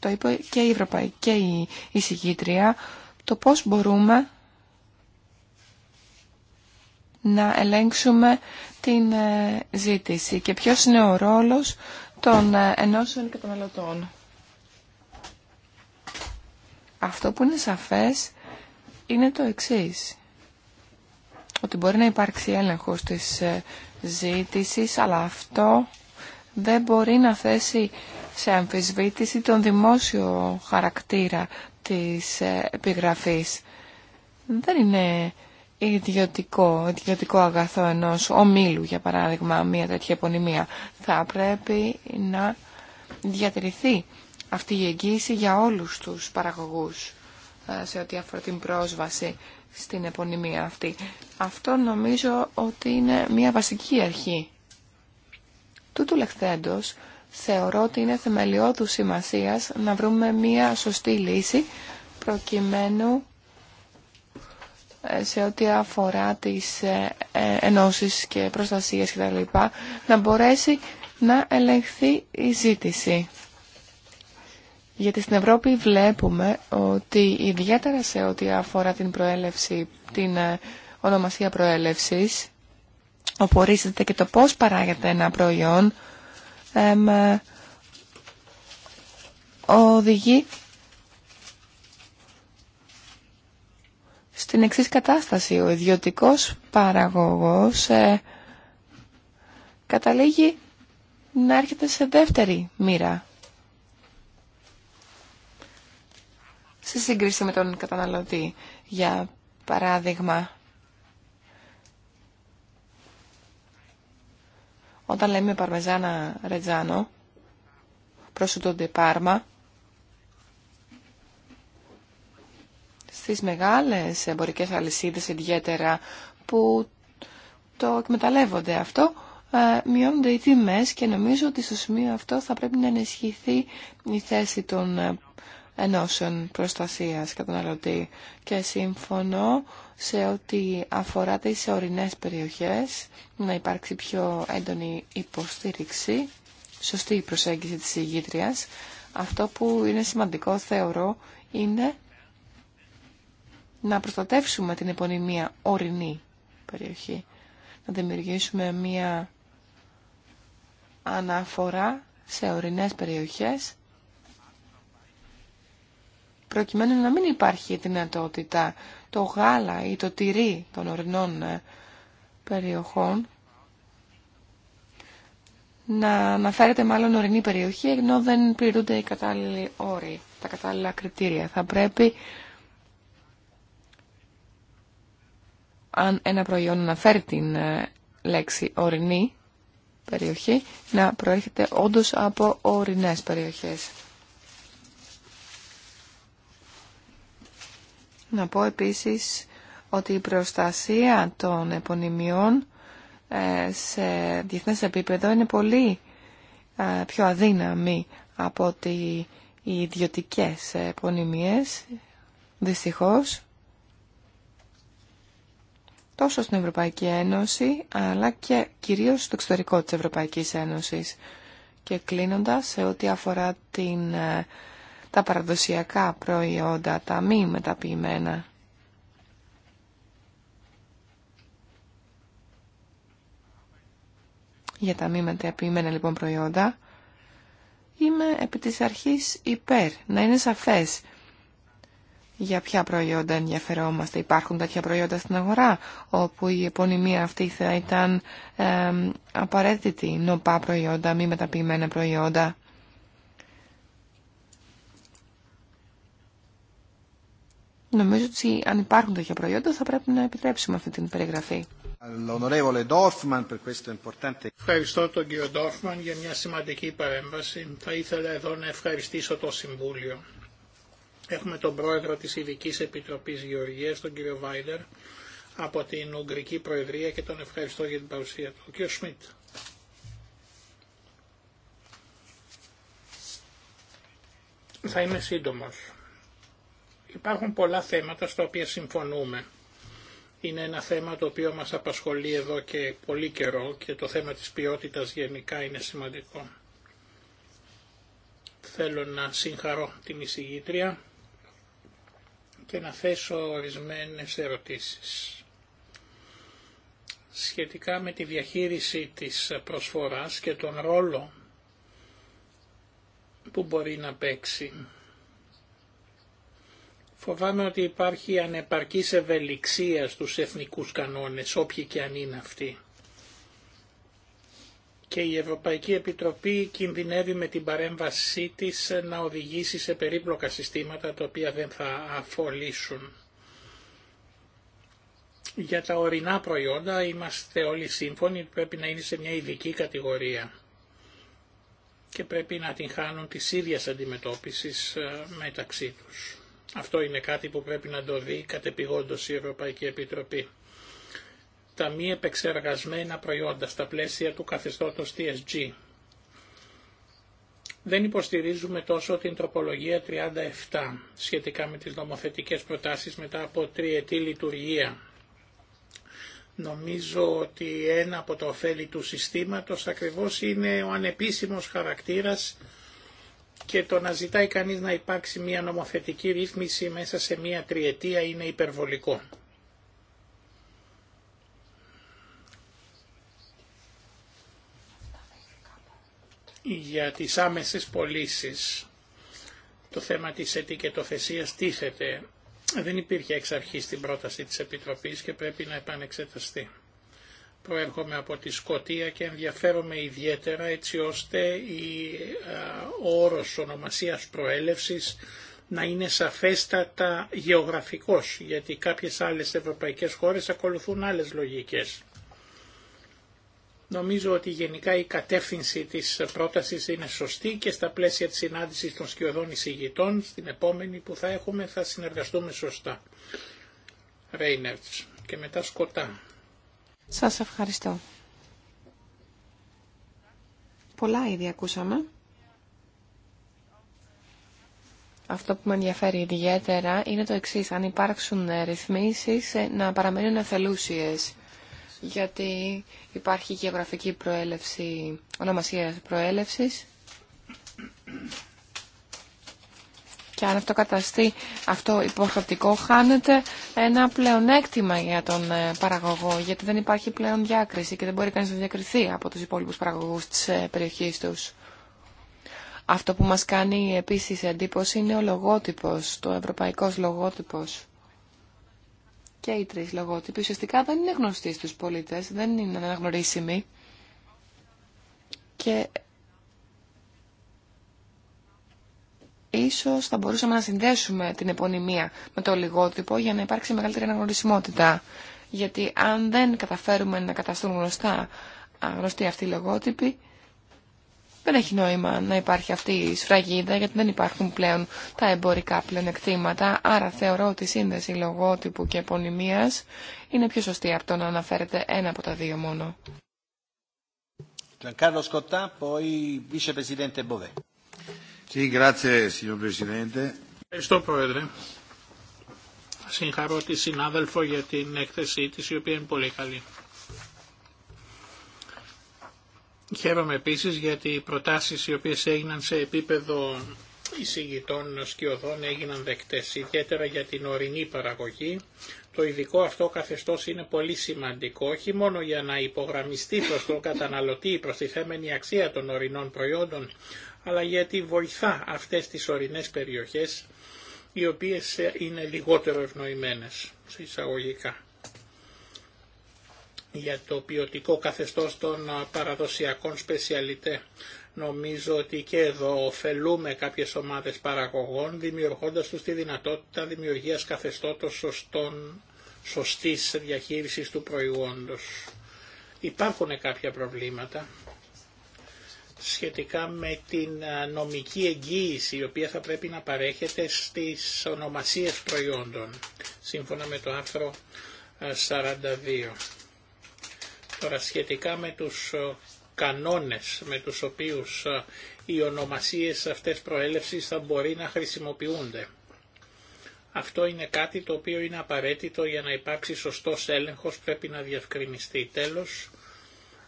Το είπε και η Ευρωπαϊκή και η εισηγήτρια, το πώς μπορούμε να ελέγξουμε την ε, ζήτηση και ποιος είναι ο ρόλος των ε, ενώσεων μελωτών. Αυτό που είναι σαφές είναι το εξής. Ότι μπορεί να υπάρξει έλεγχος της ε, ζήτησης, αλλά αυτό δεν μπορεί να θέσει σε αμφισβήτηση τον δημόσιο χαρακτήρα της επιγραφής. Δεν είναι ιδιωτικό, ιδιωτικό αγαθό ενός ομίλου, για παράδειγμα, μια τέτοια επωνυμία, θα πρέπει να διατηρηθεί αυτή η εγγύηση για όλους τους παραγωγούς ε, σε ό,τι αφορά την πρόσβαση στην επωνυμία αυτή. Αυτό νομίζω ότι είναι μια βασική αρχή. Τούτου λεχθέντος θεωρώ ότι είναι θεμελιώδου σημασίας να βρούμε μια σωστή λύση προκειμένου σε ό,τι αφορά τις ε, ε, ενώσεις και προστασίες λοιπά να μπορέσει να ελεγχθεί η ζήτηση. Γιατί στην Ευρώπη βλέπουμε ότι ιδιαίτερα σε ό,τι αφορά την προέλευση, την ε, ονομασία προέλευσης, όπου και το πώς παράγεται ένα προϊόν, εμ, οδηγεί στην εξή κατάσταση. Ο ιδιωτικός παραγωγός ε, καταλήγει να έρχεται σε δεύτερη μοίρα. Σε σύγκριση με τον καταναλωτή, για παράδειγμα, όταν λέμε παρμεζάνα ρετζάνο, το πάρμα, στις μεγάλες εμπορικές αλυσίδες ιδιαίτερα που το εκμεταλλεύονται αυτό, ε, μειώνονται οι τιμές και νομίζω ότι στο σημείο αυτό θα πρέπει να ενισχυθεί η θέση των ε, ενώσεων προστασίας καταναλωτή και σύμφωνο σε ό,τι αφορά τις ορεινές περιοχές να υπάρξει πιο έντονη υποστήριξη σωστή η προσέγγιση της ηγήτριας αυτό που είναι σημαντικό θεωρώ είναι να προστατεύσουμε την επωνυμία ορεινή περιοχή, να δημιουργήσουμε μία αναφορά σε ορεινές περιοχές προκειμένου να μην υπάρχει δυνατότητα το γάλα ή το τυρί των ορεινών ε, περιοχών να αναφέρεται μάλλον ορεινή περιοχή ενώ δεν πληρούνται οι κατάλληλοι όροι, τα κατάλληλα κριτήρια. Θα πρέπει αν ένα προϊόν αναφέρει την ε, λέξη ορεινή περιοχή, να προέρχεται όντως από ορεινές περιοχές. Να πω επίσης ότι η προστασία των επωνυμιών ε, σε διεθνές επίπεδο είναι πολύ ε, πιο αδύναμη από ότι οι ιδιωτικές επωνυμίες, δυστυχώς τόσο στην Ευρωπαϊκή Ένωση, αλλά και κυρίως στο εξωτερικό της Ευρωπαϊκής Ένωσης. Και κλείνοντας, σε ό,τι αφορά την, ε, τα παραδοσιακά προϊόντα, τα μη μεταποιημένα. Για τα μη μεταποιημένα λοιπόν προϊόντα, είμαι επί της αρχής υπέρ, να είναι σαφές για ποια προϊόντα ενδιαφερόμαστε. Υπάρχουν τέτοια προϊόντα στην αγορά όπου η επωνυμία αυτή θα ήταν ε, απαραίτητη. Νοπά προϊόντα, μη μεταποιημένα προϊόντα. Νομίζω ότι αν υπάρχουν τέτοια προϊόντα θα πρέπει να επιτρέψουμε αυτή την περιγραφή. Ευχαριστώ τον κύριο Ντόρφμαν για μια σημαντική παρέμβαση. Θα ήθελα εδώ να ευχαριστήσω το Συμβούλιο. Έχουμε τον πρόεδρο της ειδική Επιτροπής Γεωργίας, τον κύριο Βάιντερ, από την Ουγγρική Προεδρία και τον ευχαριστώ για την παρουσία του. Ο κύριο Σμιτ. Θα είμαι σύντομος. Υπάρχουν πολλά θέματα στα οποία συμφωνούμε. Είναι ένα θέμα το οποίο μας απασχολεί εδώ και πολύ καιρό και το θέμα της ποιότητας γενικά είναι σημαντικό. Θέλω να συγχαρώ την εισηγήτρια και να θέσω ορισμένες ερωτήσεις. Σχετικά με τη διαχείριση της προσφοράς και τον ρόλο που μπορεί να παίξει. Φοβάμαι ότι υπάρχει ανεπαρκής ευελιξία στους εθνικούς κανόνες, όποιοι και αν είναι αυτοί και η Ευρωπαϊκή Επιτροπή κινδυνεύει με την παρέμβασή της να οδηγήσει σε περίπλοκα συστήματα τα οποία δεν θα αφολήσουν. Για τα ορεινά προϊόντα είμαστε όλοι σύμφωνοι, πρέπει να είναι σε μια ειδική κατηγορία και πρέπει να την χάνουν τις ίδιες αντιμετώπισης ε, μεταξύ τους. Αυτό είναι κάτι που πρέπει να το δει κατεπηγόντως η Ευρωπαϊκή Επιτροπή τα μη επεξεργασμένα προϊόντα στα πλαίσια του καθεστώτος TSG. Δεν υποστηρίζουμε τόσο την τροπολογία 37 σχετικά με τις νομοθετικές προτάσεις μετά από τριετή λειτουργία. Νομίζω ότι ένα από τα ωφέλη του συστήματος ακριβώς είναι ο ανεπίσημος χαρακτήρας και το να ζητάει κανείς να υπάρξει μια νομοθετική ρύθμιση μέσα σε μια τριετία είναι υπερβολικό. για τις άμεσες πωλήσει. Το θέμα της ετικετοθεσίας τίθεται. Δεν υπήρχε εξ αρχής στην πρόταση της Επιτροπής και πρέπει να επανεξεταστεί. Προέρχομαι από τη Σκοτία και ενδιαφέρομαι ιδιαίτερα έτσι ώστε η, ο όρος ονομασίας προέλευσης να είναι σαφέστατα γεωγραφικός, γιατί κάποιες άλλες ευρωπαϊκές χώρες ακολουθούν άλλες λογικές. Νομίζω ότι γενικά η κατεύθυνση της πρότασης είναι σωστή και στα πλαίσια της συνάντησης των σκιωδών εισηγητών, στην επόμενη που θα έχουμε, θα συνεργαστούμε σωστά. Ρέινερτς και μετά Σκοτά. Σας ευχαριστώ. Πολλά ήδη ακούσαμε. Αυτό που με ενδιαφέρει ιδιαίτερα είναι το εξής. Αν υπάρξουν ρυθμίσεις, ε, να παραμένουν εθελούσιες γιατί υπάρχει γεωγραφική προέλευση, ονομασία προέλευσης και αν αυτό καταστεί αυτό υποχρεωτικό χάνεται ένα πλεονέκτημα για τον ε, παραγωγό γιατί δεν υπάρχει πλέον διάκριση και δεν μπορεί κανείς να διακριθεί από τους υπόλοιπους παραγωγούς της ε, περιοχής τους. Αυτό που μας κάνει επίσης εντύπωση είναι ο λογότυπος, το ευρωπαϊκός λογότυπος και οι τρεις λογότυποι ουσιαστικά δεν είναι γνωστοί στους πολίτες, δεν είναι αναγνωρίσιμοι. Και ίσως θα μπορούσαμε να συνδέσουμε την επωνυμία με το λιγότυπο για να υπάρξει μεγαλύτερη αναγνωρισιμότητα. Γιατί αν δεν καταφέρουμε να καταστούν γνωστά, γνωστοί αυτοί οι λογότυποι, δεν έχει νόημα να υπάρχει αυτή η σφραγίδα γιατί δεν υπάρχουν πλέον τα εμπορικά πλεονεκτήματα. Άρα θεωρώ ότι η σύνδεση λογότυπου και επωνυμίας είναι πιο σωστή από το να αναφέρεται ένα από τα δύο μόνο. Ευχαριστώ Πρόεδρε. Συγχαρώ τη συνάδελφο για την έκθεσή της η οποία είναι πολύ καλή. Χαίρομαι επίσης γιατί οι προτάσεις οι οποίες έγιναν σε επίπεδο εισηγητών σκιωδών έγιναν δεκτές, ιδιαίτερα για την ορεινή παραγωγή. Το ειδικό αυτό καθεστώς είναι πολύ σημαντικό, όχι μόνο για να υπογραμμιστεί προς τον καταναλωτή η προστιθέμενη αξία των ορεινών προϊόντων, αλλά γιατί βοηθά αυτές τις ορεινές περιοχές, οι οποίες είναι λιγότερο ευνοημένες, εισαγωγικά για το ποιοτικό καθεστώς των παραδοσιακών σπεσιαλιτέ. Νομίζω ότι και εδώ ωφελούμε κάποιες ομάδες παραγωγών δημιουργώντας τους τη δυνατότητα δημιουργίας καθεστώτος σωστών, σωστής διαχείρισης του προϊόντος. Υπάρχουν κάποια προβλήματα σχετικά με την νομική εγγύηση η οποία θα πρέπει να παρέχεται στις ονομασίες προϊόντων σύμφωνα με το άρθρο 42. Τώρα σχετικά με τους ε, κανόνες με τους οποίους ε, οι ονομασίες αυτές προέλευσης θα μπορεί να χρησιμοποιούνται. Αυτό είναι κάτι το οποίο είναι απαραίτητο για να υπάρξει σωστός έλεγχος, πρέπει να διευκρινιστεί. Τέλος,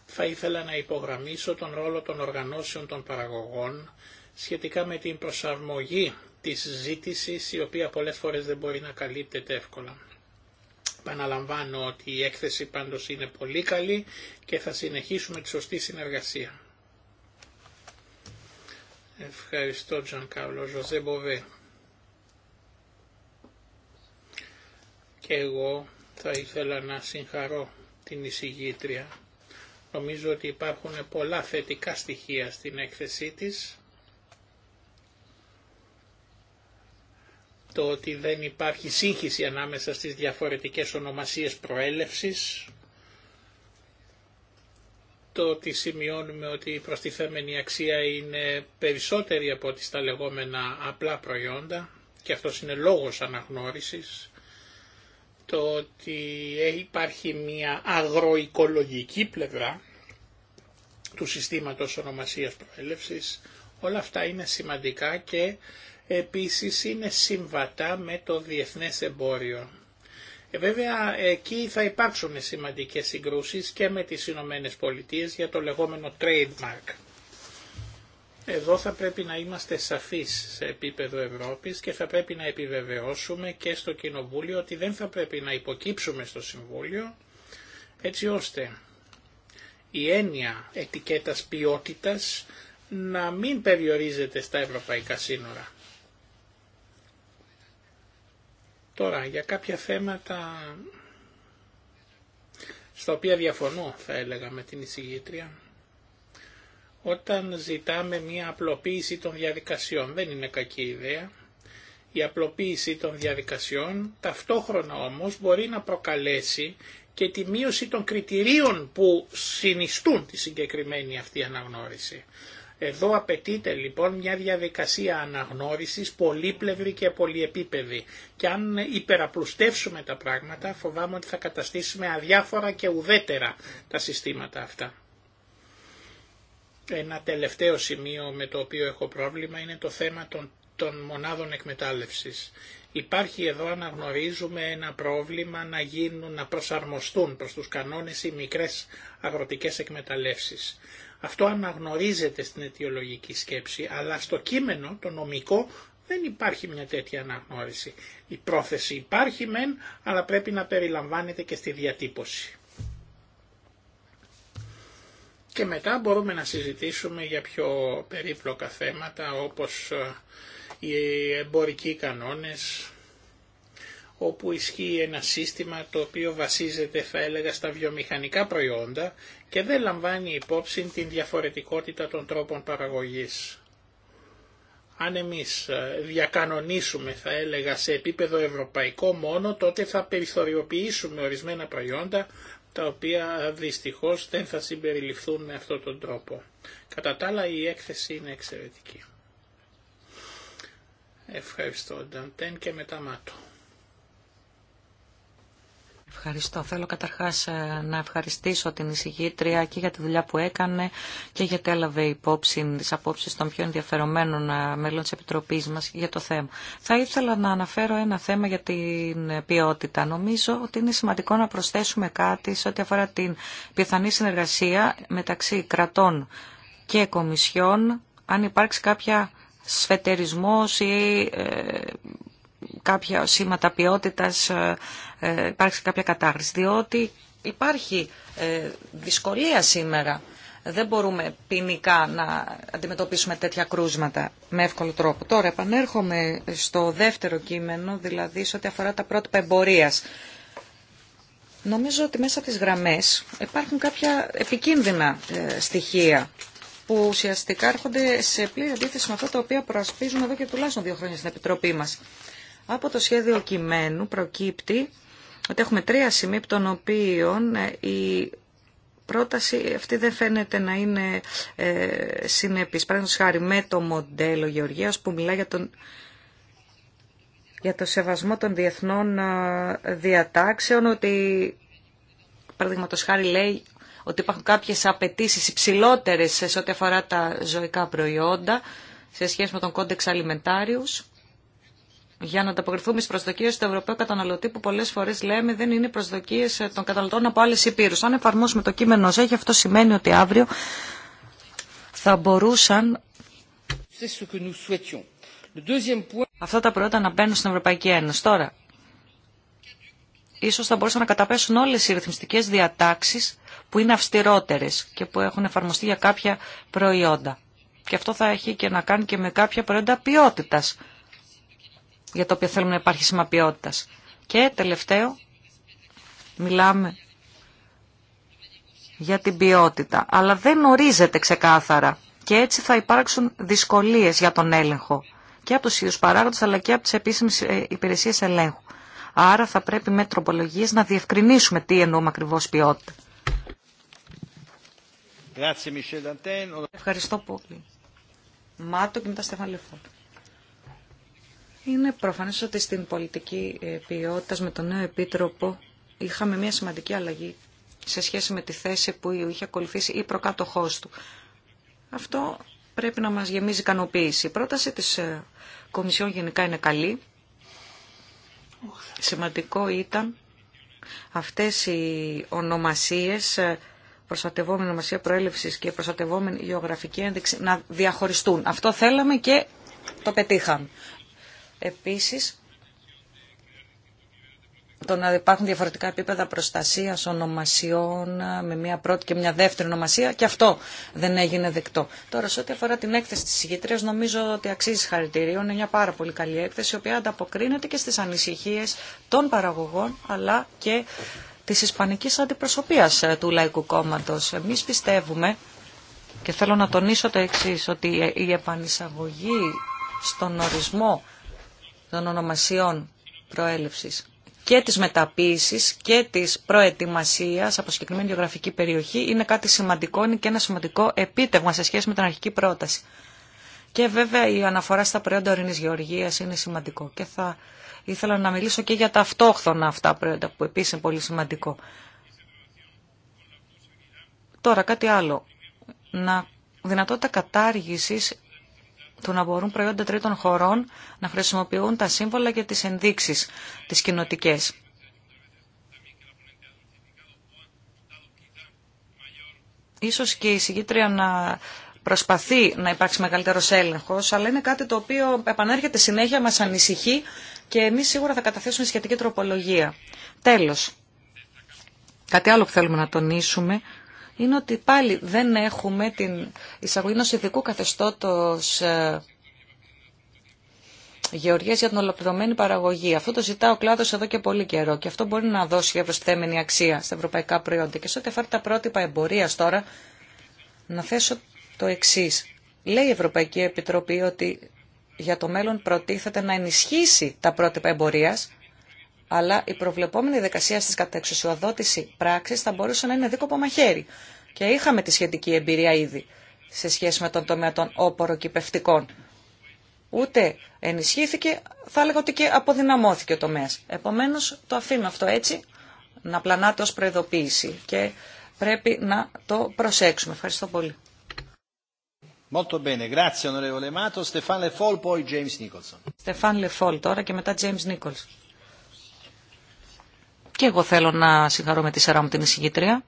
θα ήθελα να υπογραμμίσω τον ρόλο των οργανώσεων των παραγωγών σχετικά με την προσαρμογή της ζήτησης, η οποία πολλές φορές δεν μπορεί να καλύπτεται εύκολα. Παναλαμβάνω ότι η έκθεση πάντως είναι πολύ καλή και θα συνεχίσουμε τη σωστή συνεργασία. Ευχαριστώ Τζαν Καύλο Ζωζέ Μποβέ. Και εγώ θα ήθελα να συγχαρώ την εισηγήτρια. Νομίζω ότι υπάρχουν πολλά θετικά στοιχεία στην έκθεσή της το ότι δεν υπάρχει σύγχυση ανάμεσα στις διαφορετικές ονομασίες προέλευσης, το ότι σημειώνουμε ότι η προστιθέμενη αξία είναι περισσότερη από ό,τι στα λεγόμενα απλά προϊόντα και αυτός είναι λόγος αναγνώρισης, το ότι υπάρχει μια αγροοικολογική πλευρά του συστήματος ονομασίας προέλευσης, όλα αυτά είναι σημαντικά και επίσης είναι συμβατά με το διεθνές εμπόριο. Ε, βέβαια εκεί θα υπάρξουν σημαντικές συγκρούσεις και με τις Ηνωμένε Πολιτείε για το λεγόμενο trademark. Εδώ θα πρέπει να είμαστε σαφείς σε επίπεδο Ευρώπης και θα πρέπει να επιβεβαιώσουμε και στο Κοινοβούλιο ότι δεν θα πρέπει να υποκύψουμε στο Συμβούλιο έτσι ώστε η έννοια ετικέτας ποιότητας να μην περιορίζεται στα ευρωπαϊκά σύνορα. Τώρα, για κάποια θέματα στα οποία διαφωνώ, θα έλεγα, με την εισηγήτρια, όταν ζητάμε μία απλοποίηση των διαδικασιών, δεν είναι κακή ιδέα, η απλοποίηση των διαδικασιών ταυτόχρονα όμως μπορεί να προκαλέσει και τη μείωση των κριτηρίων που συνιστούν τη συγκεκριμένη αυτή αναγνώριση. Εδώ απαιτείται λοιπόν μια διαδικασία αναγνώρισης πολύπλευρη και πολυεπίπεδη και αν υπεραπλουστεύσουμε τα πράγματα φοβάμαι ότι θα καταστήσουμε αδιάφορα και ουδέτερα τα συστήματα αυτά. Ένα τελευταίο σημείο με το οποίο έχω πρόβλημα είναι το θέμα των, των μονάδων εκμετάλλευσης. Υπάρχει εδώ αναγνωρίζουμε ένα πρόβλημα να γίνουν, να προσαρμοστούν προς τους κανόνες οι μικρές αγροτικές εκμεταλλεύσεις. Αυτό αναγνωρίζεται στην αιτιολογική σκέψη, αλλά στο κείμενο, το νομικό, δεν υπάρχει μια τέτοια αναγνώριση. Η πρόθεση υπάρχει μεν, αλλά πρέπει να περιλαμβάνεται και στη διατύπωση. Και μετά μπορούμε να συζητήσουμε για πιο περίπλοκα θέματα όπως ε, οι εμπορικοί κανόνες, όπου ισχύει ένα σύστημα το οποίο βασίζεται θα έλεγα στα βιομηχανικά προϊόντα και δεν λαμβάνει υπόψη την διαφορετικότητα των τρόπων παραγωγής. Αν εμείς ε, διακανονίσουμε θα έλεγα σε επίπεδο ευρωπαϊκό μόνο τότε θα περιθωριοποιήσουμε ορισμένα προϊόντα τα οποία ε, δυστυχώς δεν θα συμπεριληφθούν με αυτόν τον τρόπο. Κατά τα άλλα η έκθεση είναι εξαιρετική. Ευχαριστώ Νταντέν και μετά Μάτω. Ευχαριστώ. Θέλω καταρχάς ε, να ευχαριστήσω την εισηγήτρια και για τη δουλειά που έκανε και γιατί έλαβε υπόψη τι απόψεις των πιο ενδιαφερομένων ε, μέλων της Επιτροπής μας για το θέμα. Θα ήθελα να αναφέρω ένα θέμα για την ποιότητα. Νομίζω ότι είναι σημαντικό να προσθέσουμε κάτι σε ό,τι αφορά την πιθανή συνεργασία μεταξύ κρατών και κομισιών, αν υπάρξει κάποια σφετερισμός ή ε, κάποια σήματα ποιότητας, ε, ε, υπάρξει κάποια κατάχρηση. Διότι υπάρχει ε, δυσκολία σήμερα. Δεν μπορούμε ποινικά να αντιμετωπίσουμε τέτοια κρούσματα με εύκολο τρόπο. Τώρα επανέρχομαι στο δεύτερο κείμενο, δηλαδή σε ό,τι αφορά τα πρότυπα εμπορία. Νομίζω ότι μέσα από τις γραμμές υπάρχουν κάποια επικίνδυνα στοιχεία που ουσιαστικά έρχονται σε πλήρη αντίθεση με αυτά τα οποία προασπίζουμε εδώ και τουλάχιστον δύο χρόνια στην Επιτροπή μας. Από το σχέδιο κειμένου προκύπτει ότι έχουμε τρία σημεία των οποίων ε, η πρόταση αυτή δεν φαίνεται να είναι ε, συνεπής. Παραδείγματος χάρη με το μοντέλο Γεωργίας που μιλά για τον για το σεβασμό των διεθνών ε, διατάξεων, ότι παραδείγματο χάρη λέει ότι υπάρχουν κάποιες απαιτήσει υψηλότερε σε ό,τι αφορά τα ζωικά προϊόντα σε σχέση με τον κόντεξ αλιμεντάριους για να ανταποκριθούμε στι προσδοκίε του Ευρωπαίου καταναλωτή, που πολλέ φορέ λέμε δεν είναι προσδοκίε ε, των καταναλωτών από άλλε υπήρου. Αν εφαρμόσουμε το κείμενο ω έχει, αυτό σημαίνει ότι αύριο θα μπορούσαν αυτά τα προϊόντα να μπαίνουν στην Ευρωπαϊκή Ένωση. Τώρα, ίσως θα μπορούσαν να καταπέσουν όλες οι ρυθμιστικές διατάξεις που είναι αυστηρότερες και που έχουν εφαρμοστεί για κάποια προϊόντα. Και αυτό θα έχει και να κάνει και με κάποια προϊόντα ποιότητα για το οποίο θέλουμε να υπάρχει σήμα Και τελευταίο, μιλάμε για την ποιότητα, αλλά δεν ορίζεται ξεκάθαρα και έτσι θα υπάρξουν δυσκολίες για τον έλεγχο και από τους ίδιους παράγοντες αλλά και από τις επίσημες ε, υπηρεσίες ελέγχου. Άρα θα πρέπει με τροπολογίες να διευκρινίσουμε τι εννοούμε ακριβώς ποιότητα. Ευχαριστώ πολύ. Μάτο και μετά είναι προφανές ότι στην πολιτική ε, ποιότητα με τον νέο επίτροπο είχαμε μια σημαντική αλλαγή σε σχέση με τη θέση που είχε ακολουθήσει η προκάτοχός του. Αυτό πρέπει να μας γεμίζει ικανοποίηση. Η πρόταση της ε, Κομισιόν γενικά είναι καλή. Σημαντικό ήταν αυτές οι ονομασίες ε, προστατευόμενη ονομασία προέλευσης και προστατευόμενη γεωγραφική ένδειξη να διαχωριστούν. Αυτό θέλαμε και το πετύχαμε. Επίσης, το να υπάρχουν διαφορετικά επίπεδα προστασίας ονομασιών με μια πρώτη και μια δεύτερη ονομασία και αυτό δεν έγινε δεκτό. Τώρα σε ό,τι αφορά την έκθεση της συγκεκριτρίας νομίζω ότι αξίζει χαρητηρίων. Είναι μια πάρα πολύ καλή έκθεση η οποία ανταποκρίνεται και στις ανησυχίες των παραγωγών αλλά και της ισπανικής αντιπροσωπείας ε, του Λαϊκού Κόμματος. Εμείς πιστεύουμε και θέλω να τονίσω το εξή ότι η επανεισαγωγή στον ορισμό των ονομασιών προέλευσης και της μεταποίησης και της προετοιμασίας από συγκεκριμένη γεωγραφική περιοχή είναι κάτι σημαντικό, είναι και ένα σημαντικό επίτευγμα σε σχέση με την αρχική πρόταση. Και βέβαια η αναφορά στα προϊόντα ορεινής γεωργίας είναι σημαντικό και θα ήθελα να μιλήσω και για τα αυτόχθονα αυτά προϊόντα που επίσης είναι πολύ σημαντικό. Τώρα κάτι άλλο. Να δυνατότητα κατάργησης του να μπορούν προϊόντα τρίτων χωρών να χρησιμοποιούν τα σύμβολα και τις ενδείξεις τις κοινοτικέ. Ίσως και η συγκήτρια να προσπαθεί να υπάρξει μεγαλύτερος έλεγχος, αλλά είναι κάτι το οποίο επανέρχεται συνέχεια, μας ανησυχεί και εμείς σίγουρα θα καταθέσουμε σχετική τροπολογία. Τέλος, κάτι άλλο που θέλουμε να τονίσουμε είναι ότι πάλι δεν έχουμε την εισαγωγή ενός ειδικού καθεστώτος ε, γεωργίας για την ολοκληρωμένη παραγωγή. Αυτό το ζητά ο κλάδος εδώ και πολύ καιρό και αυτό μπορεί να δώσει για αξία στα ευρωπαϊκά προϊόντα. Και σε ό,τι αφορά τα πρότυπα εμπορία τώρα, να θέσω το εξή. Λέει η Ευρωπαϊκή Επιτροπή ότι για το μέλλον προτίθεται να ενισχύσει τα πρότυπα εμπορίας αλλά η προβλεπόμενη δικασία στις κατεξουσιοδότηση πράξης θα μπορούσε να είναι δίκοπο μαχαίρι. Και είχαμε τη σχετική εμπειρία ήδη σε σχέση με τον τομέα των κυπευτικών. Ούτε ενισχύθηκε, θα έλεγα ότι και αποδυναμώθηκε ο τομέας. Επομένως το αφήνω αυτό έτσι, να πλανάται ως προειδοποίηση και πρέπει να το προσέξουμε. Ευχαριστώ πολύ. Molto bene, grazie onorevole Mato. Stefan James Nicholson. Stefan τώρα και μετά James Nicholson. Και εγώ θέλω να συγχαρώ με τη σειρά μου την εισηγήτρια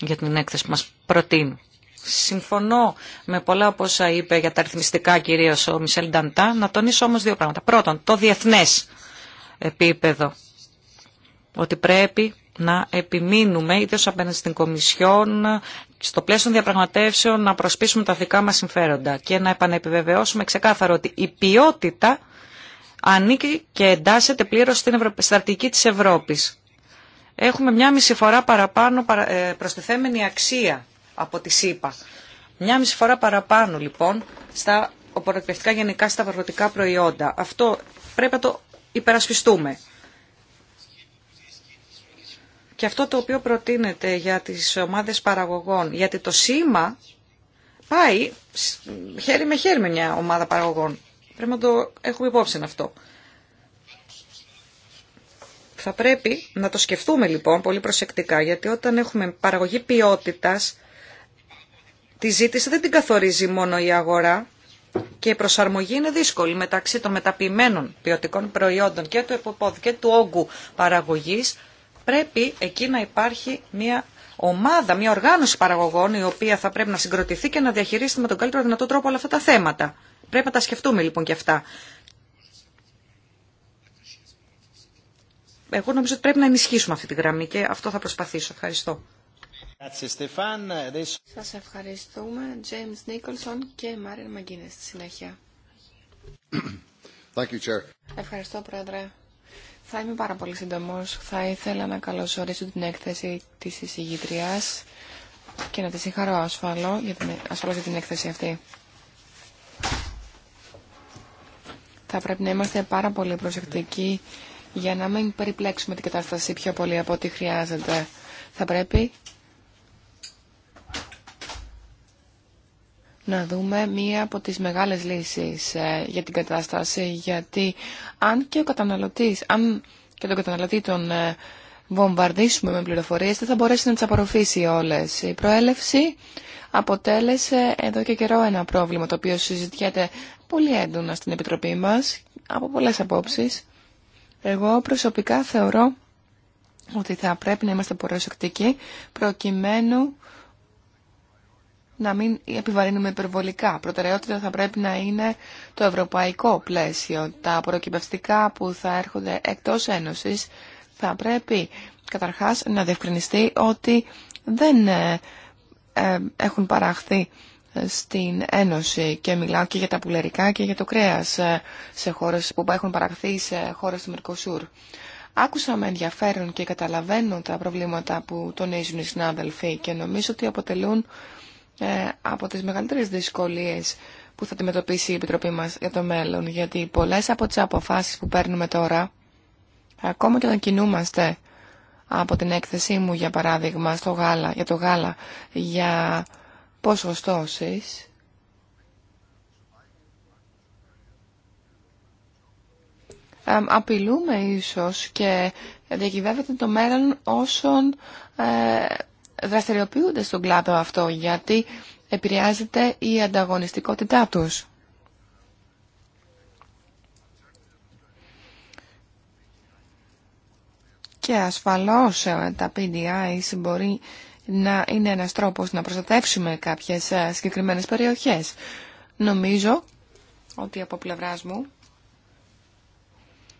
για την έκθεση που μας προτείνει. Συμφωνώ με πολλά από όσα είπε για τα αριθμιστικά κυρίως ο Μισελ Νταντά, να τονίσω όμως δύο πράγματα. Πρώτον, το διεθνές επίπεδο, ότι πρέπει να επιμείνουμε, ιδίως απέναντι στην Κομισιόν, στο πλαίσιο των διαπραγματεύσεων να προσπίσουμε τα δικά μας συμφέροντα και να επανεπιβεβαιώσουμε ξεκάθαρο ότι η ποιότητα ανήκει και εντάσσεται πλήρως στην Ευρω... στρατηγική της Ευρώπης. Έχουμε μια μισή φορά παραπάνω ε, προστιθέμενη αξία από τη ΣΥΠΑ. Μια μισή φορά παραπάνω λοιπόν στα οποροκρευτικά γενικά στα βαρβατικά προϊόντα. Αυτό πρέπει να το υπερασπιστούμε. Και αυτό το οποίο προτείνεται για τις ομάδες παραγωγών, γιατί το σήμα πάει χέρι με χέρι με μια ομάδα παραγωγών. Πρέπει να το έχουμε υπόψη αυτό. Θα πρέπει να το σκεφτούμε λοιπόν πολύ προσεκτικά, γιατί όταν έχουμε παραγωγή ποιότητας, τη ζήτηση δεν την καθορίζει μόνο η αγορά και η προσαρμογή είναι δύσκολη μεταξύ των μεταποιημένων ποιοτικών προϊόντων και του εποπόδου και του όγκου παραγωγής. Πρέπει εκεί να υπάρχει μια ομάδα, μια οργάνωση παραγωγών η οποία θα πρέπει να συγκροτηθεί και να διαχειρίσει με τον καλύτερο δυνατό τρόπο όλα αυτά τα θέματα. Πρέπει να τα σκεφτούμε λοιπόν και αυτά. Εγώ νομίζω ότι πρέπει να ενισχύσουμε αυτή τη γραμμή και αυτό θα προσπαθήσω. Ευχαριστώ. Σας ευχαριστούμε, James Nicholson και Μάριν Μαγκίνες στη συνέχεια. you, Ευχαριστώ, Πρόεδρε. Θα είμαι πάρα πολύ σύντομος. Θα ήθελα να καλωσορίσω την έκθεση της εισηγητριάς και να τη συγχαρώ ασφαλώς για την έκθεση αυτή. θα πρέπει να είμαστε πάρα πολύ προσεκτικοί για να μην περιπλέξουμε την κατάσταση πιο πολύ από ό,τι χρειάζεται. Θα πρέπει να δούμε μία από τις μεγάλες λύσεις ε, για την κατάσταση, γιατί αν και ο καταναλωτής, αν και τον καταναλωτή τον ε, βομβαρδίσουμε με πληροφορίες, δεν θα μπορέσει να τις απορροφήσει όλες. Η προέλευση αποτέλεσε εδώ και καιρό ένα πρόβλημα, το οποίο συζητιέται πολύ έντονα στην Επιτροπή μας από πολλές απόψεις. Εγώ προσωπικά θεωρώ ότι θα πρέπει να είμαστε προσεκτικοί προκειμένου να μην επιβαρύνουμε υπερβολικά. Προτεραιότητα θα πρέπει να είναι το ευρωπαϊκό πλαίσιο. Τα προκυπευτικά που θα έρχονται εκτός Ένωσης θα πρέπει καταρχάς να διευκρινιστεί ότι δεν ε, ε, έχουν παραχθεί στην Ένωση και μιλάω και για τα πουλερικά και για το κρέας ε, σε χώρες που έχουν παραχθεί σε χώρες του Μερκοσούρ. Άκουσα με ενδιαφέρον και καταλαβαίνω τα προβλήματα που τονίζουν οι συνάδελφοι και νομίζω ότι αποτελούν ε, από τις μεγαλύτερες δυσκολίες που θα αντιμετωπίσει η Επιτροπή μας για το μέλλον, γιατί πολλές από τις αποφάσεις που παίρνουμε τώρα, ακόμα και όταν κινούμαστε από την έκθεσή μου, για παράδειγμα, στο γάλα, για το γάλα, για ποσοστώσεις απειλούμε ίσως και διακυβεύεται το μέλλον όσων ε, δραστηριοποιούνται στον κλάδο αυτό γιατί επηρεάζεται η ανταγωνιστικότητά τους. Και ασφαλώς ε, τα PDI μπορεί να είναι ένας τρόπος να προστατεύσουμε κάποιες ε, συγκεκριμένες περιοχές. Νομίζω ότι από πλευρά μου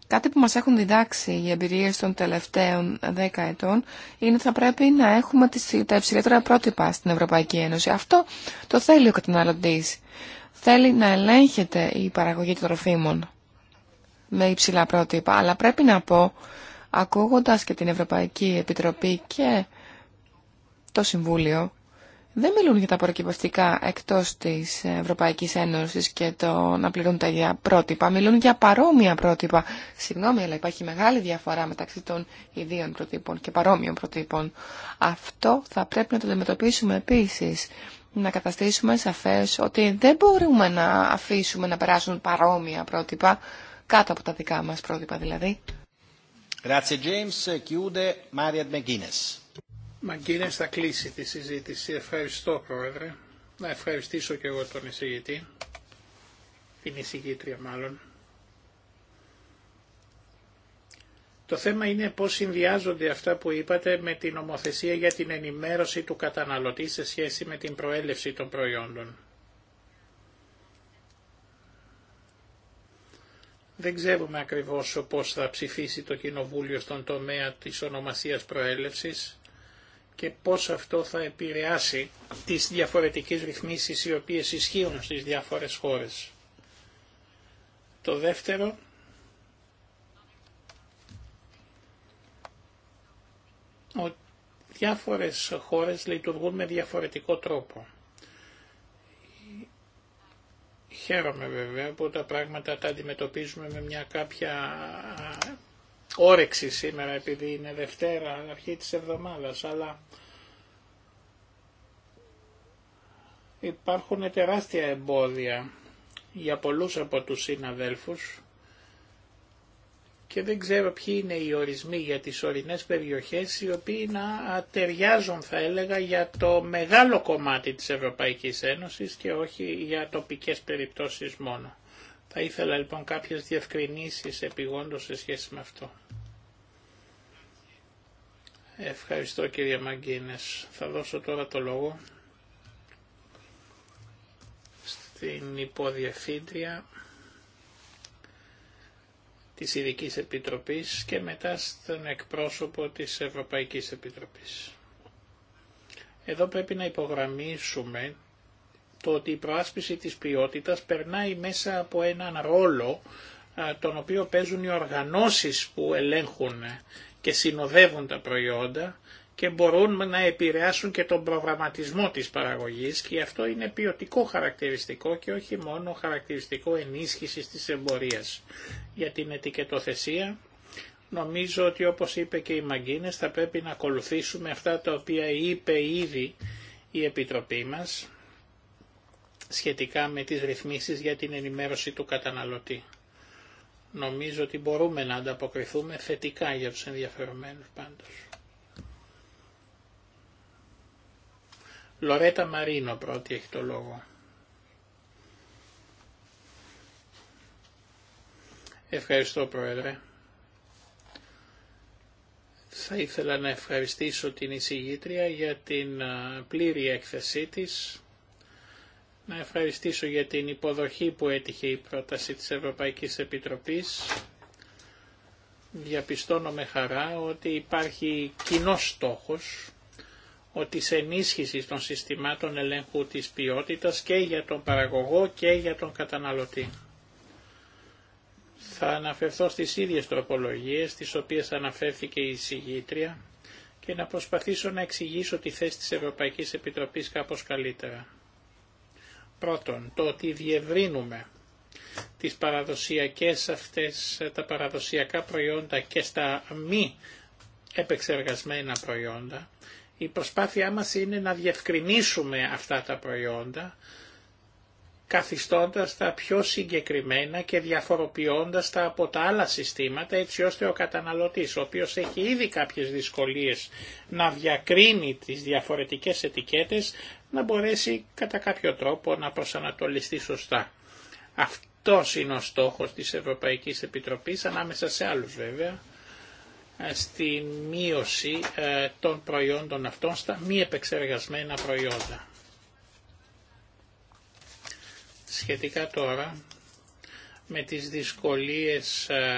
κάτι που μας έχουν διδάξει οι εμπειρίες των τελευταίων δέκα ετών είναι θα πρέπει να έχουμε τα υψηλότερα πρότυπα στην Ευρωπαϊκή Ένωση. Αυτό το θέλει ο καταναλωτής. Θέλει να ελέγχεται η παραγωγή των τροφίμων με υψηλά πρότυπα. Αλλά πρέπει να πω, ακούγοντας και την Ευρωπαϊκή Επιτροπή και το Συμβούλιο δεν μιλούν για τα προκυπευτικά εκτός της Ευρωπαϊκής Ένωσης και το να πληρούν τα ίδια πρότυπα. Μιλούν για παρόμοια πρότυπα. Συγγνώμη, αλλά υπάρχει μεγάλη διαφορά μεταξύ των ιδίων προτύπων και παρόμοιων προτύπων. Αυτό θα πρέπει να το αντιμετωπίσουμε επίσης. Να καταστήσουμε σαφές ότι δεν μπορούμε να αφήσουμε να περάσουν παρόμοια πρότυπα, κάτω από τα δικά μας πρότυπα δηλαδή. Grazie James, chiude McGuinness. Μαγκίνες θα κλείσει τη συζήτηση. Ευχαριστώ Πρόεδρε. Να ευχαριστήσω και εγώ τον εισηγητή, την εισηγήτρια μάλλον. Το θέμα είναι πώς συνδυάζονται αυτά που είπατε με την ομοθεσία για την ενημέρωση του καταναλωτή σε σχέση με την προέλευση των προϊόντων. Δεν ξέρουμε ακριβώς πώς θα ψηφίσει το Κοινοβούλιο στον τομέα της ονομασίας προέλευσης και πώς αυτό θα επηρεάσει τις διαφορετικές ρυθμίσεις οι οποίες ισχύουν στις διάφορες χώρες. Το δεύτερο ότι διάφορες χώρες λειτουργούν με διαφορετικό τρόπο. Χαίρομαι βέβαια που τα πράγματα τα αντιμετωπίζουμε με μια κάποια όρεξη σήμερα επειδή είναι Δευτέρα, αρχή της εβδομάδας, αλλά υπάρχουν τεράστια εμπόδια για πολλούς από τους συναδέλφους και δεν ξέρω ποιοι είναι οι ορισμοί για τις ορεινές περιοχές οι οποίοι να ταιριάζουν θα έλεγα για το μεγάλο κομμάτι της Ευρωπαϊκής Ένωσης και όχι για τοπικές περιπτώσεις μόνο. Θα ήθελα λοιπόν κάποιες διευκρινήσεις επιγόντως σε σχέση με αυτό. Ευχαριστώ κύριε Μαγκίνες. Θα δώσω τώρα το λόγο στην υποδιευθύντρια της ειδική Επιτροπής και μετά στον εκπρόσωπο της Ευρωπαϊκής Επιτροπής. Εδώ πρέπει να υπογραμμίσουμε το ότι η προάσπιση της ποιότητας περνάει μέσα από έναν ρόλο τον οποίο παίζουν οι οργανώσεις που ελέγχουν και συνοδεύουν τα προϊόντα και μπορούν να επηρεάσουν και τον προγραμματισμό της παραγωγής και αυτό είναι ποιοτικό χαρακτηριστικό και όχι μόνο χαρακτηριστικό ενίσχυσης της εμπορίας. Για την ετικετοθεσία νομίζω ότι όπως είπε και η Μαγκίνες θα πρέπει να ακολουθήσουμε αυτά τα οποία είπε ήδη η Επιτροπή μας σχετικά με τις ρυθμίσεις για την ενημέρωση του καταναλωτή. Νομίζω ότι μπορούμε να ανταποκριθούμε θετικά για τους ενδιαφερομένους πάντως. Λορέτα Μαρίνο πρώτη έχει το λόγο. Ευχαριστώ Πρόεδρε. Θα ήθελα να ευχαριστήσω την εισηγήτρια για την πλήρη έκθεσή της να ευχαριστήσω για την υποδοχή που έτυχε η πρόταση της Ευρωπαϊκής Επιτροπής. Διαπιστώνω με χαρά ότι υπάρχει κοινό στόχος ότι σε ενίσχυση των συστημάτων ελέγχου της ποιότητας και για τον παραγωγό και για τον καταναλωτή. Θα αναφερθώ στις ίδιες τροπολογίες, τις οποίες αναφέρθηκε η συγγήτρια και να προσπαθήσω να εξηγήσω τη θέση της Ευρωπαϊκής Επιτροπής κάπως καλύτερα. Πρώτον, το ότι διευρύνουμε τις παραδοσιακές αυτές, τα παραδοσιακά προϊόντα και στα μη επεξεργασμένα προϊόντα. Η προσπάθειά μας είναι να διευκρινίσουμε αυτά τα προϊόντα καθιστώντας τα πιο συγκεκριμένα και διαφοροποιώντας τα από τα άλλα συστήματα έτσι ώστε ο καταναλωτής, ο οποίος έχει ήδη κάποιες δυσκολίες να διακρίνει τις διαφορετικές ετικέτες, να μπορέσει κατά κάποιο τρόπο να προσανατολιστεί σωστά. Αυτός είναι ο στόχος της Ευρωπαϊκής Επιτροπής, ανάμεσα σε άλλους βέβαια, ε, στη μείωση ε, των προϊόντων αυτών στα μη επεξεργασμένα προϊόντα. Σχετικά τώρα με τις δυσκολίες ε,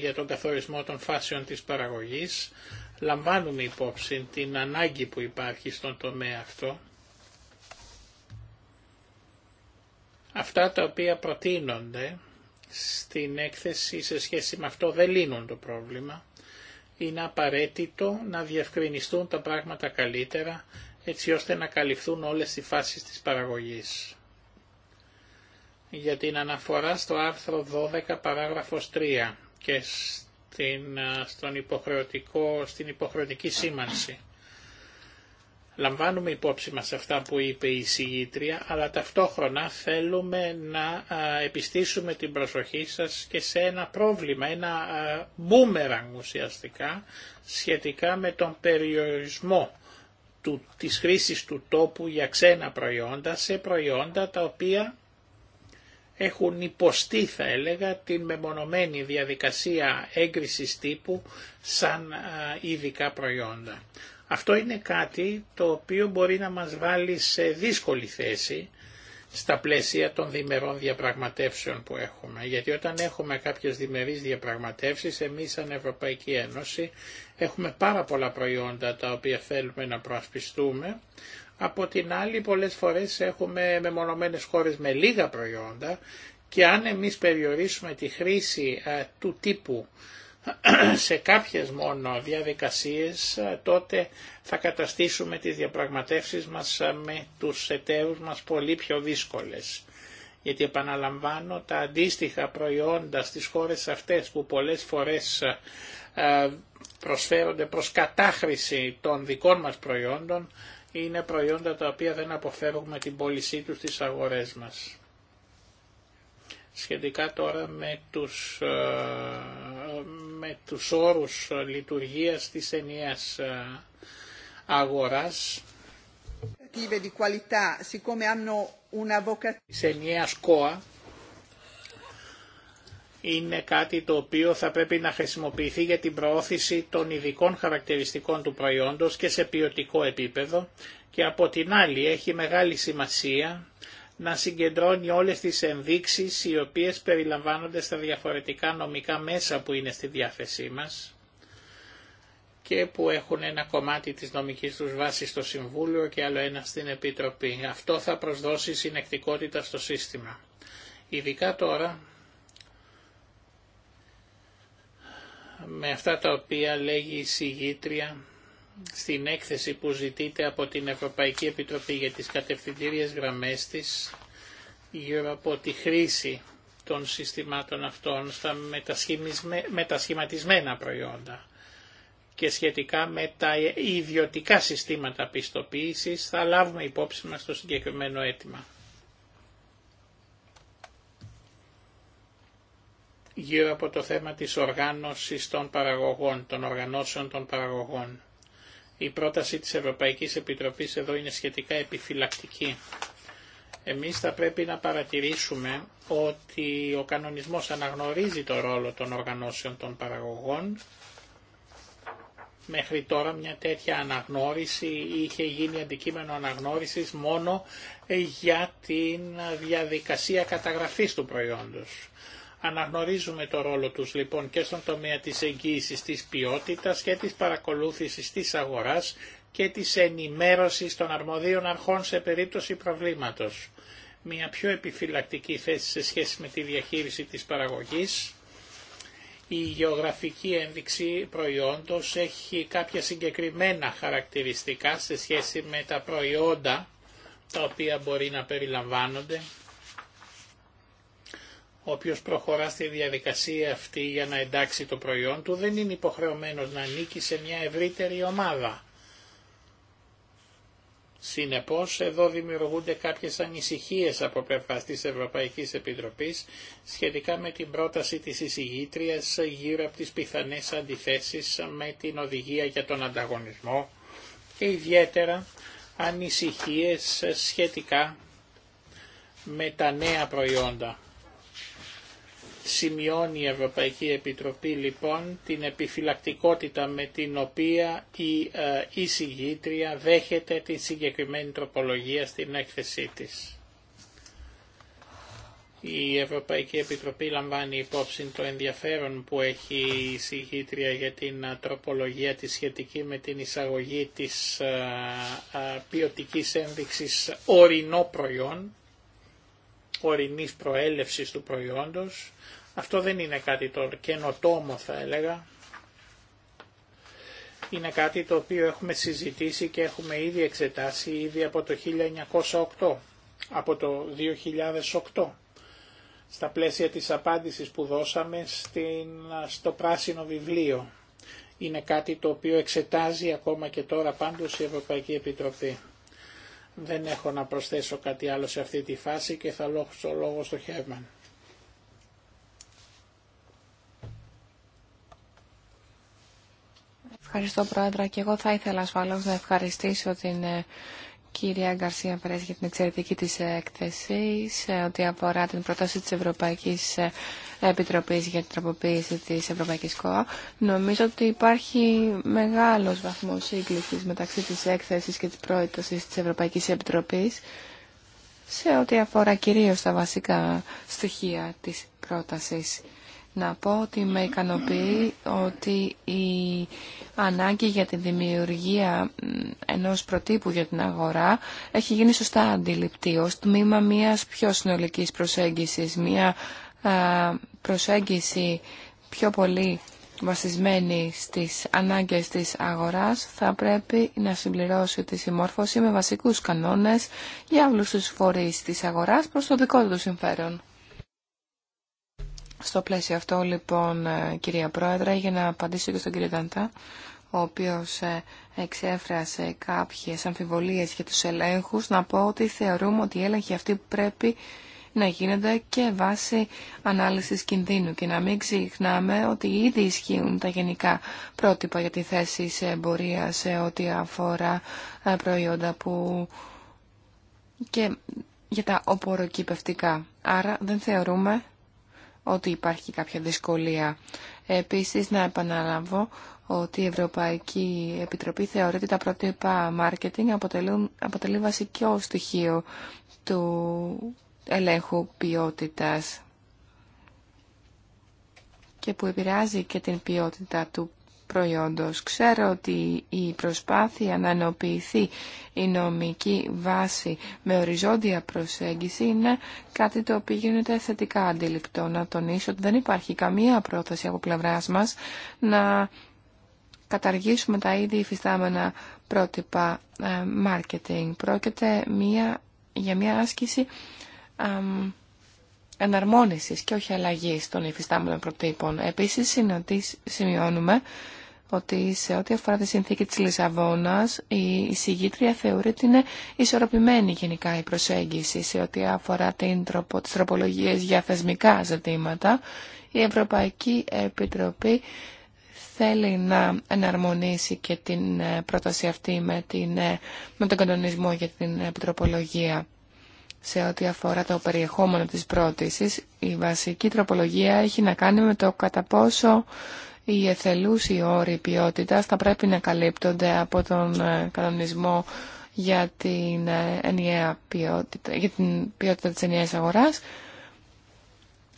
για τον καθορισμό των φάσεων της παραγωγής, λαμβάνουμε υπόψη την ανάγκη που υπάρχει στον τομέα αυτό. Αυτά τα οποία προτείνονται στην έκθεση σε σχέση με αυτό δεν λύνουν το πρόβλημα. Είναι απαραίτητο να διευκρινιστούν τα πράγματα καλύτερα έτσι ώστε να καλυφθούν όλες οι φάσεις της παραγωγής για την αναφορά στο άρθρο 12 παράγραφος 3 και στην, στον υποχρεωτικό, στην υποχρεωτική σήμανση. Λαμβάνουμε υπόψη μας αυτά που είπε η συγγήτρια, αλλά ταυτόχρονα θέλουμε να επιστήσουμε την προσοχή σας και σε ένα πρόβλημα, ένα μπούμεραν ουσιαστικά, σχετικά με τον περιορισμό του, της χρήσης του τόπου για ξένα προϊόντα σε προϊόντα τα οποία έχουν υποστεί θα έλεγα την μεμονωμένη διαδικασία έγκρισης τύπου σαν ειδικά προϊόντα. Αυτό είναι κάτι το οποίο μπορεί να μας βάλει σε δύσκολη θέση στα πλαίσια των διμερών διαπραγματεύσεων που έχουμε. Γιατί όταν έχουμε κάποιες διμερείς διαπραγματεύσεις, εμείς σαν Ευρωπαϊκή Ένωση έχουμε πάρα πολλά προϊόντα τα οποία θέλουμε να προασπιστούμε, από την άλλη πολλές φορές έχουμε μεμονωμένες χώρες με λίγα προϊόντα και αν εμείς περιορίσουμε τη χρήση ε, του τύπου σε κάποιες μόνο διαδικασίες ε, τότε θα καταστήσουμε τις διαπραγματεύσεις μας ε, με τους εταίρους μας πολύ πιο δύσκολες. Γιατί επαναλαμβάνω τα αντίστοιχα προϊόντα στις χώρες αυτές που πολλές φορές προσφέρονται προς κατάχρηση των δικών μας προϊόντων είναι προϊόντα τα οποία δεν αποφεύγουμε την πώλησή τους στις αγορές μας. Σχετικά τώρα με τους, ε, με τους όρους λειτουργίας της ενιαίας ε, αγοράς, Τη ενιαίας ΚΟΑ, είναι κάτι το οποίο θα πρέπει να χρησιμοποιηθεί για την προώθηση των ειδικών χαρακτηριστικών του προϊόντος και σε ποιοτικό επίπεδο και από την άλλη έχει μεγάλη σημασία να συγκεντρώνει όλες τις ενδείξεις οι οποίες περιλαμβάνονται στα διαφορετικά νομικά μέσα που είναι στη διάθεσή μας και που έχουν ένα κομμάτι της νομικής τους βάσης στο Συμβούλιο και άλλο ένα στην Επιτροπή. Αυτό θα προσδώσει συνεκτικότητα στο σύστημα. Ειδικά τώρα με αυτά τα οποία λέγει η συγγήτρια στην έκθεση που ζητείται από την Ευρωπαϊκή Επιτροπή για τις κατευθυντήριες γραμμές της γύρω από τη χρήση των συστημάτων αυτών στα μετασχηματισμένα προϊόντα και σχετικά με τα ιδιωτικά συστήματα πιστοποίησης θα λάβουμε υπόψη μας το συγκεκριμένο αίτημα. γύρω από το θέμα της οργάνωσης των παραγωγών, των οργανώσεων των παραγωγών. Η πρόταση της Ευρωπαϊκής Επιτροπής εδώ είναι σχετικά επιφυλακτική. Εμείς θα πρέπει να παρατηρήσουμε ότι ο κανονισμός αναγνωρίζει το ρόλο των οργανώσεων των παραγωγών. Μέχρι τώρα μια τέτοια αναγνώριση είχε γίνει αντικείμενο αναγνώρισης μόνο για την διαδικασία καταγραφής του προϊόντος. Αναγνωρίζουμε το ρόλο τους λοιπόν και στον τομέα της εγγύησης της ποιότητας και της παρακολούθησης της αγοράς και της ενημέρωσης των αρμοδίων αρχών σε περίπτωση προβλήματος. Μια πιο επιφυλακτική θέση σε σχέση με τη διαχείριση της παραγωγής. Η γεωγραφική ένδειξη προϊόντος έχει κάποια συγκεκριμένα χαρακτηριστικά σε σχέση με τα προϊόντα τα οποία μπορεί να περιλαμβάνονται όποιος προχωρά στη διαδικασία αυτή για να εντάξει το προϊόν του δεν είναι υποχρεωμένος να ανήκει σε μια ευρύτερη ομάδα. Συνεπώς εδώ δημιουργούνται κάποιες ανησυχίες από πλευρά της Ευρωπαϊκής Επιτροπής σχετικά με την πρόταση της εισηγήτριας γύρω από τις πιθανές αντιθέσεις με την οδηγία για τον ανταγωνισμό και ιδιαίτερα ανησυχίες σχετικά με τα νέα προϊόντα. Σημειώνει η Ευρωπαϊκή Επιτροπή λοιπόν την επιφυλακτικότητα με την οποία η εισηγήτρια δέχεται την συγκεκριμένη τροπολογία στην έκθεσή της. Η Ευρωπαϊκή Επιτροπή λαμβάνει υπόψη το ενδιαφέρον που έχει η εισηγήτρια για την ε, τροπολογία της σχετική με την εισαγωγή της ε, ε, ποιοτικής ένδειξης ορεινό προϊόν ορεινής προέλευσης του προϊόντος. Αυτό δεν είναι κάτι το καινοτόμο θα έλεγα. Είναι κάτι το οποίο έχουμε συζητήσει και έχουμε ήδη εξετάσει ήδη από το 1908, από το 2008 στα πλαίσια της απάντησης που δώσαμε στην, στο πράσινο βιβλίο. Είναι κάτι το οποίο εξετάζει ακόμα και τώρα πάντως η Ευρωπαϊκή Επιτροπή. Δεν έχω να προσθέσω κάτι άλλο σε αυτή τη φάση και θα λόγω λόγο στο Χεύμαν. Ευχαριστώ Πρόεδρα και εγώ θα ήθελα ασφαλώς να ευχαριστήσω την ε, κυρία Γκαρσία Περές για την εξαιρετική της έκθεση ό,τι αφορά την πρόταση της Ευρωπαϊκής Επιτροπής για την τροποποίηση της Ευρωπαϊκής ΚΟΑ. Νομίζω ότι υπάρχει μεγάλος βαθμός σύγκλησης μεταξύ της έκθεσης και της πρότασης της Ευρωπαϊκής Επιτροπής σε ό,τι αφορά κυρίως τα βασικά στοιχεία της πρότασης να πω ότι με ικανοποιεί ότι η ανάγκη για τη δημιουργία ενός προτύπου για την αγορά έχει γίνει σωστά αντιληπτή ως τμήμα μιας πιο συνολικής προσέγγισης, μια προσέγγιση πιο πολύ βασισμένη στις ανάγκες της αγοράς θα πρέπει να συμπληρώσει τη συμμόρφωση με βασικούς κανόνες για όλους τους φορείς της αγοράς προς το δικό του συμφέρον. Στο πλαίσιο αυτό, λοιπόν, ε, κυρία Πρόεδρε, για να απαντήσω και στον κύριο Ταντά, ο οποίος ε, εξέφρασε κάποιες αμφιβολίες για τους ελέγχους, να πω ότι θεωρούμε ότι οι έλεγχοι αυτοί πρέπει να γίνονται και βάσει ανάλυσης κινδύνου και να μην ξεχνάμε ότι ήδη ισχύουν τα γενικά πρότυπα για τη θέση σε εμπορία σε ό,τι αφορά ε, προϊόντα που και για τα οποροκυπευτικά. Άρα δεν θεωρούμε ότι υπάρχει κάποια δυσκολία. Επίσης, να επαναλάβω ότι η Ευρωπαϊκή Επιτροπή θεωρεί ότι τα πρότυπα marketing αποτελούν, αποτελεί βασικό στοιχείο του ελέγχου ποιότητας και που επηρεάζει και την ποιότητα του προϊόντος. Ξέρω ότι η προσπάθεια να ενοποιηθεί η νομική βάση με οριζόντια προσέγγιση είναι κάτι το οποίο γίνεται θετικά αντιληπτό. Να τονίσω ότι δεν υπάρχει καμία πρόθεση από πλευράς μας να καταργήσουμε τα ήδη υφιστάμενα πρότυπα ε, marketing. Πρόκειται μια, για μια άσκηση εναρμόνισης και όχι αλλαγής των υφιστάμενων προτύπων. Επίσης, σημειώνουμε ότι σε ό,τι αφορά τη συνθήκη της Λισαβόνας η συγγήτρια θεωρεί ότι είναι ισορροπημένη γενικά η προσέγγιση σε ό,τι αφορά την τροπο, τις τροπολογίες για θεσμικά ζητήματα. Η Ευρωπαϊκή Επιτροπή θέλει να εναρμονίσει και την ε, πρόταση αυτή με, την, ε, με τον κανονισμό για την επιτροπολογία. Σε ό,τι αφορά το περιεχόμενο της πρότησης, η βασική τροπολογία έχει να κάνει με το κατά πόσο η οι όροι ποιότητα θα πρέπει να καλύπτονται από τον ε, κανονισμό για την, ε, ενιαία ποιότητα, για την ποιότητα της ενιαίας αγοράς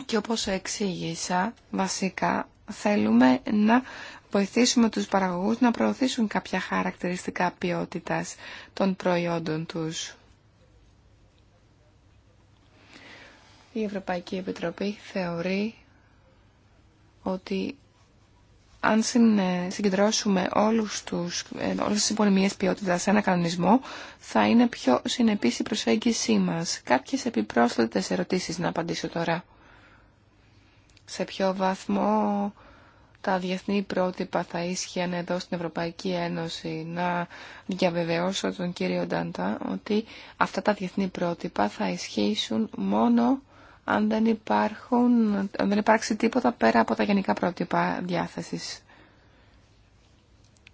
και όπως εξήγησα βασικά θέλουμε να βοηθήσουμε τους παραγωγούς να προωθήσουν κάποια χαρακτηριστικά ποιότητας των προϊόντων τους. Η Ευρωπαϊκή Επιτροπή θεωρεί ότι αν ε, συγκεντρώσουμε όλους τους, ε, όλες τις υπονομίες ποιότητας σε ένα κανονισμό, θα είναι πιο συνεπής η προσέγγισή μας. Κάποιες επιπρόσθετες ερωτήσεις να απαντήσω τώρα. Σε ποιο βαθμό τα διεθνή πρότυπα θα ίσχυαν εδώ στην Ευρωπαϊκή Ένωση να διαβεβαιώσω τον κύριο Ντάντα ότι αυτά τα διεθνή πρότυπα θα ισχύσουν μόνο αν δεν, υπάρχουν, αν δεν υπάρξει τίποτα πέρα από τα γενικά πρότυπα διάθεσης.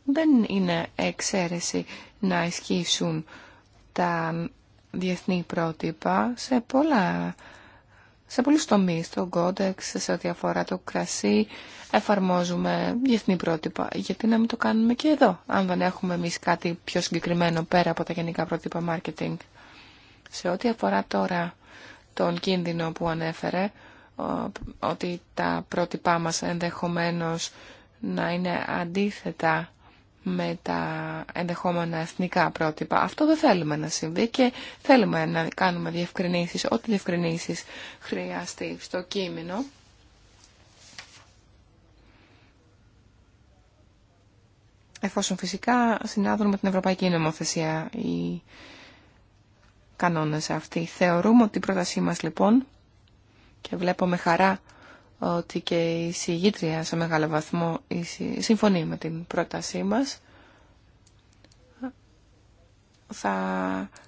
Δεν είναι εξαίρεση να ισχύσουν τα διεθνή πρότυπα σε πολλά σε πολλούς τομείς, στον κόντεξ, σε ό,τι αφορά το κρασί, εφαρμόζουμε διεθνή πρότυπα. Γιατί να μην το κάνουμε και εδώ, αν δεν έχουμε εμείς κάτι πιο συγκεκριμένο πέρα από τα γενικά πρότυπα marketing. Σε ό,τι αφορά τώρα τον κίνδυνο που ανέφερε, ότι τα πρότυπά μας ενδεχομένως να είναι αντίθετα με τα ενδεχόμενα εθνικά πρότυπα. Αυτό δεν θέλουμε να συμβεί και θέλουμε να κάνουμε διευκρινήσεις, ό,τι διευκρινήσεις χρειαστεί στο κείμενο. Εφόσον φυσικά συνάδουμε με την Ευρωπαϊκή Νομοθεσία κανόνες αυτοί. Θεωρούμε ότι η πρότασή μας λοιπόν και βλέπω με χαρά ότι και η συγγήτρια σε μεγάλο βαθμό συμφωνεί με την πρότασή μας. Θα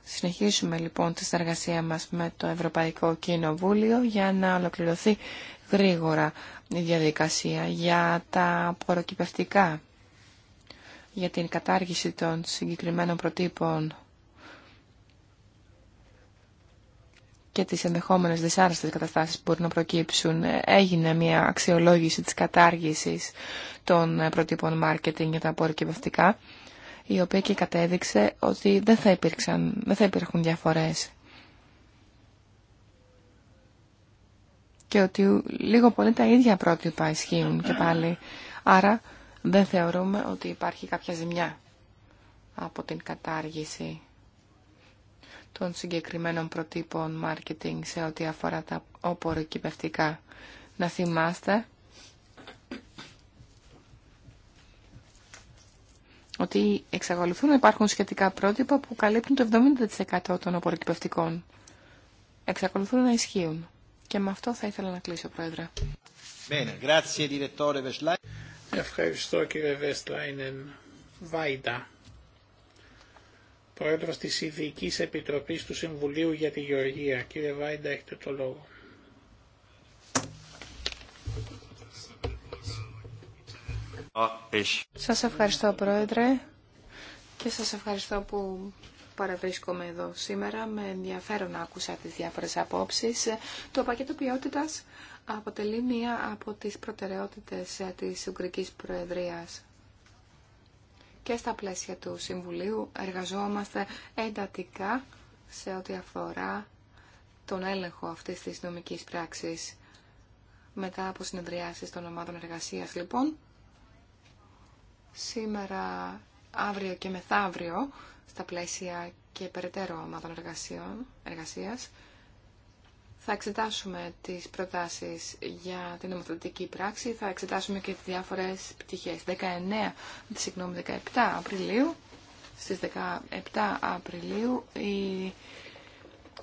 συνεχίσουμε λοιπόν τη συνεργασία μας με το Ευρωπαϊκό Κοινοβούλιο για να ολοκληρωθεί γρήγορα η διαδικασία για τα προκυπευτικά, για την κατάργηση των συγκεκριμένων προτύπων και τις ενδεχόμενες δυσάρεστες καταστάσεις που μπορούν να προκύψουν. Έγινε μια αξιολόγηση της κατάργησης των προτύπων marketing για τα απορροκυβευτικά, η οποία και κατέδειξε ότι δεν θα, υπήρξαν, δεν θα υπήρχουν διαφορές. Και ότι λίγο πολύ τα ίδια πρότυπα ισχύουν και πάλι. Άρα δεν θεωρούμε ότι υπάρχει κάποια ζημιά από την κατάργηση των συγκεκριμένων προτύπων marketing σε ό,τι αφορά τα οποροκυπευτικά. Να θυμάστε ότι εξακολουθούν να υπάρχουν σχετικά πρότυπα που καλύπτουν το 70% των οποροκυπευτικών. Εξακολουθούν να ισχύουν. Και με αυτό θα ήθελα να κλείσω, Πρόεδρε. Ευχαριστώ κύριε Βεσλάινεν Βάιντα πρόεδρος της Ειδικής Επιτροπής του Συμβουλίου για τη Γεωργία. Κύριε Βάιντα, έχετε το λόγο. Σας ευχαριστώ Πρόεδρε και σας ευχαριστώ που παραβρίσκομαι εδώ σήμερα. Με ενδιαφέρον άκουσα τις διάφορες απόψεις. Το πακέτο ποιότητας αποτελεί μία από τις προτεραιότητες της Ουγγρικής Προεδρίας και στα πλαίσια του Συμβουλίου εργαζόμαστε εντατικά σε ό,τι αφορά τον έλεγχο αυτής της νομικής πράξης. Μετά από συνεδριάσεις των ομάδων εργασίας, λοιπόν, σήμερα, αύριο και μεθαύριο, στα πλαίσια και περαιτέρω ομάδων εργασίας, θα εξετάσουμε τις προτάσεις για την νομοθετική πράξη, θα εξετάσουμε και τις διάφορες πτυχές. 19, συγγνώμη, 17 Απριλίου, στις 17 Απριλίου οι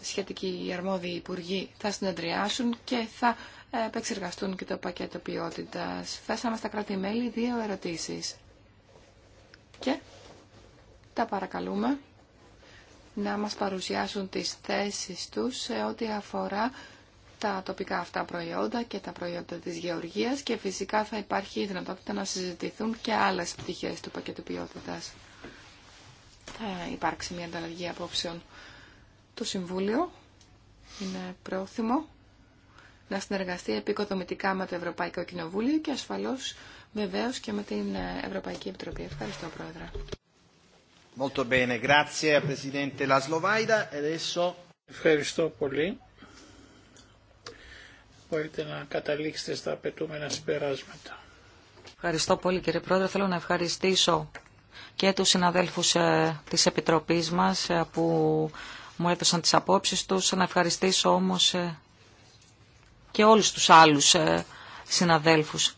σχετικοί αρμόδιοι υπουργοί θα συνεδριάσουν και θα επεξεργαστούν και το πακέτο ποιότητας. Θέσαμε στα κράτη-μέλη δύο ερωτήσεις και τα παρακαλούμε να μας παρουσιάσουν τις θέσεις τους σε ό,τι αφορά τα τοπικά αυτά προϊόντα και τα προϊόντα της γεωργίας και φυσικά θα υπάρχει η δυνατότητα να συζητηθούν και άλλες πτυχές του πακέτου ποιότητας. Θα υπάρξει μια ανταλλαγή απόψεων. Το Συμβούλιο είναι πρόθυμο να συνεργαστεί επικοδομητικά με το Ευρωπαϊκό Κοινοβούλιο και ασφαλώς βεβαίως και με την Ευρωπαϊκή Επιτροπή. Ευχαριστώ Πρόεδρε. E Ευχαριστώ πολύ. Μπορείτε να καταλήξετε στα απαιτούμενα συμπεράσματα. Ευχαριστώ πολύ κύριε Πρόεδρε. Θέλω να ευχαριστήσω και τους συναδέλφους ε, της Επιτροπής μας ε, που μου έδωσαν τις απόψεις τους. Να ευχαριστήσω όμως ε, και όλους τους άλλους συναδέλφους.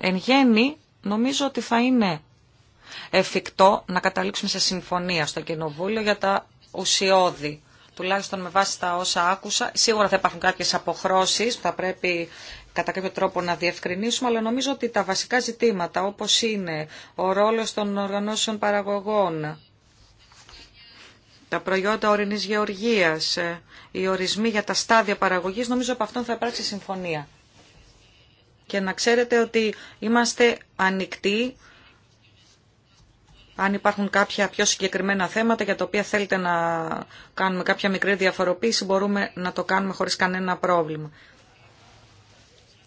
Εν γέννη, νομίζω ότι θα είναι εφικτό να καταλήξουμε σε συμφωνία στο Κοινοβούλιο για τα ουσιώδη. Τουλάχιστον με βάση τα όσα άκουσα, σίγουρα θα υπάρχουν κάποιες αποχρώσεις που θα πρέπει κατά κάποιο τρόπο να διευκρινίσουμε, αλλά νομίζω ότι τα βασικά ζητήματα όπως είναι ο ρόλος των οργανώσεων παραγωγών, τα προϊόντα ορεινής γεωργίας, ε, οι ορισμοί για τα στάδια παραγωγής, νομίζω από αυτόν θα υπάρξει συμφωνία. Και να ξέρετε ότι είμαστε ανοιχτοί αν υπάρχουν κάποια πιο συγκεκριμένα θέματα για τα οποία θέλετε να κάνουμε κάποια μικρή διαφοροποίηση, μπορούμε να το κάνουμε χωρίς κανένα πρόβλημα.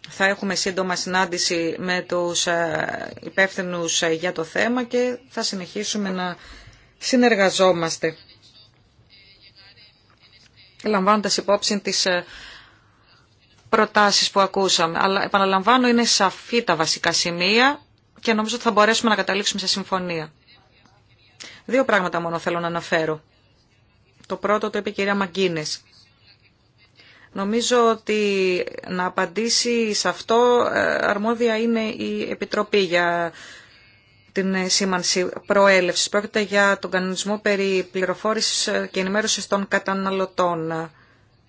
Θα έχουμε σύντομα συνάντηση με τους ε, υπεύθυνους ε, για το θέμα και θα συνεχίσουμε να συνεργαζόμαστε. Λαμβάνοντας υπόψη τις ε, προτάσεις που ακούσαμε. Αλλά επαναλαμβάνω είναι σαφή τα βασικά σημεία και νομίζω ότι θα μπορέσουμε να καταλήξουμε σε συμφωνία. Δύο πράγματα μόνο θέλω να αναφέρω. Το πρώτο το είπε η κυρία Μαγκίνες. Νομίζω ότι να απαντήσει σε αυτό ε, αρμόδια είναι η Επιτροπή για την ε, σήμανση προέλευσης. Πρόκειται για τον κανονισμό περί πληροφόρησης ε, και ενημέρωσης των καταναλωτών.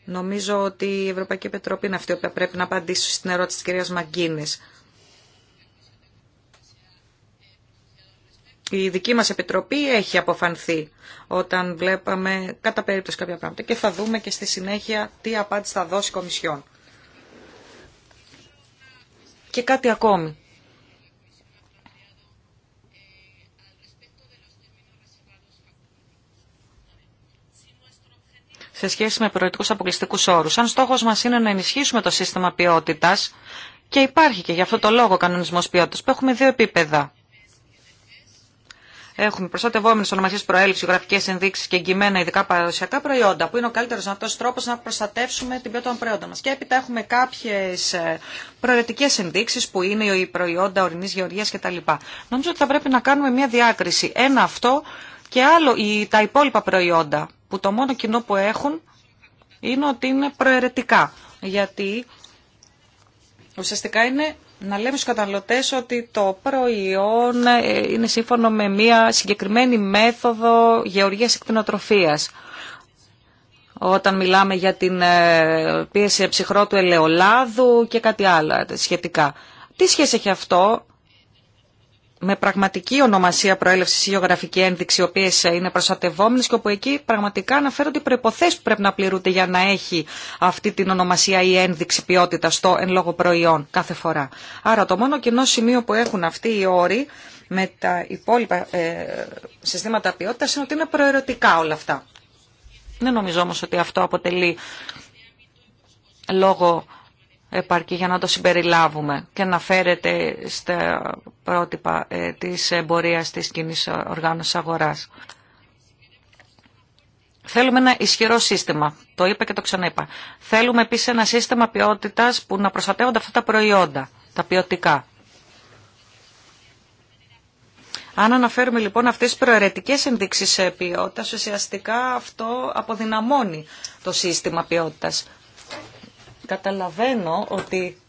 Νομίζω ότι η Ευρωπαϊκή Επιτροπή είναι αυτή που πρέπει να απαντήσει στην ερώτηση της κυρίας Μαγκίνες. η δική μας επιτροπή έχει αποφανθεί όταν βλέπαμε κατά περίπτωση κάποια πράγματα και θα δούμε και στη συνέχεια τι απάντηση θα δώσει η Κομισιόν. Και κάτι ακόμη. σε σχέση με προαιρετικού αποκλειστικούς όρους. Αν στόχος μας είναι να ενισχύσουμε το σύστημα ποιότητας, και υπάρχει και γι' αυτό το λόγο κανονισμός ποιότητας, που έχουμε δύο επίπεδα. Έχουμε προστατευόμενε ονομασίε προέλευση, γραφικέ ενδείξει και εγκυμένα ειδικά παραδοσιακά προϊόντα, που είναι ο καλύτερο δυνατό τρόπο να προστατεύσουμε την ποιότητα των προϊόντων μα. Και έπειτα έχουμε κάποιε προαιρετικέ ενδείξει, που είναι οι προϊόντα ορεινή γεωργία κτλ. Νομίζω ότι θα πρέπει να κάνουμε μια διάκριση. Ένα αυτό και άλλο τα υπόλοιπα προϊόντα, που το μόνο κοινό που έχουν είναι ότι είναι προαιρετικά. Γιατί ουσιαστικά είναι να λέμε στους καταναλωτές ότι το προϊόν ε, είναι σύμφωνο με μια συγκεκριμένη μέθοδο γεωργίας εκτινοτροφίας. Όταν μιλάμε για την ε, πίεση ψυχρό του ελαιολάδου και κάτι άλλο σχετικά. Τι σχέση έχει αυτό με πραγματική ονομασία προέλευση ή γεωγραφική ένδειξη, οι οποίε είναι προστατευόμενε και όπου εκεί πραγματικά αναφέρονται οι προποθέσει που πρέπει να πληρούνται για να έχει αυτή την ονομασία ή ένδειξη ποιότητα στο εν λόγω προϊόν κάθε φορά. Άρα το μόνο κοινό σημείο που έχουν αυτοί οι όροι με τα υπόλοιπα ε, συστήματα ποιότητα είναι ότι είναι προαιρετικά όλα αυτά. Δεν νομίζω όμω ότι αυτό αποτελεί λόγο επαρκεί για να το συμπεριλάβουμε και να φέρεται στα πρότυπα ε, της εμπορίας της κοινή οργάνωσης αγοράς. Θέλουμε ένα ισχυρό σύστημα. Το είπα και το ξαναείπα. Θέλουμε επίσης ένα σύστημα ποιότητας που να προστατεύονται αυτά τα προϊόντα, τα ποιοτικά. Αν αναφέρουμε λοιπόν αυτές τις προαιρετικές ενδείξεις ποιότητας, ουσιαστικά αυτό αποδυναμώνει το σύστημα ποιότητας. Καταλαβαίνω ότι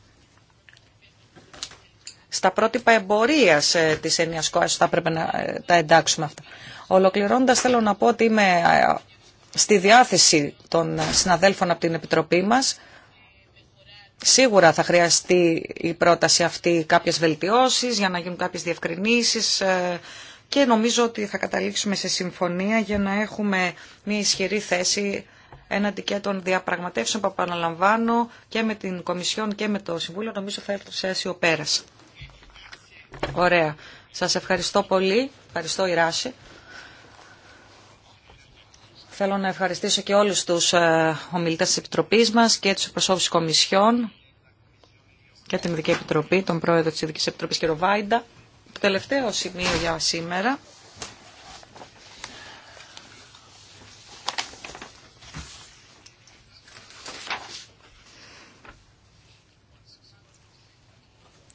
στα πρότυπα εμπορία ε, τη Ενιασκόας θα πρέπει να ε, τα εντάξουμε αυτά. Ολοκληρώνοντα, θέλω να πω ότι είμαι ε, στη διάθεση των συναδέλφων από την Επιτροπή μα. Σίγουρα θα χρειαστεί η πρόταση αυτή κάποιες βελτιώσεις για να γίνουν κάποιες διευκρινήσεις και νομίζω ότι θα καταλήξουμε σε συμφωνία για να έχουμε μια ισχυρή θέση έναντι και των διαπραγματεύσεων που επαναλαμβάνω και με την Κομισιόν και με το Συμβούλιο νομίζω θα έρθω σε αίσιο πέρας. Ωραία. Σας ευχαριστώ πολύ. Ευχαριστώ η Ράση. Θέλω να ευχαριστήσω και όλους τους ε, ομιλητές της Επιτροπής μας και τους προσώπους της Κομισιόν και την Ειδική Επιτροπή, τον Πρόεδρο της Ειδικής Επιτροπής κ. Βάιντα. Το τελευταίο σημείο για σήμερα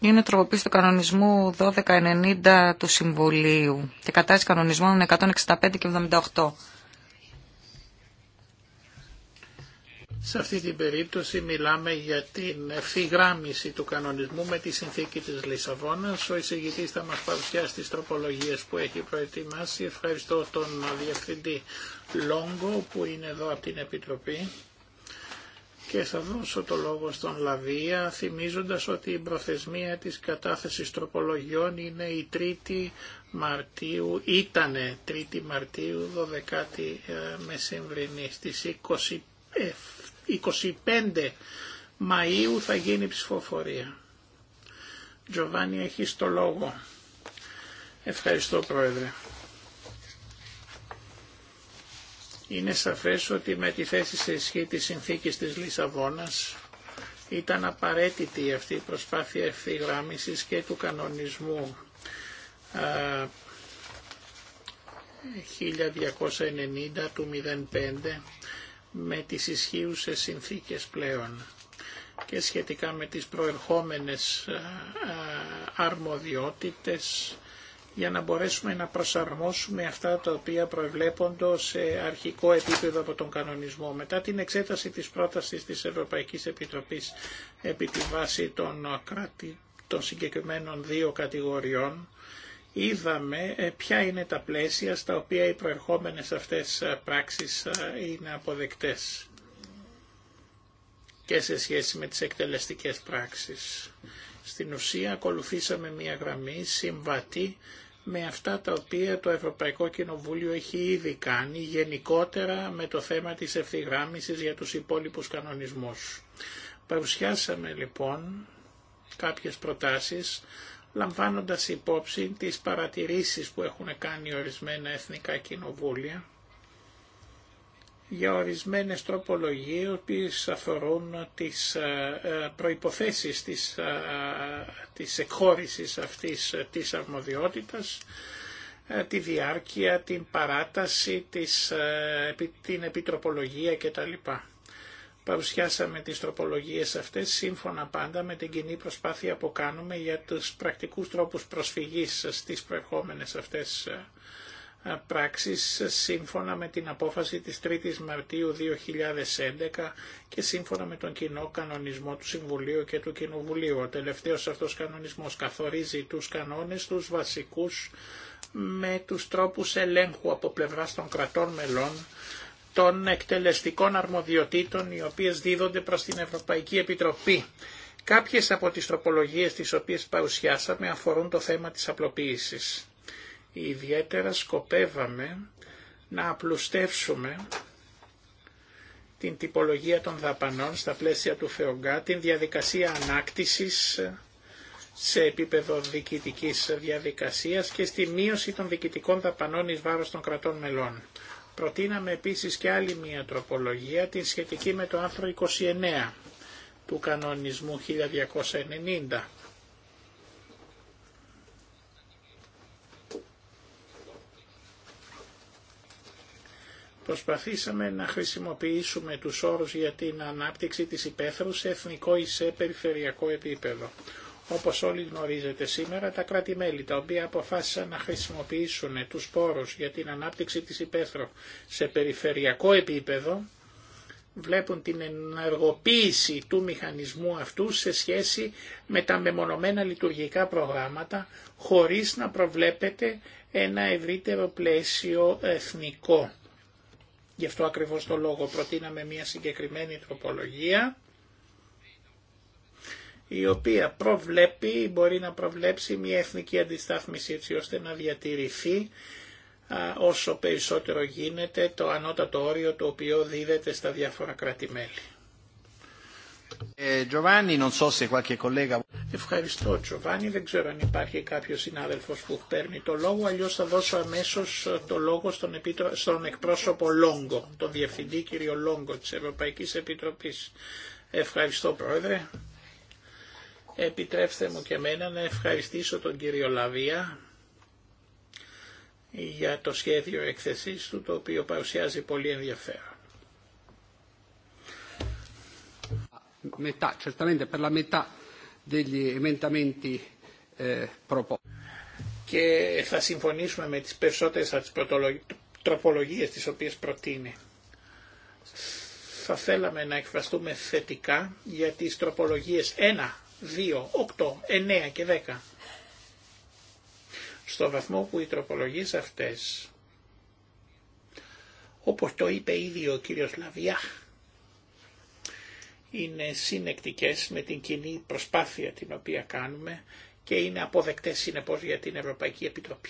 είναι τροποποίηση του κανονισμού 1290 του Συμβουλίου και κατάσταση κανονισμών 165 και 78. Σε αυτή την περίπτωση μιλάμε για την ευθυγράμμιση του κανονισμού με τη συνθήκη της Λισαβόνας. Ο εισηγητής θα μας παρουσιάσει τις τροπολογίες που έχει προετοιμάσει. Ευχαριστώ τον Διευθυντή Λόγκο που είναι εδώ από την Επιτροπή και θα δώσω το λόγο στον Λαβία θυμίζοντας ότι η προθεσμία της κατάθεσης τροπολογιών είναι η 3η Μαρτίου, ήτανε 3η Μαρτίου 12η ε, μεσημβρινή στις 25 Μαΐου θα γίνει ψηφοφορία. Τζοβάνι έχει το λόγο. Ευχαριστώ Πρόεδρε. Είναι σαφές ότι με τη θέση σε ισχύ της συνθήκης της Λισαβόνας ήταν απαραίτητη αυτή η προσπάθεια ευθυγράμμισης και του κανονισμού 1290 του 05 με τις ισχύουσες συνθήκες πλέον και σχετικά με τις προερχόμενες αρμοδιότητες για να μπορέσουμε να προσαρμόσουμε αυτά τα οποία προεβλέπονται σε αρχικό επίπεδο από τον κανονισμό. Μετά την εξέταση της πρότασης της Ευρωπαϊκής Επιτροπής επί τη βάση των, των συγκεκριμένων δύο κατηγοριών, είδαμε ε, ποια είναι τα πλαίσια στα οποία οι προερχόμενες αυτές ε, πράξεις ε, είναι αποδεκτές και σε σχέση με τις εκτελεστικές πράξεις. Στην ουσία ακολουθήσαμε μια γραμμή συμβατή με αυτά τα οποία το Ευρωπαϊκό Κοινοβούλιο έχει ήδη κάνει γενικότερα με το θέμα της ευθυγράμμισης για τους υπόλοιπους κανονισμούς. Παρουσιάσαμε λοιπόν κάποιες προτάσεις λαμβάνοντας υπόψη τις παρατηρήσεις που έχουν κάνει ορισμένα εθνικά κοινοβούλια για ορισμένες τροπολογίες που αφορούν τις ε, ε, προϋποθέσεις της, ε, της εκχώρησης αυτής της αρμοδιότητας, τη διάρκεια, την παράταση, της, την επιτροπολογία κτλ. Παρουσιάσαμε τις τροπολογίες αυτές σύμφωνα πάντα με την κοινή προσπάθεια που κάνουμε για τους πρακτικούς τρόπους προσφυγής στις προερχόμενες αυτές ε, πράξεις σύμφωνα με την απόφαση της 3ης Μαρτίου 2011 και σύμφωνα με τον κοινό κανονισμό του Συμβουλίου και του Κοινοβουλίου. Ο τελευταίος αυτός κανονισμός καθορίζει τους κανόνες, τους βασικούς με τους τρόπους ελέγχου από πλευράς των κρατών μελών των εκτελεστικών αρμοδιοτήτων οι οποίες δίδονται προς την Ευρωπαϊκή Επιτροπή. Κάποιες από τις τροπολογίες τις οποίες παρουσιάσαμε αφορούν το θέμα της απλοποίησης. Ιδιαίτερα σκοπεύαμε να απλουστεύσουμε την τυπολογία των δαπανών στα πλαίσια του ΦΕΟΓΚΑ, την διαδικασία ανάκτησης σε επίπεδο διοικητικής διαδικασίας και στη μείωση των διοικητικών δαπανών εις βάρος των κρατών μελών. Προτείναμε επίσης και άλλη μία τροπολογία, την σχετική με το άρθρο 29 του κανονισμού 1290 Προσπαθήσαμε να χρησιμοποιήσουμε τους όρους για την ανάπτυξη της υπαίθρου σε εθνικό ή σε περιφερειακό επίπεδο. Όπως όλοι γνωρίζετε σήμερα, τα κράτη-μέλη τα οποία αποφάσισαν να χρησιμοποιήσουν τους πόρους για την ανάπτυξη της υπαίθρου σε περιφερειακό επίπεδο, βλέπουν την ενεργοποίηση του μηχανισμού αυτού σε σχέση με τα μεμονωμένα λειτουργικά προγράμματα χωρίς να προβλέπεται ένα ευρύτερο πλαίσιο εθνικό Γι' αυτό ακριβώς το λόγο προτείναμε μια συγκεκριμένη τροπολογία η οποία προβλέπει μπορεί να προβλέψει μια εθνική αντιστάθμιση έτσι ώστε να διατηρηθεί όσο περισσότερο γίνεται το ανώτατο όριο το οποίο δίδεται στα διάφορα ε, Ευχαριστώ Τζοβάνι, δεν ξέρω αν υπάρχει κάποιος συνάδελφος που παίρνει το λόγο, αλλιώς θα δώσω αμέσως ε, το λόγο στον, επίτρο... στον εκπρόσωπο Λόγκο, τον Διευθυντή κύριο Λόγκο της Ευρωπαϊκής Επιτροπής. Ευχαριστώ Πρόεδρε. Επιτρέψτε μου και εμένα να ευχαριστήσω τον κύριο Λαβία για το σχέδιο εκθεσής του, το οποίο παρουσιάζει πολύ ενδιαφέρον. metà, certamente per la metà degli emendamenti eh, proposti. Και θα συμφωνήσουμε με τις περισσότερες από τις τροπολογίες τις οποίες προτείνει. Θα θέλαμε να εκφραστούμε θετικά για τις τροπολογίες 1, 2, 8, 9 και 10. Στο βαθμό που οι τροπολογίες αυτές, όπως το είπε ήδη ο κύριος Λαβιάχ, είναι συνεκτικές με την κοινή προσπάθεια την οποία κάνουμε και είναι αποδεκτές συνεπώς για την Ευρωπαϊκή Επιτροπή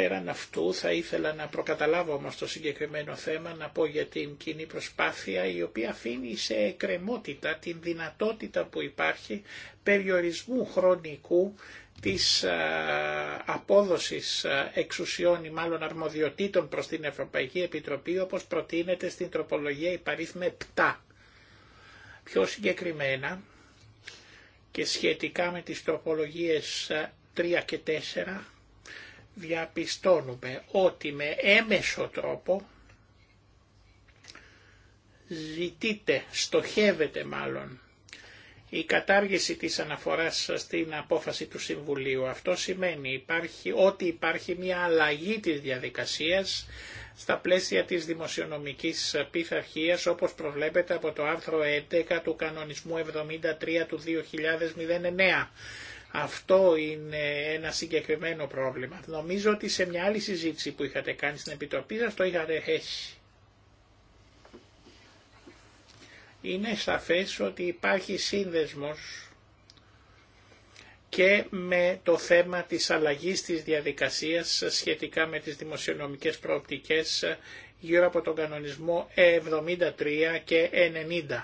πέραν αυτού θα ήθελα να προκαταλάβω όμως το συγκεκριμένο θέμα να πω για την κοινή προσπάθεια η οποία αφήνει σε εκκρεμότητα την δυνατότητα που υπάρχει περιορισμού χρονικού της απόδοσης εξουσιών ή μάλλον αρμοδιοτήτων προς την Ευρωπαϊκή Επιτροπή όπως προτείνεται στην τροπολογία υπαρίθμε 7. Πιο συγκεκριμένα και σχετικά με τις τροπολογίες 3 και 4 διαπιστώνουμε ότι με έμεσο τρόπο ζητείται, στοχεύεται μάλλον η κατάργηση της αναφοράς στην απόφαση του Συμβουλίου. Αυτό σημαίνει υπάρχει, ότι υπάρχει μια αλλαγή της διαδικασίας στα πλαίσια της δημοσιονομικής πειθαρχία όπως προβλέπεται από το άρθρο 11 του κανονισμού 73 του 2009 αυτό είναι ένα συγκεκριμένο πρόβλημα. Νομίζω ότι σε μια άλλη συζήτηση που είχατε κάνει στην Επιτροπή σας το είχατε έχει. Είναι σαφές ότι υπάρχει σύνδεσμος και με το θέμα της αλλαγής της διαδικασίας σχετικά με τις δημοσιονομικές προοπτικές γύρω από τον κανονισμό 73 και 90.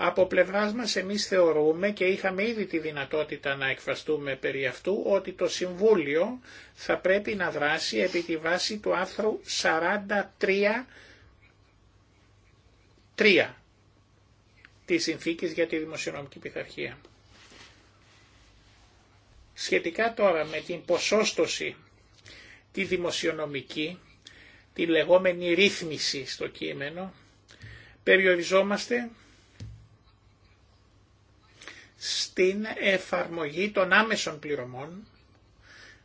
Από πλευρά μα εμείς θεωρούμε και είχαμε ήδη τη δυνατότητα να εκφραστούμε περί αυτού ότι το Συμβούλιο θα πρέπει να δράσει επί τη βάση του άρθρου 43.3 της Συνθήκης για τη Δημοσιονομική Πειθαρχία. Σχετικά τώρα με την ποσόστοση τη δημοσιονομική, τη λεγόμενη ρύθμιση στο κείμενο, περιοριζόμαστε στην εφαρμογή των άμεσων πληρωμών,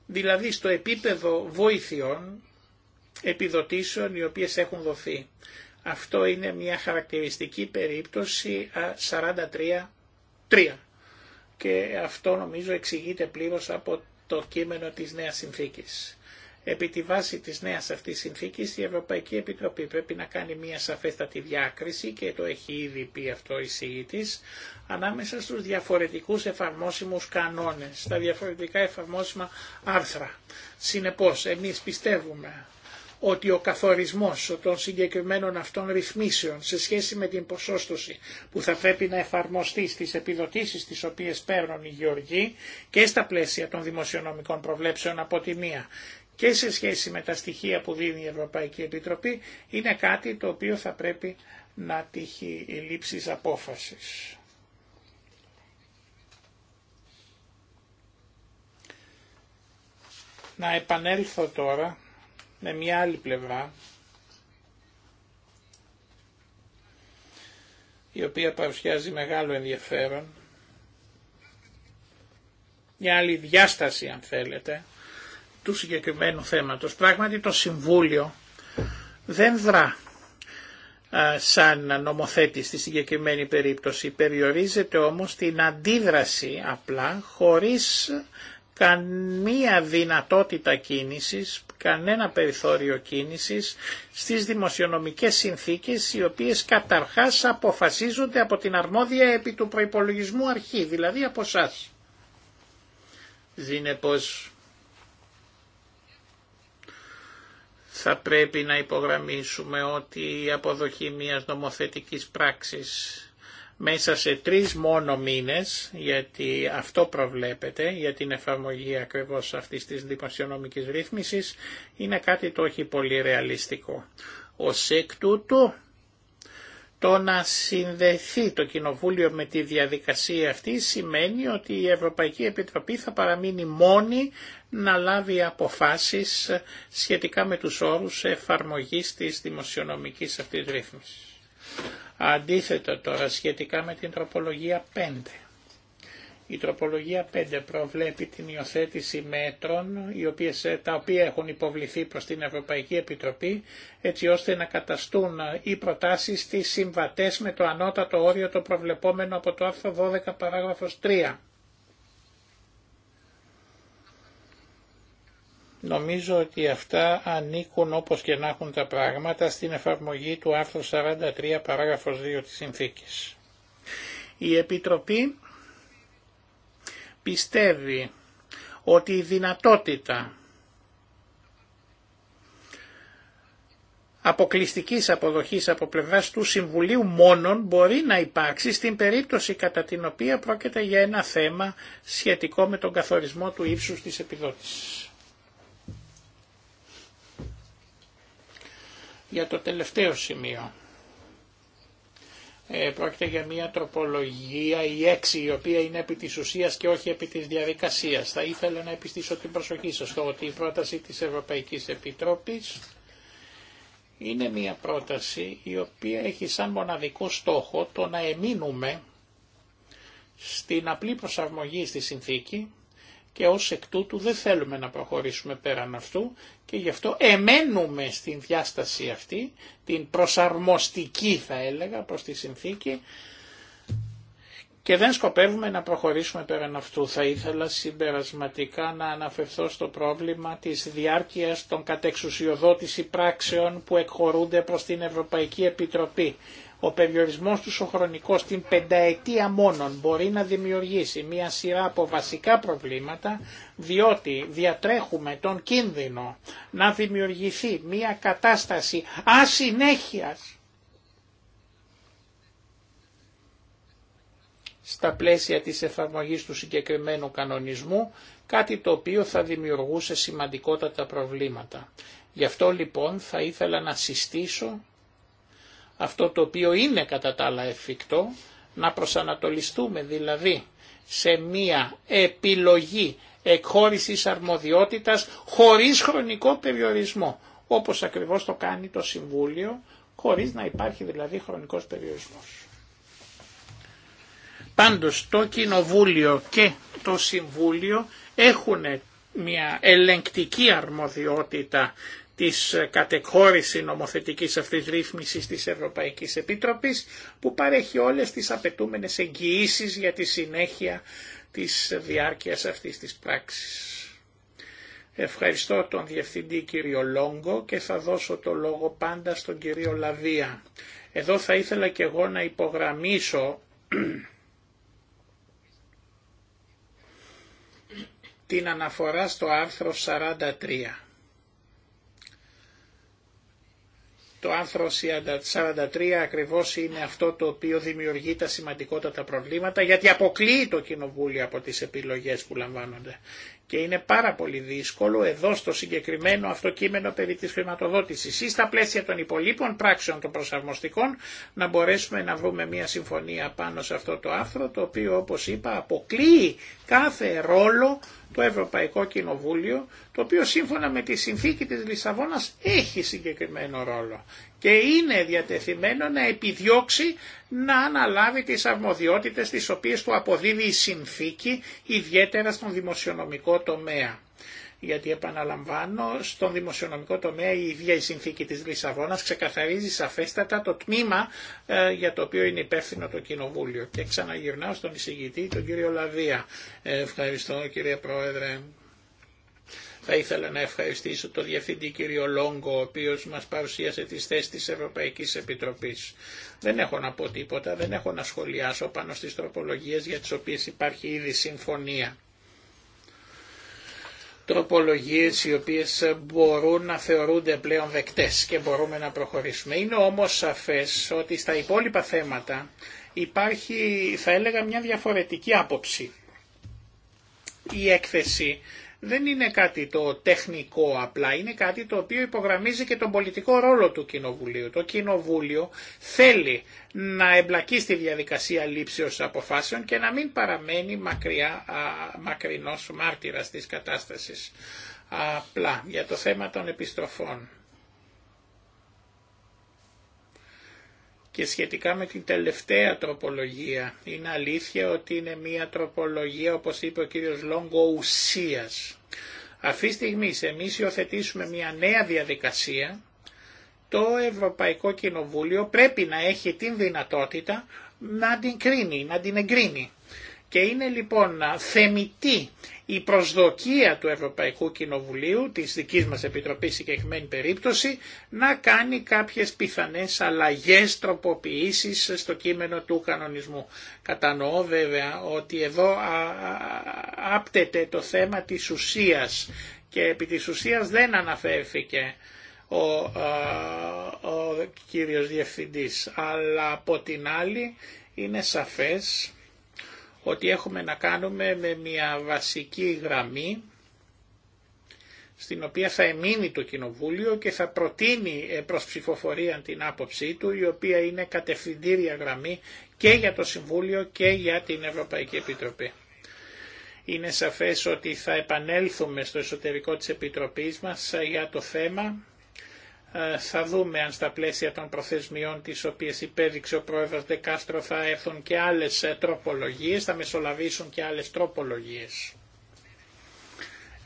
δηλαδή στο επίπεδο βοηθειών, επιδοτήσεων οι οποίες έχουν δοθεί. Αυτό είναι μια χαρακτηριστική περίπτωση 43-3 και αυτό νομίζω εξηγείται πλήρως από το κείμενο της Νέας Συνθήκης. Επί τη βάση της νέας αυτής συνθήκης η Ευρωπαϊκή Επιτροπή πρέπει να κάνει μια σαφέστατη διάκριση και το έχει ήδη πει αυτό η ΣΥΙΤΙΣ ανάμεσα στους διαφορετικούς εφαρμόσιμους κανόνες, στα διαφορετικά εφαρμόσιμα άρθρα. Συνεπώς εμείς πιστεύουμε ότι ο καθορισμός των συγκεκριμένων αυτών ρυθμίσεων σε σχέση με την ποσόστοση που θα πρέπει να εφαρμοστεί στις επιδοτήσεις τις οποίες παίρνουν οι γεωργοί και στα πλαίσια των δημοσιονομικών προβλέψεων από τη μία και σε σχέση με τα στοιχεία που δίνει η Ευρωπαϊκή Επιτροπή είναι κάτι το οποίο θα πρέπει να τύχει η λήψη απόφασης. Να επανέλθω τώρα με μια άλλη πλευρά η οποία παρουσιάζει μεγάλο ενδιαφέρον μια άλλη διάσταση αν θέλετε του συγκεκριμένου θέματος. Πράγματι το Συμβούλιο δεν δρά σαν νομοθέτη στη συγκεκριμένη περίπτωση. Περιορίζεται όμως την αντίδραση απλά χωρίς καμία δυνατότητα κίνησης, κανένα περιθώριο κίνησης στις δημοσιονομικές συνθήκες οι οποίες καταρχάς αποφασίζονται από την αρμόδια επί του προϋπολογισμού αρχή, δηλαδή από εσά. Δίνε πως θα πρέπει να υπογραμμίσουμε ότι η αποδοχή μιας νομοθετικής πράξης μέσα σε τρεις μόνο μήνες, γιατί αυτό προβλέπεται για την εφαρμογή ακριβώς αυτής της δημοσιονομικής ρύθμισης, είναι κάτι το όχι πολύ ρεαλιστικό. Ω εκ τούτου το να συνδεθεί το Κοινοβούλιο με τη διαδικασία αυτή σημαίνει ότι η Ευρωπαϊκή Επιτροπή θα παραμείνει μόνη να λάβει αποφάσεις σχετικά με τους όρους εφαρμογής της δημοσιονομικής αυτής ρύθμισης. Αντίθετα τώρα σχετικά με την τροπολογία 5. Η τροπολογία 5 προβλέπει την υιοθέτηση μέτρων οι οποίες, ε, τα οποία έχουν υποβληθεί προς την Ευρωπαϊκή Επιτροπή έτσι ώστε να καταστούν ε, οι προτάσεις στις συμβατές με το ανώτατο όριο το προβλεπόμενο από το άρθρο 12 παράγραφος 3. Νομίζω ότι αυτά ανήκουν όπως και να έχουν τα πράγματα στην εφαρμογή του άρθρου 43 παράγραφος 2 της συνθήκης. Η Επιτροπή πιστεύει ότι η δυνατότητα αποκλειστικής αποδοχής από πλευράς του Συμβουλίου μόνον μπορεί να υπάρξει στην περίπτωση κατά την οποία πρόκειται για ένα θέμα σχετικό με τον καθορισμό του ύψους της επιδότησης. Για το τελευταίο σημείο. Ε, πρόκειται για μια τροπολογία, η εξι η οποία είναι επί της ουσίας και όχι επί της διαδικασίας. Θα ήθελα να επιστήσω την προσοχή σας στο ότι η πρόταση της Ευρωπαϊκής Επιτρόπης είναι μια πρόταση η οποία έχει σαν μοναδικό στόχο το να εμείνουμε στην απλή προσαρμογή στη συνθήκη και ως εκ τούτου δεν θέλουμε να προχωρήσουμε πέραν αυτού και γι' αυτό εμένουμε στην διάσταση αυτή, την προσαρμοστική θα έλεγα προς τη συνθήκη και δεν σκοπεύουμε να προχωρήσουμε πέραν αυτού. Θα ήθελα συμπερασματικά να αναφερθώ στο πρόβλημα της διάρκειας των κατεξουσιοδότηση πράξεων που εκχωρούνται προς την Ευρωπαϊκή Επιτροπή. Ο περιορισμός του ο χρονικός την πενταετία μόνον μπορεί να δημιουργήσει μια σειρά από βασικά προβλήματα διότι διατρέχουμε τον κίνδυνο να δημιουργηθεί μια κατάσταση ασυνέχειας στα πλαίσια της εφαρμογής του συγκεκριμένου κανονισμού, κάτι το οποίο θα δημιουργούσε σημαντικότατα προβλήματα. Γι' αυτό λοιπόν θα ήθελα να συστήσω αυτό το οποίο είναι κατά τα άλλα εφικτό, να προσανατολιστούμε δηλαδή σε μία επιλογή εκχώρησης αρμοδιότητας χωρίς χρονικό περιορισμό, όπως ακριβώς το κάνει το Συμβούλιο, χωρίς να υπάρχει δηλαδή χρονικός περιορισμός. Πάντως το Κοινοβούλιο και το Συμβούλιο έχουν μια ελεγκτική αρμοδιότητα της ε, κατεχώρηση νομοθετικής αυτής ρύθμισης της Ευρωπαϊκής Επίτροπης που παρέχει όλες τις απαιτούμενες εγγυήσει για τη συνέχεια της διάρκειας αυτής της πράξης. Ευχαριστώ τον Διευθυντή κύριο Λόγκο και θα δώσω το λόγο πάντα στον κύριο Λαβία. Εδώ θα ήθελα και εγώ να υπογραμμίσω την αναφορά στο άρθρο 43 Το άρθρο 43 ακριβώς είναι αυτό το οποίο δημιουργεί τα σημαντικότατα προβλήματα γιατί αποκλείει το Κοινοβούλιο από τις επιλογές που λαμβάνονται και είναι πάρα πολύ δύσκολο εδώ στο συγκεκριμένο αυτό κείμενο περί της χρηματοδότησης ή στα πλαίσια των υπολείπων πράξεων των προσαρμοστικών να μπορέσουμε να βρούμε μια συμφωνία πάνω σε αυτό το άρθρο το οποίο όπως είπα αποκλείει κάθε ρόλο το Ευρωπαϊκό Κοινοβούλιο το οποίο σύμφωνα με τη συνθήκη της Λισαβόνας έχει συγκεκριμένο ρόλο και είναι διατεθειμένο να επιδιώξει να αναλάβει τις αρμοδιότητες τις οποίες του αποδίδει η συνθήκη ιδιαίτερα στον δημοσιονομικό τομέα. Γιατί επαναλαμβάνω, στον δημοσιονομικό τομέα η ίδια η συνθήκη της Λισαβόνας ξεκαθαρίζει σαφέστατα το τμήμα ε, για το οποίο είναι υπεύθυνο το Κοινοβούλιο. Και ξαναγυρνάω στον εισηγητή, τον κύριο Λαβία. Ε, ευχαριστώ κύριε Πρόεδρε. Θα ήθελα να ευχαριστήσω τον Διευθύντη κύριο Λόγκο, ο οποίος μας παρουσίασε τις θέσεις της Ευρωπαϊκής Επιτροπής. Δεν έχω να πω τίποτα, δεν έχω να σχολιάσω πάνω στις τροπολογίες για τις οποίες υπάρχει ήδη συμφωνία. Τροπολογίες οι οποίες μπορούν να θεωρούνται πλέον δεκτές και μπορούμε να προχωρήσουμε. Είναι όμως σαφές ότι στα υπόλοιπα θέματα υπάρχει θα έλεγα μια διαφορετική άποψη. Η έκθεση δεν είναι κάτι το τεχνικό απλά, είναι κάτι το οποίο υπογραμμίζει και τον πολιτικό ρόλο του Κοινοβουλίου. Το Κοινοβούλιο θέλει να εμπλακεί στη διαδικασία λήψεως αποφάσεων και να μην παραμένει μακριά, μακρινός μάρτυρας της κατάστασης. Απλά για το θέμα των επιστροφών. Και σχετικά με την τελευταία τροπολογία, είναι αλήθεια ότι είναι μια τροπολογία, όπως είπε ο κύριος Λόγκο, ουσίας. Αυτή τη στιγμή εμείς υιοθετήσουμε μια νέα διαδικασία, το Ευρωπαϊκό Κοινοβούλιο πρέπει να έχει την δυνατότητα να την κρίνει, να την εγκρίνει. Και είναι λοιπόν θεμητή η προσδοκία του Ευρωπαϊκού Κοινοβουλίου, της δικής μας Επιτροπής συγκεκριμένη περίπτωση, να κάνει κάποιες πιθανές αλλαγές τροποποιήσεις στο κείμενο του κανονισμού. Κατανοώ βέβαια ότι εδώ άπτεται το θέμα της ουσίας και επί της ουσίας δεν αναφέρθηκε ο, ο κύριος Διευθυντής, αλλά από την άλλη είναι σαφές ότι έχουμε να κάνουμε με μια βασική γραμμή στην οποία θα εμείνει το Κοινοβούλιο και θα προτείνει ε, προς ψηφοφορία την άποψή του, η οποία είναι κατευθυντήρια γραμμή και για το Συμβούλιο και για την Ευρωπαϊκή Επιτροπή. Είναι σαφές ότι θα επανέλθουμε στο εσωτερικό της Επιτροπής μας για το θέμα ε, θα δούμε αν στα πλαίσια των προθεσμιών τις οποίες υπέδειξε ο πρόεδρος Δεκάστρο θα έρθουν και άλλες ε, τροπολογίες, θα μεσολαβήσουν και άλλες τροπολογίες.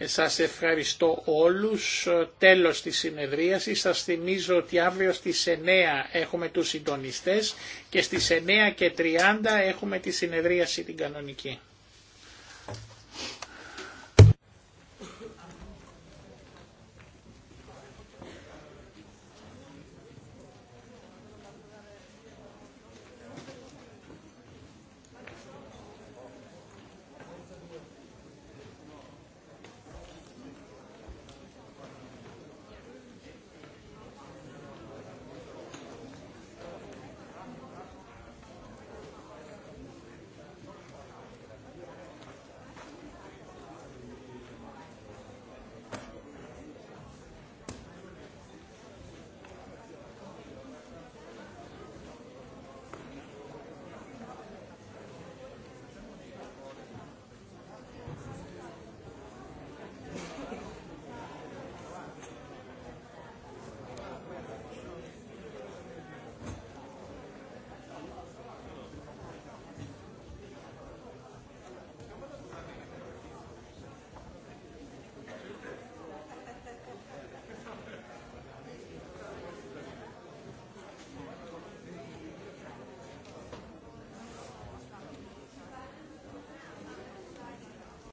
Σας ευχαριστώ όλους. Ε, τέλος της συνεδρίασης. Σας θυμίζω ότι αύριο στις 9 έχουμε τους συντονιστές και στις 9 και 30 έχουμε τη συνεδρίαση την κανονική.